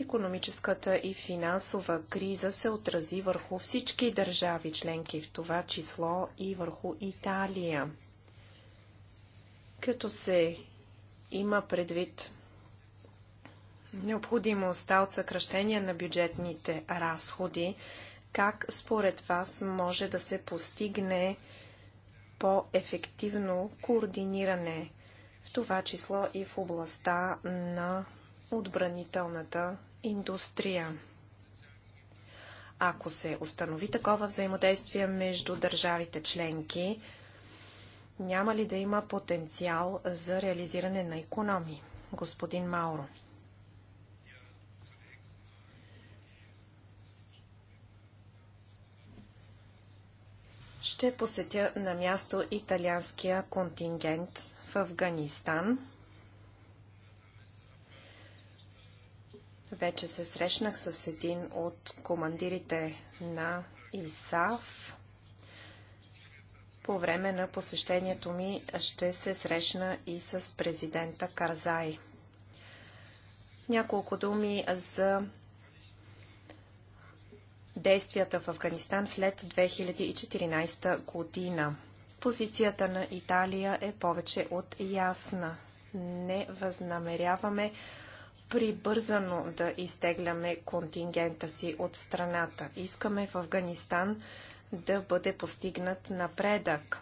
Економическата и финансова криза се отрази върху всички държави членки, в това число и върху Италия. Като се има предвид необходимостта от съкръщение на бюджетните разходи, как според вас може да се постигне по-ефективно координиране, в това число и в областта на отбранителната индустрия? Ако се установи такова взаимодействие между държавите членки, няма ли да има потенциал за реализиране на економии? Господин Мауро. Ще посетя на място италианския контингент в Афганистан. Вече се срещнах с един от командирите на ИСАФ. По време на посещението ми ще се срещна и с президента Карзай. Няколко думи за действията в Афганистан след 2014 година. Позицията на Италия е повече от ясна. Не възнамеряваме прибързано да изтегляме контингента си от страната. Искаме в Афганистан да бъде постигнат напредък.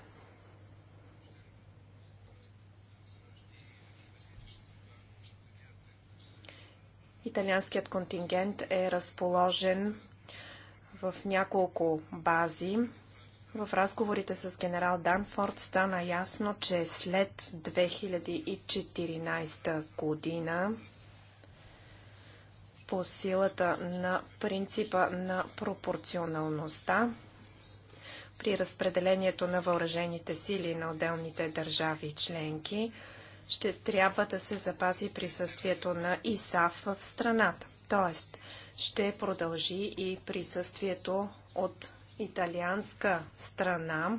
Италианският контингент е разположен в няколко бази. В разговорите с генерал Данфорд стана ясно, че след 2014 година по силата на принципа на пропорционалността при разпределението на въоръжените сили на отделните държави и членки ще трябва да се запази присъствието на ИСАФ в страната. Тоест, ще продължи и присъствието от италианска страна.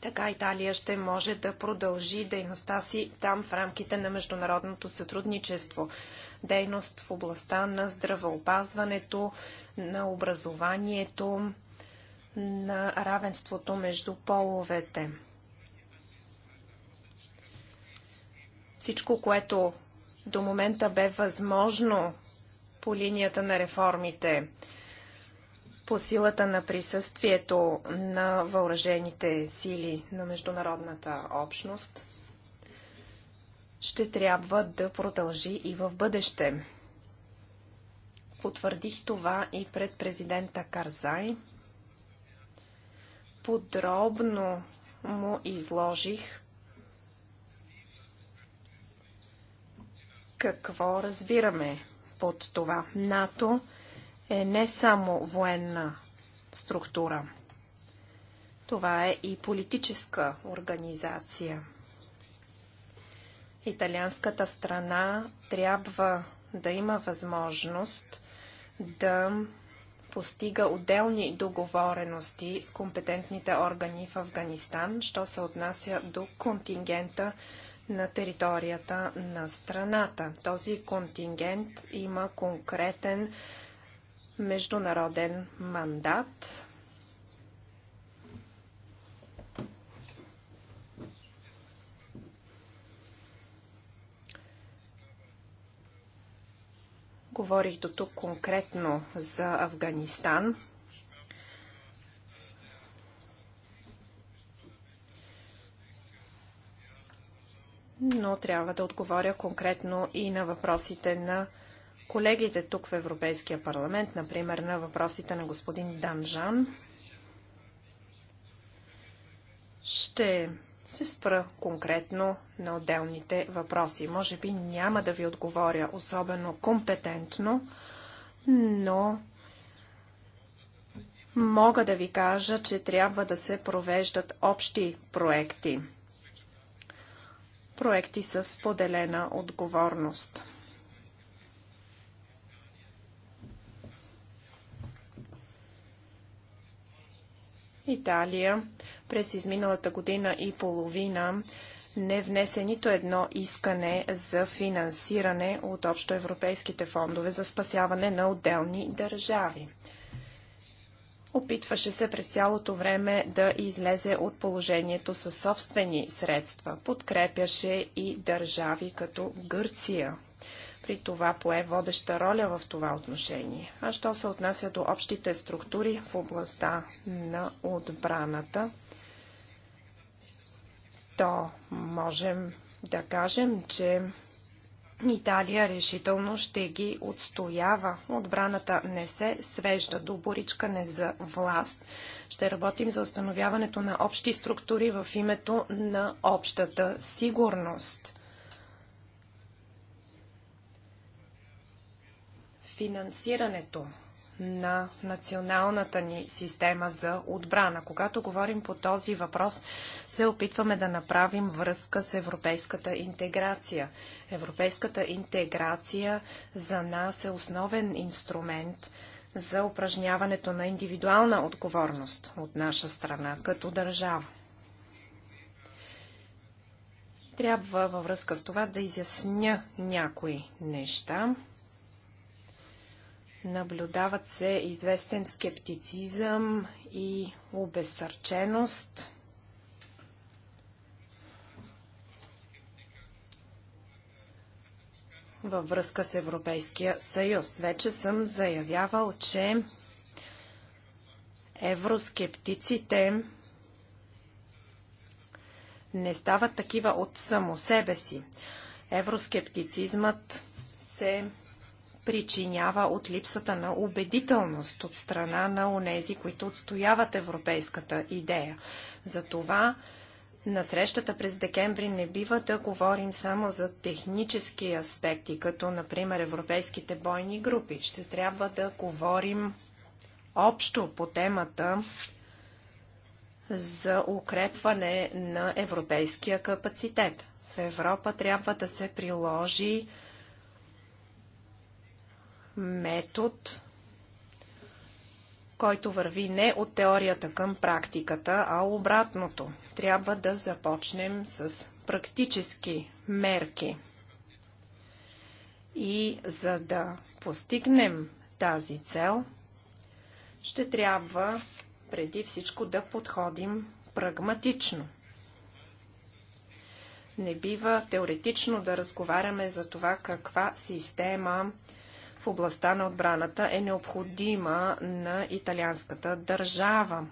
Така Италия ще може да продължи дейността си там в рамките на международното сътрудничество. Дейност в областта на здравеопазването, на образованието, на равенството между половете. Всичко, което до момента бе възможно по линията на реформите по силата на присъствието на въоръжените сили на международната общност ще трябва да продължи и в бъдеще. Потвърдих това и пред президента Карзай. Подробно му изложих какво разбираме под това. НАТО е не само военна структура. Това е и политическа организация. Италианската страна трябва да има възможност да постига отделни договорености с компетентните органи в Афганистан, що се отнася до контингента на територията на страната. Този контингент има конкретен международен мандат. Говорих до тук конкретно за Афганистан. но трябва да отговоря конкретно и на въпросите на колегите тук в Европейския парламент, например на въпросите на господин Данжан. Ще се спра конкретно на отделните въпроси. Може би няма да ви отговоря особено компетентно, но мога да ви кажа, че трябва да се провеждат общи проекти – проекти с поделена отговорност. Италия през изминалата година и половина не внесе нито едно искане за финансиране от общоевропейските фондове за спасяване на отделни държави. Опитваше се през цялото време да излезе от положението със собствени средства. Подкрепяше и държави като Гърция. При това пое водеща роля в това отношение. А що се отнася до общите структури в областта на отбраната, то можем да кажем, че Италия решително ще ги отстоява. Отбраната не се свежда до боричкане за власт. Ще работим за установяването на общи структури в името на общата сигурност. Финансирането на националната ни система за отбрана. Когато говорим по този въпрос, се опитваме да направим връзка с европейската интеграция. Европейската интеграция за нас е основен инструмент за упражняването на индивидуална отговорност от наша страна като държава. Трябва във връзка с това да изясня някои неща. Наблюдават се известен скептицизъм и обесърченост. във връзка с Европейския съюз. Вече съм заявявал, че евроскептиците не стават такива от само себе си. Евроскептицизмът се причинява от липсата на убедителност от страна на онези, които отстояват европейската идея. Затова на срещата през декември не бива да говорим само за технически аспекти, като например европейските бойни групи. Ще трябва да говорим общо по темата за укрепване на европейския капацитет. В Европа трябва да се приложи метод, който върви не от теорията към практиката, а обратното. Трябва да започнем с практически мерки. И за да постигнем тази цел, ще трябва преди всичко да подходим прагматично. Не бива теоретично да разговаряме за това каква система в областта на отбраната е необходима на италианската държава.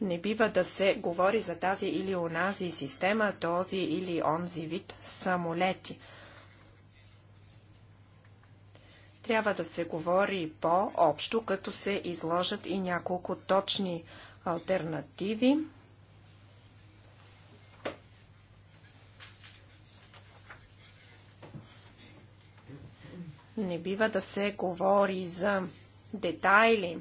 Не бива да се говори за тази или онази система, този или онзи вид самолети – Трябва да се говори по-общо, като се изложат и няколко точни альтернативи. Не бива да се говори за детайли.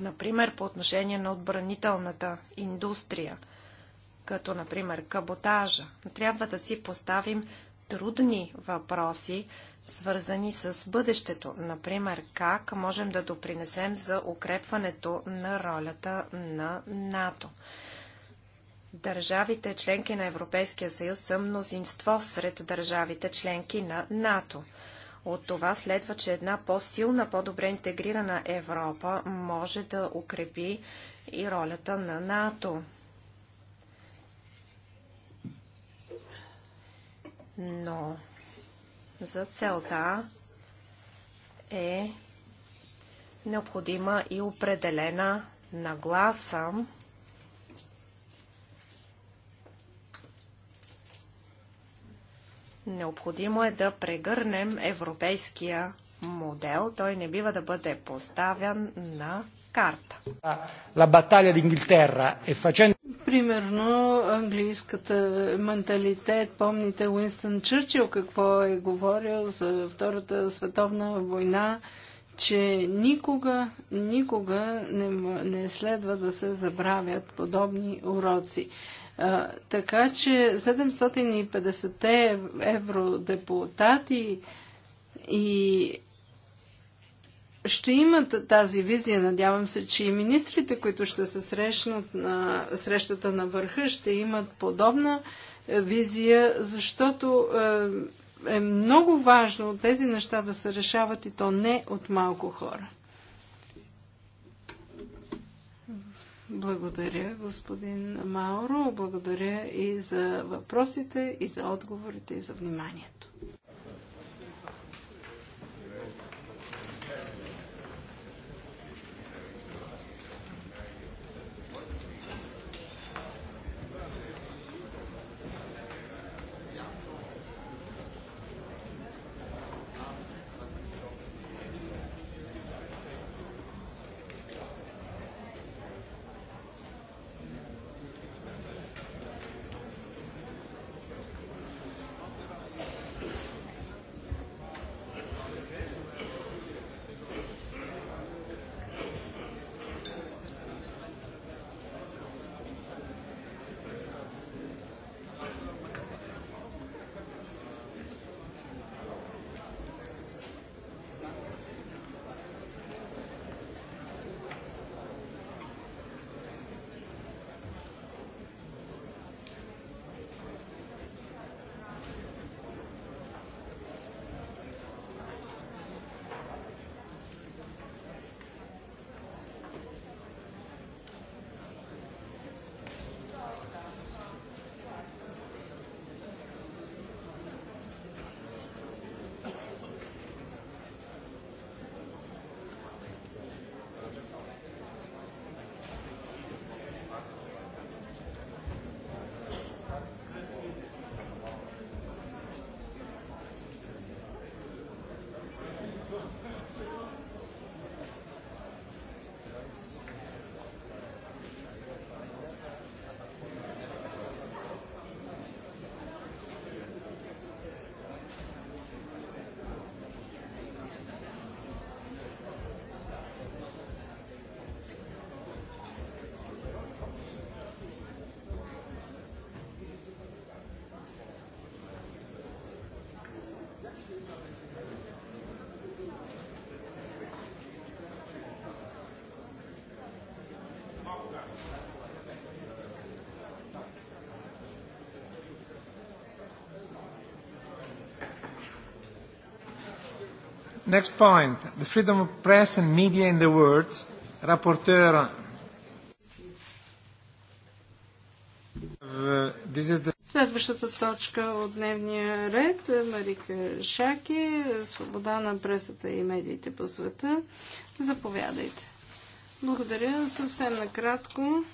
Например, по отношение на отбранителната индустрия, като например каботажа. Трябва да си поставим трудни въпроси, свързани с бъдещето. Например, как можем да допринесем за укрепването на ролята на НАТО. Държавите членки на Европейския съюз са мнозинство сред държавите членки на НАТО. От това следва, че една по-силна, по-добре интегрирана Европа може да укрепи и ролята на НАТО. Но за целта е необходима и определена нагласа Необходимо е да прегърнем европейския модел. Той не бива да бъде поставен на карта. La battaglia d'Inghilterra e facendo Примерно английската менталитет, помните Уинстън Чърчил какво е говорил за Втората световна война, че никога, никога не, не следва да се забравят подобни уроци. А, така че 750 евродепутати и ще имат тази визия. Надявам се, че и министрите, които ще се срещнат на срещата на върха, ще имат подобна е, визия, защото е, е много важно тези неща да се решават и то не от малко хора. Благодаря, господин Мауро. Благодаря и за въпросите, и за отговорите, и за вниманието. Next point, the freedom of press and media in the world. Rapporteur. Uh, Следващата точка от дневния ред е Марика Шаки, свобода на пресата и медиите по света. Заповядайте. Благодаря. Съвсем накратко.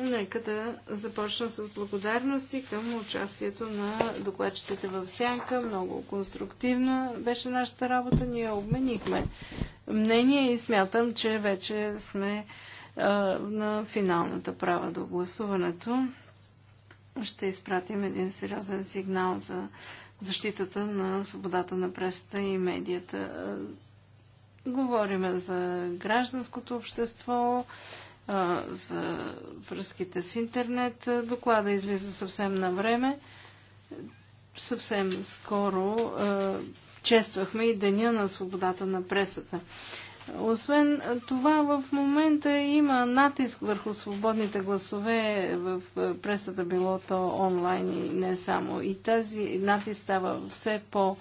Нека да започна с благодарности към участието на докладчиците в Сянка. Много конструктивна беше нашата работа. Ние обменихме мнение и смятам, че вече сме а, на финалната права до гласуването. Ще изпратим един сериозен сигнал за защитата на свободата на пресата и медията. Говориме за гражданското общество, а, за връзките с интернет. Доклада излиза съвсем на време. Съвсем скоро а, чествахме и Деня на свободата на пресата. Освен това, в момента има натиск върху свободните гласове в пресата, било то онлайн и не само. И тази натиск става все по-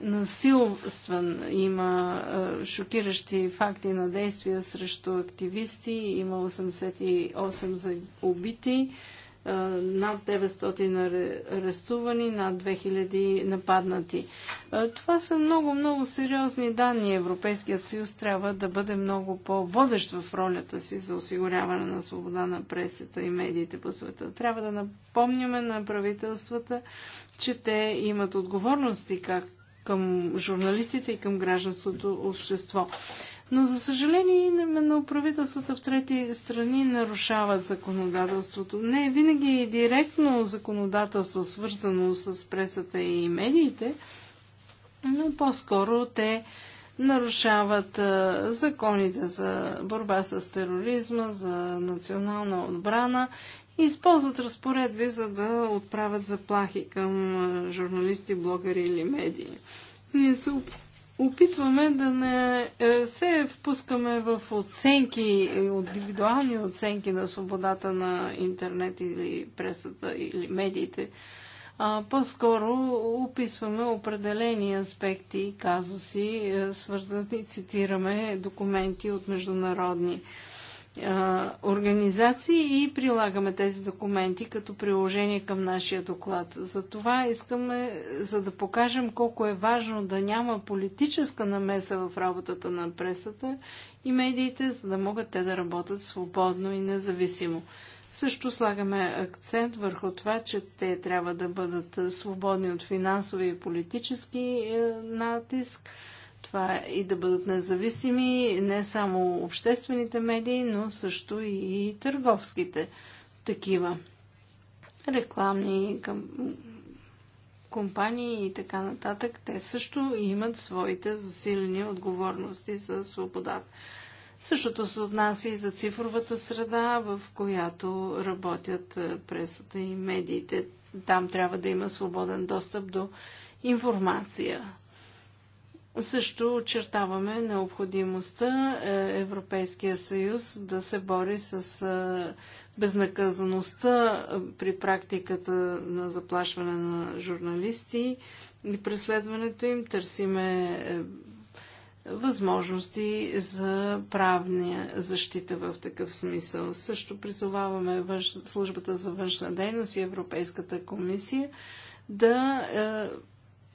насилстван, има е, шокиращи факти на действия срещу активисти, има 88 за убити, е, над 900 арестувани, над 2000 нападнати. Е, това са много, много сериозни данни. Европейският съюз трябва да бъде много по-водещ в ролята си за осигуряване на свобода на пресата и медиите по света. Трябва да напомняме на правителствата, че те имат отговорности как към журналистите и към гражданството общество. Но, за съжаление, именно правителствата в трети страни нарушават законодателството. Не, винаги е директно законодателство, свързано с пресата и медиите, но по-скоро те нарушават законите за борба с тероризма, за национална отбрана използват разпоредби, за да отправят заплахи към журналисти, блогъри или медии. Ние се опитваме да не е, се впускаме в оценки, е, индивидуални оценки на свободата на интернет или пресата или медиите. по-скоро описваме определени аспекти и казуси, е, свързани, цитираме документи от международни организации и прилагаме тези документи като приложение към нашия доклад. За това искаме, за да покажем колко е важно да няма политическа намеса в работата на пресата и медиите, за да могат те да работят свободно и независимо. Също слагаме акцент върху това, че те трябва да бъдат свободни от финансови и политически е, натиск това е и да бъдат независими не само обществените медии, но също и търговските такива. Рекламни към... компании и така нататък, те също имат своите засилени отговорности за свободата. Същото се отнася и за цифровата среда, в която работят е, пресата и медиите. Там трябва да има свободен достъп до информация. Също очертаваме необходимостта е, Европейския съюз да се бори с е, безнаказаността е, при практиката на заплашване на журналисти и преследването им. Търсиме възможности за правния защита в такъв смисъл. Също призоваваме службата за външна дейност и Европейската комисия да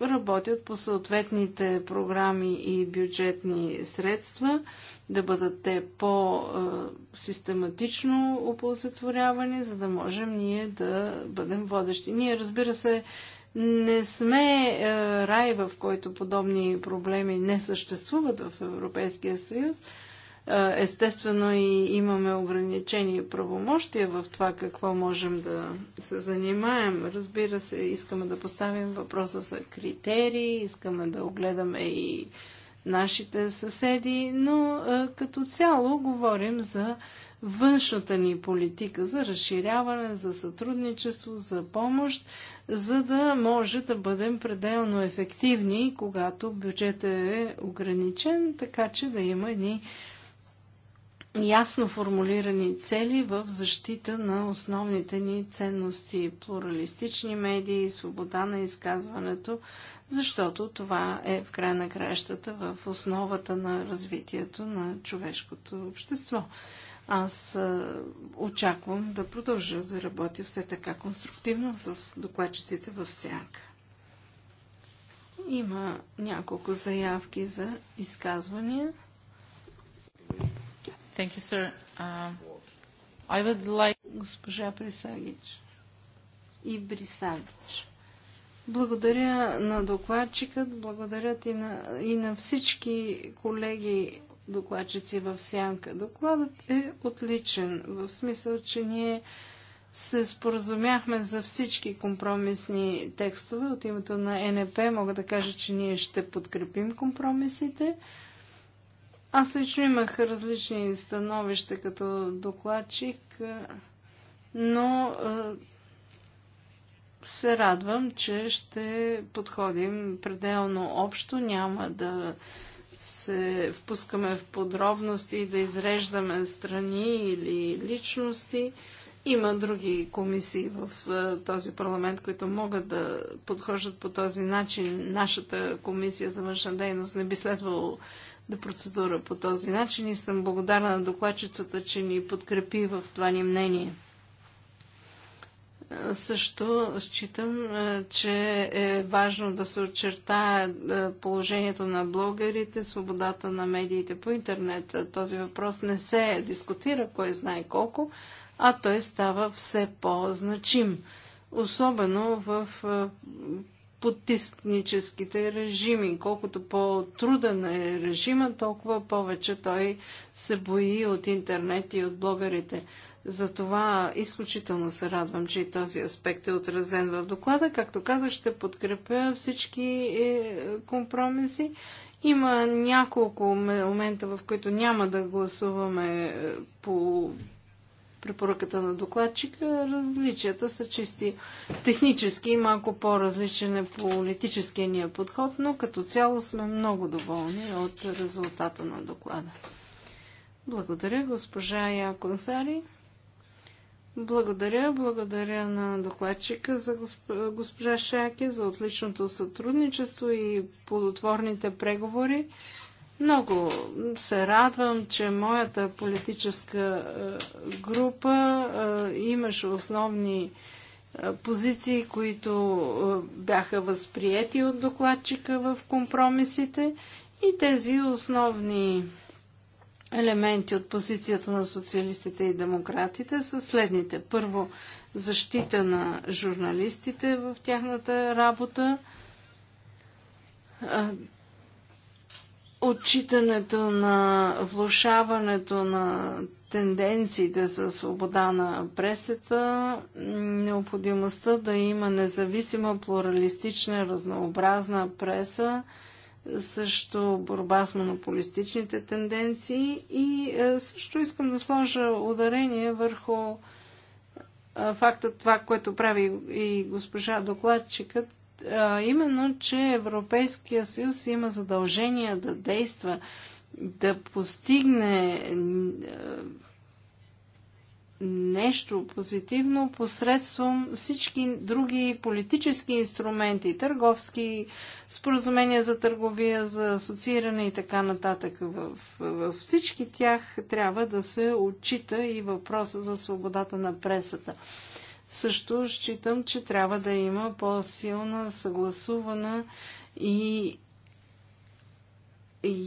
работят по съответните програми и бюджетни средства, да бъдат те по-систематично оползотворявани, за да можем ние да бъдем водещи. Ние, разбира се, не сме е, рай, в който подобни проблеми не съществуват в Европейския съюз, Естествено и имаме ограничени правомощия в това какво можем да се занимаем. Разбира се, искаме да поставим въпроса за критерии, искаме да огледаме и нашите съседи, но като цяло говорим за външната ни политика, за разширяване, за сътрудничество, за помощ, за да може да бъдем пределно ефективни, когато бюджетът е ограничен, така че да има едни ясно формулирани цели в защита на основните ни ценности плуралистични медии, свобода на изказването, защото това е в край на краищата в основата на развитието на човешкото общество. Аз очаквам да продължа да работя все така конструктивно с докладчиците в сянка. Има няколко заявки за изказвания. Thank you, sir. Uh, I would like... Госпожа Присагич. И Брисагич. Благодаря на докладчикът, благодаря и на, и на всички колеги докладчици в Сянка. Докладът е отличен, в смисъл, че ние се споразумяхме за всички компромисни текстове. От името на НП мога да кажа, че ние ще подкрепим компромисите. Аз лично имах различни становища като докладчик, но се радвам, че ще подходим пределно общо. Няма да се впускаме в подробности и да изреждаме страни или личности. Има други комисии в този парламент, които могат да подхождат по този начин. Нашата комисия за външна дейност не би следвало да процедура по този начин и съм благодарна на докладчицата, че ни подкрепи в това ни мнение. Също считам, че е важно да се очертае положението на блогерите, свободата на медиите по интернет. Този въпрос не се дискутира, кой знае колко, а той става все по-значим. Особено в потискническите режими. Колкото по-труден е режима, толкова повече той се бои от интернет и от блогерите. Затова изключително се радвам, че и този аспект е отразен в доклада. Както казах, ще подкрепя всички е, компромиси. Има няколко момента, в които няма да гласуваме е, по препоръката на докладчика. Различията са чисти технически и е малко по-различен е политическия ни подход, но като цяло сме много доволни от резултата на доклада. Благодаря, госпожа Яконсари. Благодаря, благодаря на докладчика за госпожа Шаки за отличното сътрудничество и плодотворните преговори. Много се радвам, че моята политическа е, група е, имаше основни е, позиции, които бяха възприети от докладчика в компромисите и тези основни елементи от позицията на социалистите и демократите са следните. Първо, защита на журналистите в тяхната работа отчитането на влушаването на тенденциите за свобода на пресата, необходимостта да има независима, плуралистична, разнообразна преса, също борба с монополистичните тенденции и е, също искам да сложа ударение върху е, факта това, което прави и госпожа докладчикът, а именно, че Европейския съюз има задължение да действа, да постигне нещо позитивно посредством всички други политически инструменти, търговски споразумения за търговия, за асоцииране и така нататък. В всички тях трябва да се отчита и въпроса за свободата на пресата също считам, че трябва да има по-силна, съгласувана и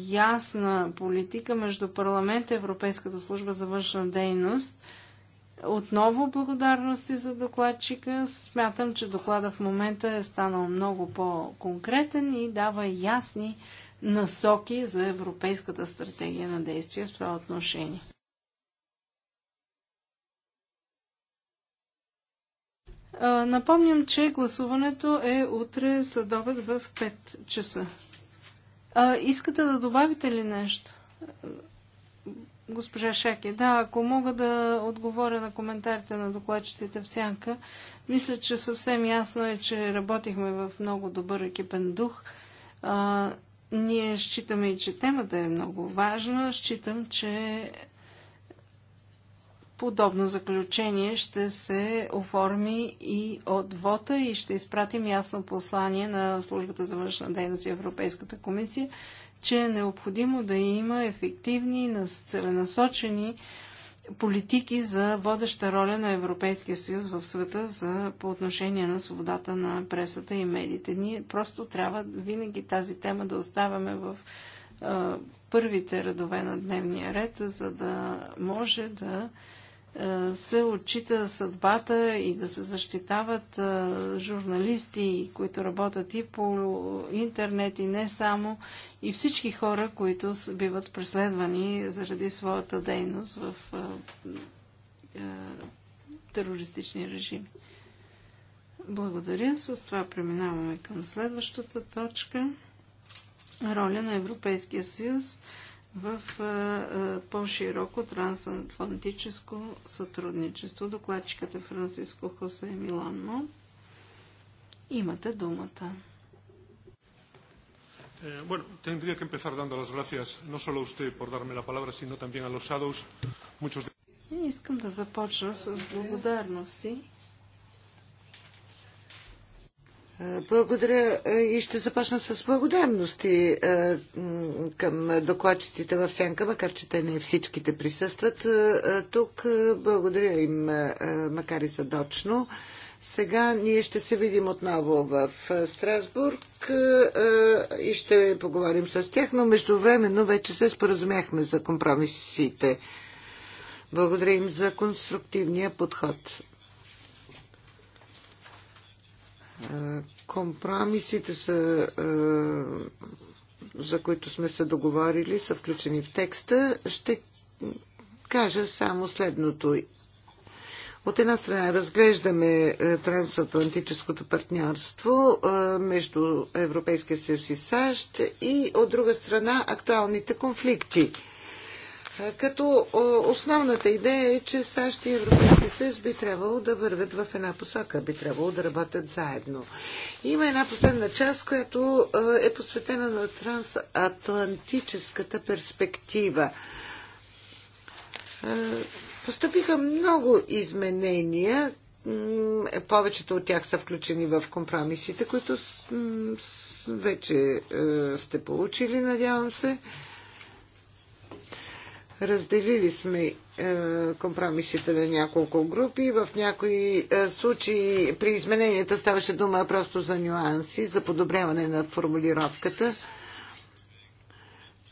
ясна политика между парламента и Европейската служба за външна дейност. Отново благодарности за докладчика. Смятам, че доклада в момента е станал много по-конкретен и дава ясни насоки за Европейската стратегия на действие в това отношение. Напомням, че гласуването е утре след обед в 5 часа. А, искате да добавите ли нещо? Госпожа Шаки, да, ако мога да отговоря на коментарите на докладчиците в сянка, мисля, че съвсем ясно е, че работихме в много добър екипен дух. А, ние считаме, и, че темата е много важна. Считам, че Подобно заключение ще се оформи и от ВОТА и ще изпратим ясно послание на Службата за външна дейност и Европейската комисия, че е необходимо да има ефективни, целенасочени политики за водеща роля на Европейския съюз в света за, по отношение на свободата на пресата и медиите. Ние просто трябва винаги тази тема да оставяме в първите редове на дневния ред, за да може да се отчита съдбата и да се защитават журналисти, които работят и по интернет, и не само, и всички хора, които биват преследвани заради своята дейност в терористични режими. Благодаря. С това преминаваме към следващата точка. Роля на Европейския съюз в а, а, по-широко трансатлантическо сътрудничество. Докладчиката е Франциско Хосе Миланно. Имате думата. Eh, bueno, tendría que empezar dando las gracias no solo a usted por darme la palabra, sino también a los shadows. Muchos de... Искам да започна с благодарности благодаря и ще започна с благодарности към докладчиците в Сянка, макар че те не всичките присъстват тук. Благодаря им, макар и задочно. Сега ние ще се видим отново в Страсбург и ще поговорим с тях, но междувременно вече се споразумяхме за компромисите. Благодаря им за конструктивния подход. Компромисите са е, за които сме се договорили, са включени в текста. Ще кажа само следното. От една страна разглеждаме е, трансатлантическото партньорство е, между Европейския съюз и САЩ и от друга страна актуалните конфликти – като основната идея е, че САЩ и Европейски съюз би трябвало да вървят в една посока, би трябвало да работят заедно. Има една последна част, която е посветена на трансатлантическата перспектива. Постъпиха много изменения. Повечето от тях са включени в компромисите, които вече сте получили, надявам се. Разделили сме е, компромисите на няколко групи. В някои е, случаи при измененията ставаше дума просто за нюанси, за подобряване на формулировката.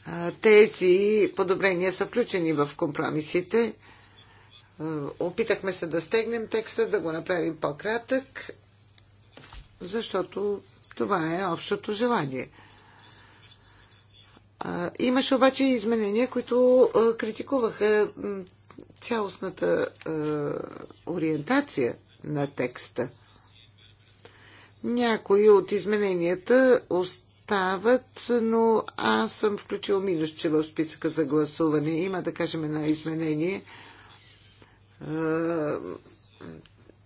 Е, тези подобрения са включени в компромисите. Опитахме се да стегнем текста, да го направим по-кратък, защото това е общото желание – Имаше обаче изменения, които критикуваха цялостната ориентация на текста. Някои от измененията остават, но аз съм включил минусче в списъка за гласуване. Има, да кажем, едно изменение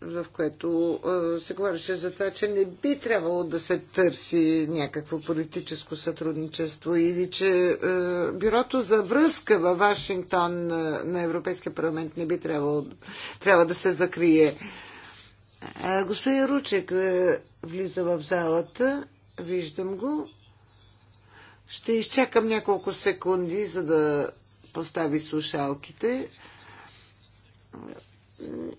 в което се говореше за това, че не би трябвало да се търси някакво политическо сътрудничество или че бюрото за връзка във Вашингтон на Европейския парламент не би трябвало трябва да се закрие. Господин Ручек влиза в залата. Виждам го. Ще изчакам няколко секунди, за да постави слушалките.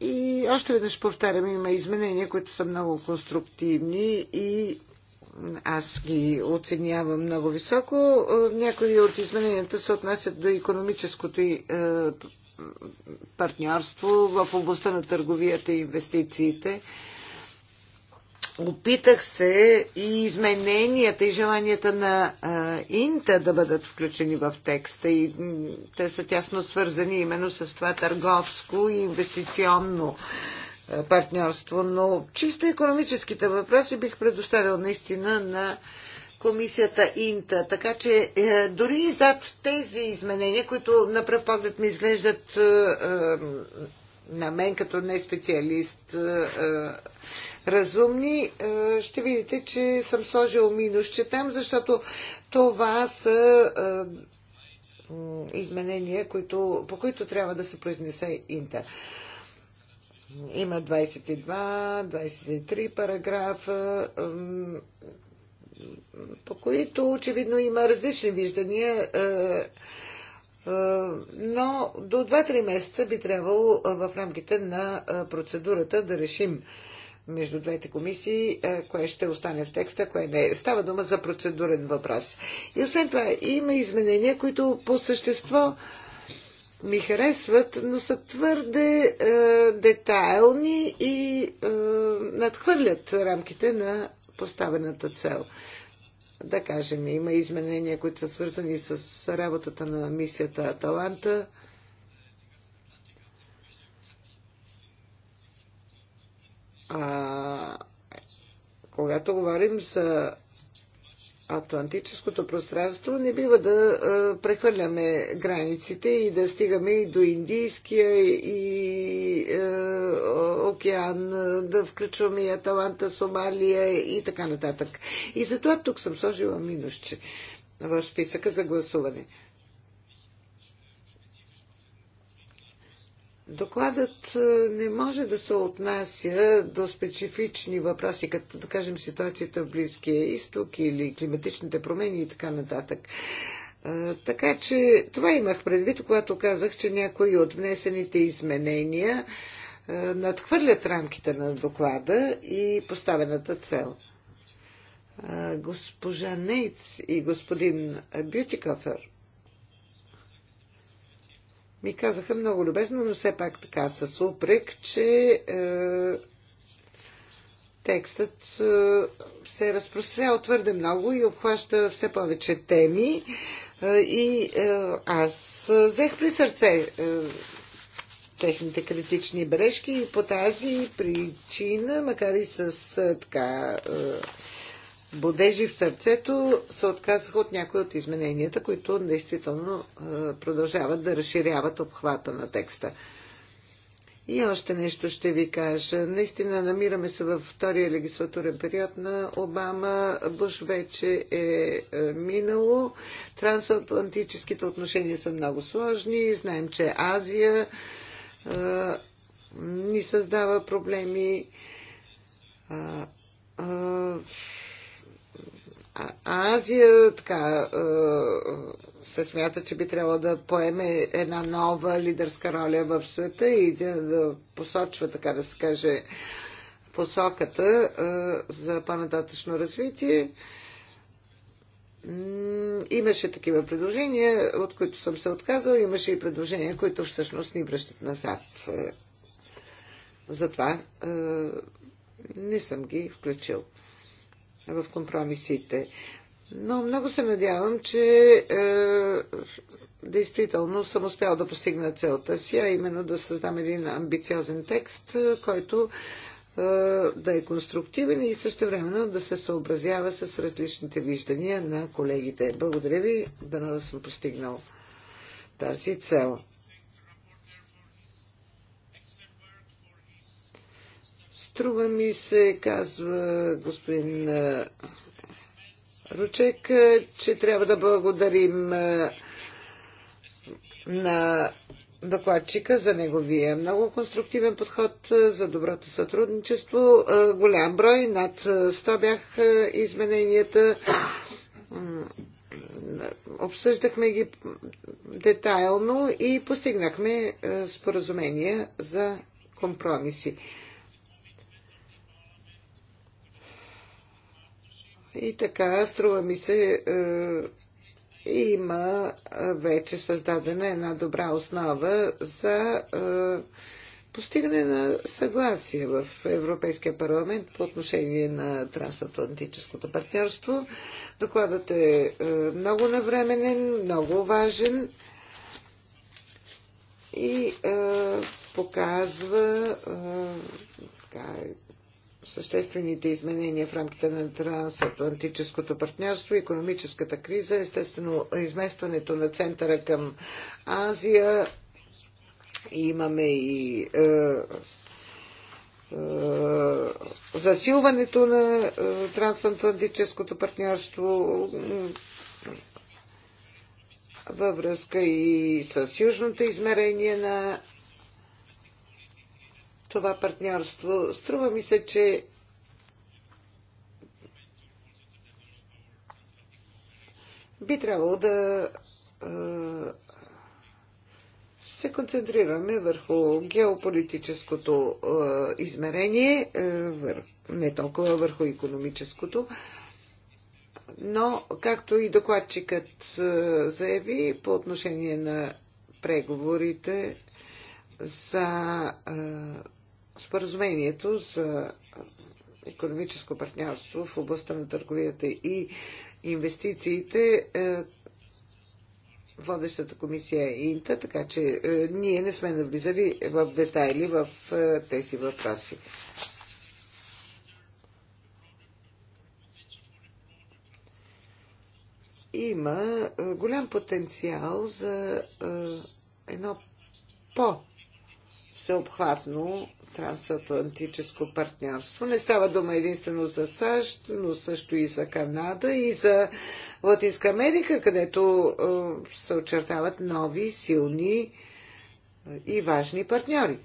И още веднъж повтарям, има изменения, които са много конструктивни и аз ги оценявам много високо. Е, някои от измененията се отнасят до економическото и е, партньорство в областта на търговията и инвестициите. Опитах се и измененията и желанията на а, Инта да бъдат включени в текста и те са тясно свързани именно с това търговско и инвестиционно партньорство, но чисто економическите въпроси бих предоставил наистина на комисията Инта. Така че е, дори и зад тези изменения, които на пръв поглед ми изглеждат е, е на мен като не специалист е, е разумни, е, ще видите, че съм сложил че там, защото това са е, изменения, които, по които трябва да се произнесе Инта. Има 22, 23 параграфа, по които очевидно има различни виждания е, но до 2-3 месеца би трябвало в рамките на процедурата да решим между двете комисии, е, кое ще остане в текста, кое не. Става дума за процедурен въпрос. И освен това, има изменения, които по същество ми харесват, но са твърде е, детайлни и е, надхвърлят рамките на поставената цел. Да кажем, има изменения, които са свързани с работата на мисията Аталанта. Е, А, когато говорим за Атлантическото пространство, не бива да а, прехвърляме границите и да стигаме и до Индийския и а, океан, да включваме и Аталанта, Сомалия и така нататък. И затова тук съм сложила минусче в списъка за гласуване. Докладът е, не може да се отнася до специфични въпроси, като да кажем ситуацията в Близкия изток или климатичните промени и така нататък. Е, така че това имах предвид, когато казах, че някои от внесените изменения е, надхвърлят рамките на доклада и поставената цел. Госпожа Нейц и господин Бютикофер ми казаха много любезно, но все пак така с упрек, че е, текстът е, се е разпрострял твърде много и обхваща все повече теми. Е, и е, аз взех при сърце е, техните критични бележки и по тази причина, макар и с е, така. Е, бодежи в сърцето се отказаха от някои от измененията, които действително продължават да разширяват обхвата на текста. И още нещо ще ви кажа. Наистина намираме се във втория легислатурен период на Обама. Буш вече е, е минало. Трансатлантическите отношения са много сложни. Знаем, че Азия а, ни създава проблеми. А, а, Азия така, се смята, че би трябвало да поеме една нова лидерска роля в света и да, да посочва, така да се каже, посоката за по-нататъчно развитие. Имаше такива предложения, от които съм се отказал. Имаше и предложения, които всъщност ни връщат назад. Затова не съм ги включил в компромисите. Но много се надявам, че е, действително съм успял да постигна целта си, а именно да създам един амбициозен текст, е, който е, да е конструктивен и времено да се съобразява с различните виждания на колегите. Благодаря ви, да съм постигнал тази цел. Струва ми се, казва господин Ручек, че трябва да благодарим на докладчика за неговия много конструктивен подход за доброто сътрудничество. Голям брой, над 100 бях измененията. Обсъждахме ги детайлно и постигнахме споразумения за компромиси. И така, струва ми се, е, има вече създадена една добра основа за е, постигане на съгласие в Европейския парламент по отношение на трансатлантическото партньорство. Докладът е, е много навременен, много важен и е, показва е, така, съществените изменения в рамките на трансатлантическото партньорство, економическата криза, естествено изместването на центъра към Азия. Имаме и е, е, засилването на е, трансатлантическото партньорство във връзка и с южното измерение на това партньорство. Струва ми се, че би трябвало да се концентрираме върху геополитическото измерение, не толкова върху економическото, но както и докладчикът заяви по отношение на преговорите за споразумението за економическо партньорство в областта на търговията и инвестициите е, водещата комисия е Инта, така че е, ние не сме навлизали в детайли в е, тези въпроси. Има е, голям потенциал за е, едно по- всеобхватно трансатлантическо партньорство. Не става дума единствено за САЩ, но също и за Канада и за Латинска Америка, където е, се очертават нови, силни е, и важни партньори.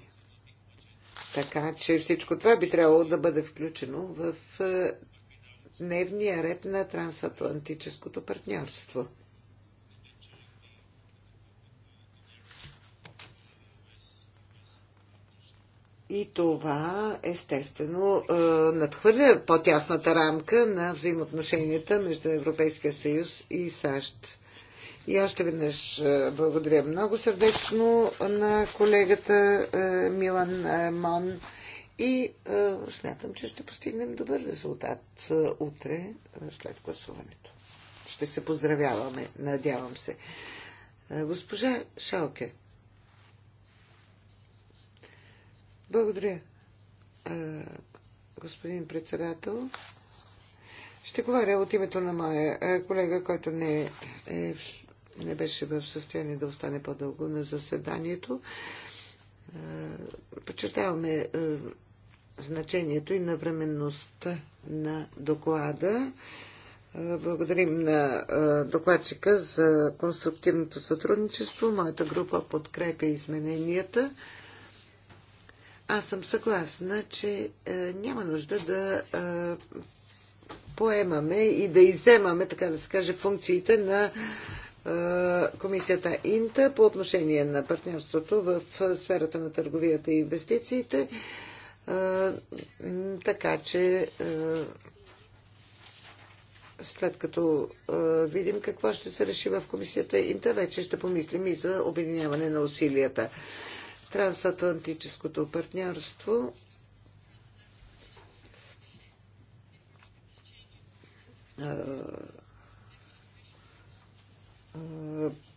Така че всичко това би трябвало да бъде включено в е, дневния ред на трансатлантическото партньорство. И това, естествено, е, надхвърля по-тясната рамка на взаимоотношенията между Европейския съюз и САЩ. И още веднъж е, благодаря много сърдечно на колегата е, Милан Мон и смятам, че ще постигнем добър резултат утре след гласуването. Ще се поздравяваме, надявам се. Госпожа Шалке. Благодаря, господин председател. Ще говоря от името на моя колега, който не, е, не беше в състояние да остане по-дълго на заседанието. Почертаваме значението и на временността на доклада. Благодарим на докладчика за конструктивното сътрудничество. Моята група подкрепя измененията. Аз съм съгласна, че е, няма нужда да е, поемаме и да иземаме, така да се каже, функциите на е, комисията Инта по отношение на партньорството в е, сферата на търговията и инвестициите. Е, така че. Е, след като е, видим какво ще се реши в комисията Инта, вече ще помислим и за обединяване на усилията трансатлантическото партньорство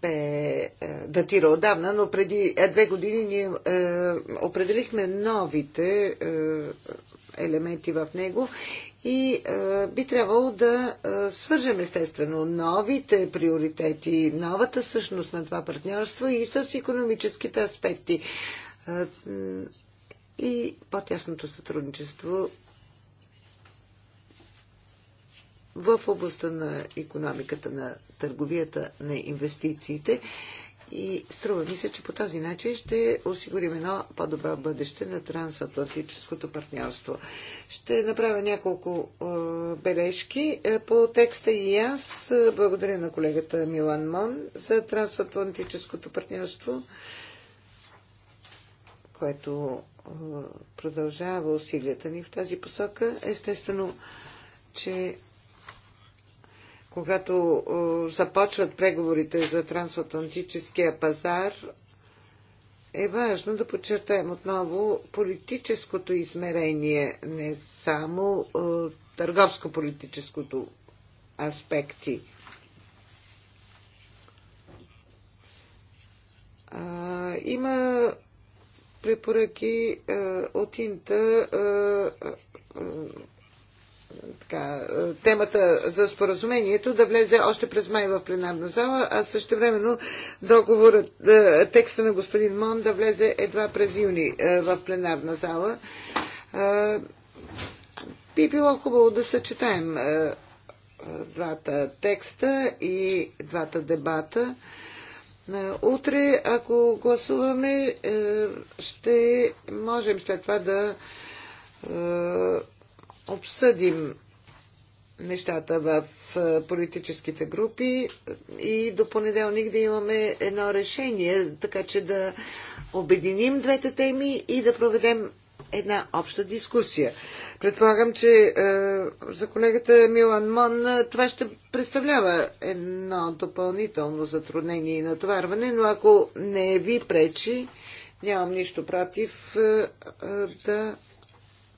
бе е, датира отдавна, но преди е, две години ние е, определихме новите елементи в него и а, е, би трябвало да а, е, свържем естествено новите приоритети, новата същност на това партньорство и с економическите аспекти а, е, и по-тясното сътрудничество в областта на економиката, на търговията, на инвестициите и струва ми се, че по този начин ще осигурим едно по-добро бъдеще на трансатлантическото партньорство. Ще направя няколко е, бележки е, по текста и аз е, благодаря на колегата Милан Мон за трансатлантическото партньорство, което е, продължава усилията ни в тази посока. Естествено, че когато е, започват преговорите за трансатлантическия пазар, е важно да подчертаем отново политическото измерение, не само е, търговско-политическото аспекти. А, има препоръки а, е, от Инта а, така, е, темата за споразумението да влезе още през май в пленарна зала, а също времено договорът, е, текста на господин Мон да влезе едва през юни е, в пленарна зала. Би било хубаво да съчетаем двата текста и двата дебата. Утре, ако гласуваме, ще можем след това да обсъдим нещата в политическите групи и до понеделник да имаме едно решение, така че да обединим двете теми и да проведем една обща дискусия. Предполагам, че е, за колегата Милан Мон това ще представлява едно допълнително затруднение и натоварване, но ако не ви пречи, нямам нищо против е, е, да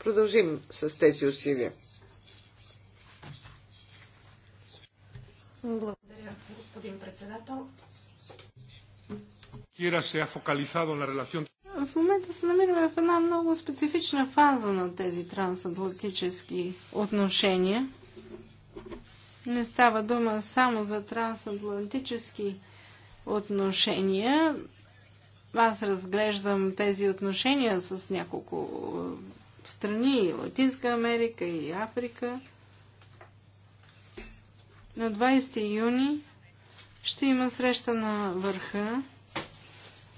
продължим с тези усилия. Благодаря, господин председател. Е в момента се намираме в една много специфична фаза на тези трансатлантически отношения. Не става дума само за трансатлантически отношения. Аз разглеждам тези отношения с няколко страни, и Латинска Америка, и Африка. На 20 юни ще има среща на върха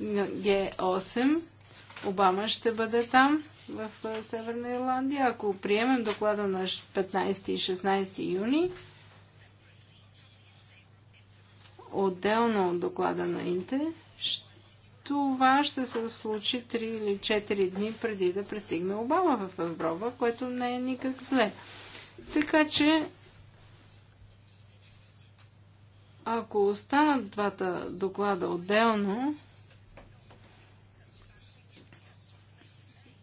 на Г8. Обама ще бъде там в Северна Ирландия. Ако приемем доклада на 15 и 16 юни, отделно от доклада на Инте, ще това ще се случи 3 или 4 дни преди да пристигне Обама в Европа, което не е никак зле. Така че, ако останат двата доклада отделно,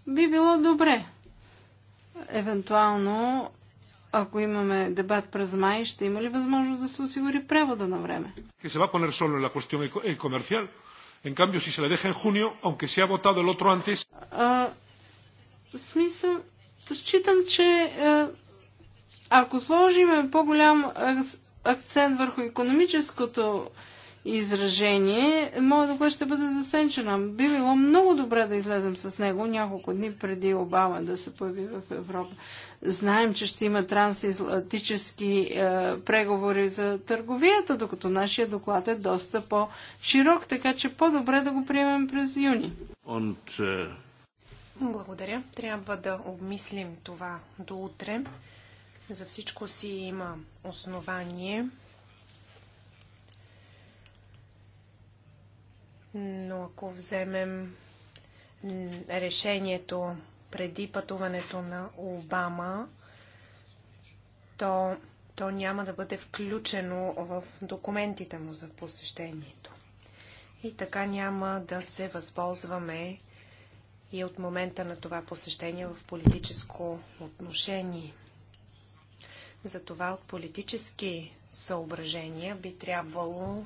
би било добре. Евентуално, ако имаме дебат през май, ще има ли възможност да се осигури превода на време? Que se va a poner solo En cambio, si se le deja en junio, aunque se ha votado el otro antes. А, смисъл, считам, че ако сложиме по-голям акцент върху економическото изражение, Моя доклад ще бъде засенчена. Би било много добре да излезем с него няколко дни преди Обама да се появи в Европа. Знаем, че ще има трансатлантически е, преговори за търговията, докато нашия доклад е доста по-широк, така че по-добре да го приемем през юни. Und, е, Благодаря. Трябва да обмислим това до утре. За всичко си има основание. Но ако вземем решението преди пътуването на Обама, то, то няма да бъде включено в документите му за посещението. И така няма да се възползваме и от момента на това посещение в политическо отношение. Затова от политически съображения би трябвало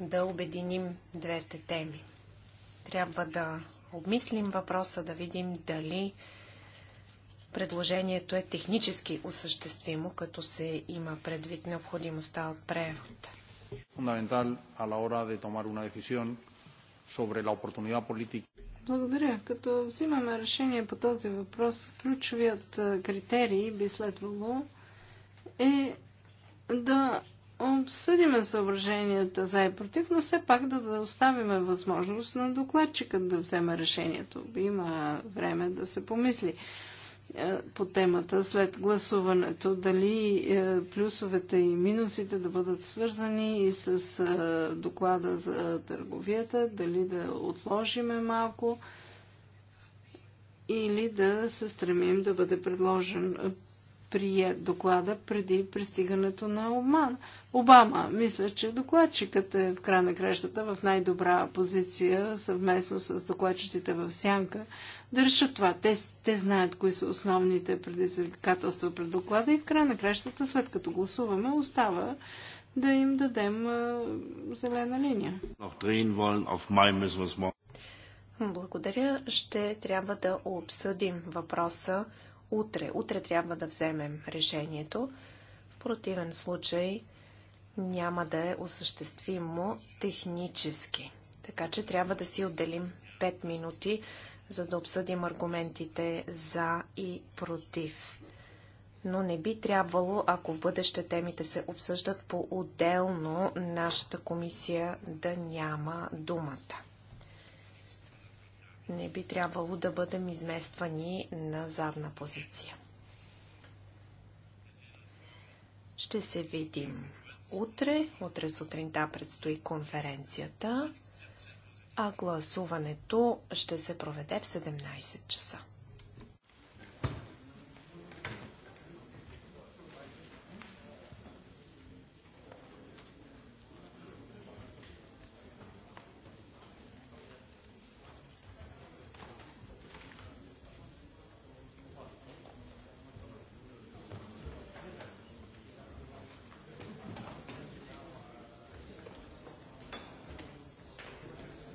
да обединим двете теми. Трябва да обмислим въпроса, да видим дали предложението е технически осъществимо, като се има предвид необходимостта от превод. Благодаря. Като взимаме решение по този въпрос, ключовият критерий би следвало е да обсъдиме съображенията за и против, но все пак да, да оставиме възможност на докладчика да вземе решението. Има време да се помисли е, по темата след гласуването, дали е, плюсовете и минусите да бъдат свързани и с е, доклада за търговията, дали да отложиме малко или да се стремим да бъде предложен, прие доклада преди пристигането на Обман. Обама. Мисля, че докладчикът е в края на кращата в най-добра позиция съвместно с докладчиците в Сянка да решат това. Те, те знаят кои са основните предизвикателства пред доклада и в края на кращата, след като гласуваме, остава да им дадем зелена линия. Благодаря. Ще трябва да обсъдим въпроса утре. Утре трябва да вземем решението. В противен случай няма да е осъществимо технически. Така че трябва да си отделим 5 минути, за да обсъдим аргументите за и против. Но не би трябвало, ако в бъдеще темите се обсъждат по-отделно, нашата комисия да няма думата не би трябвало да бъдем измествани на задна позиция. Ще се видим утре. Утре сутринта предстои конференцията, а гласуването ще се проведе в 17 часа.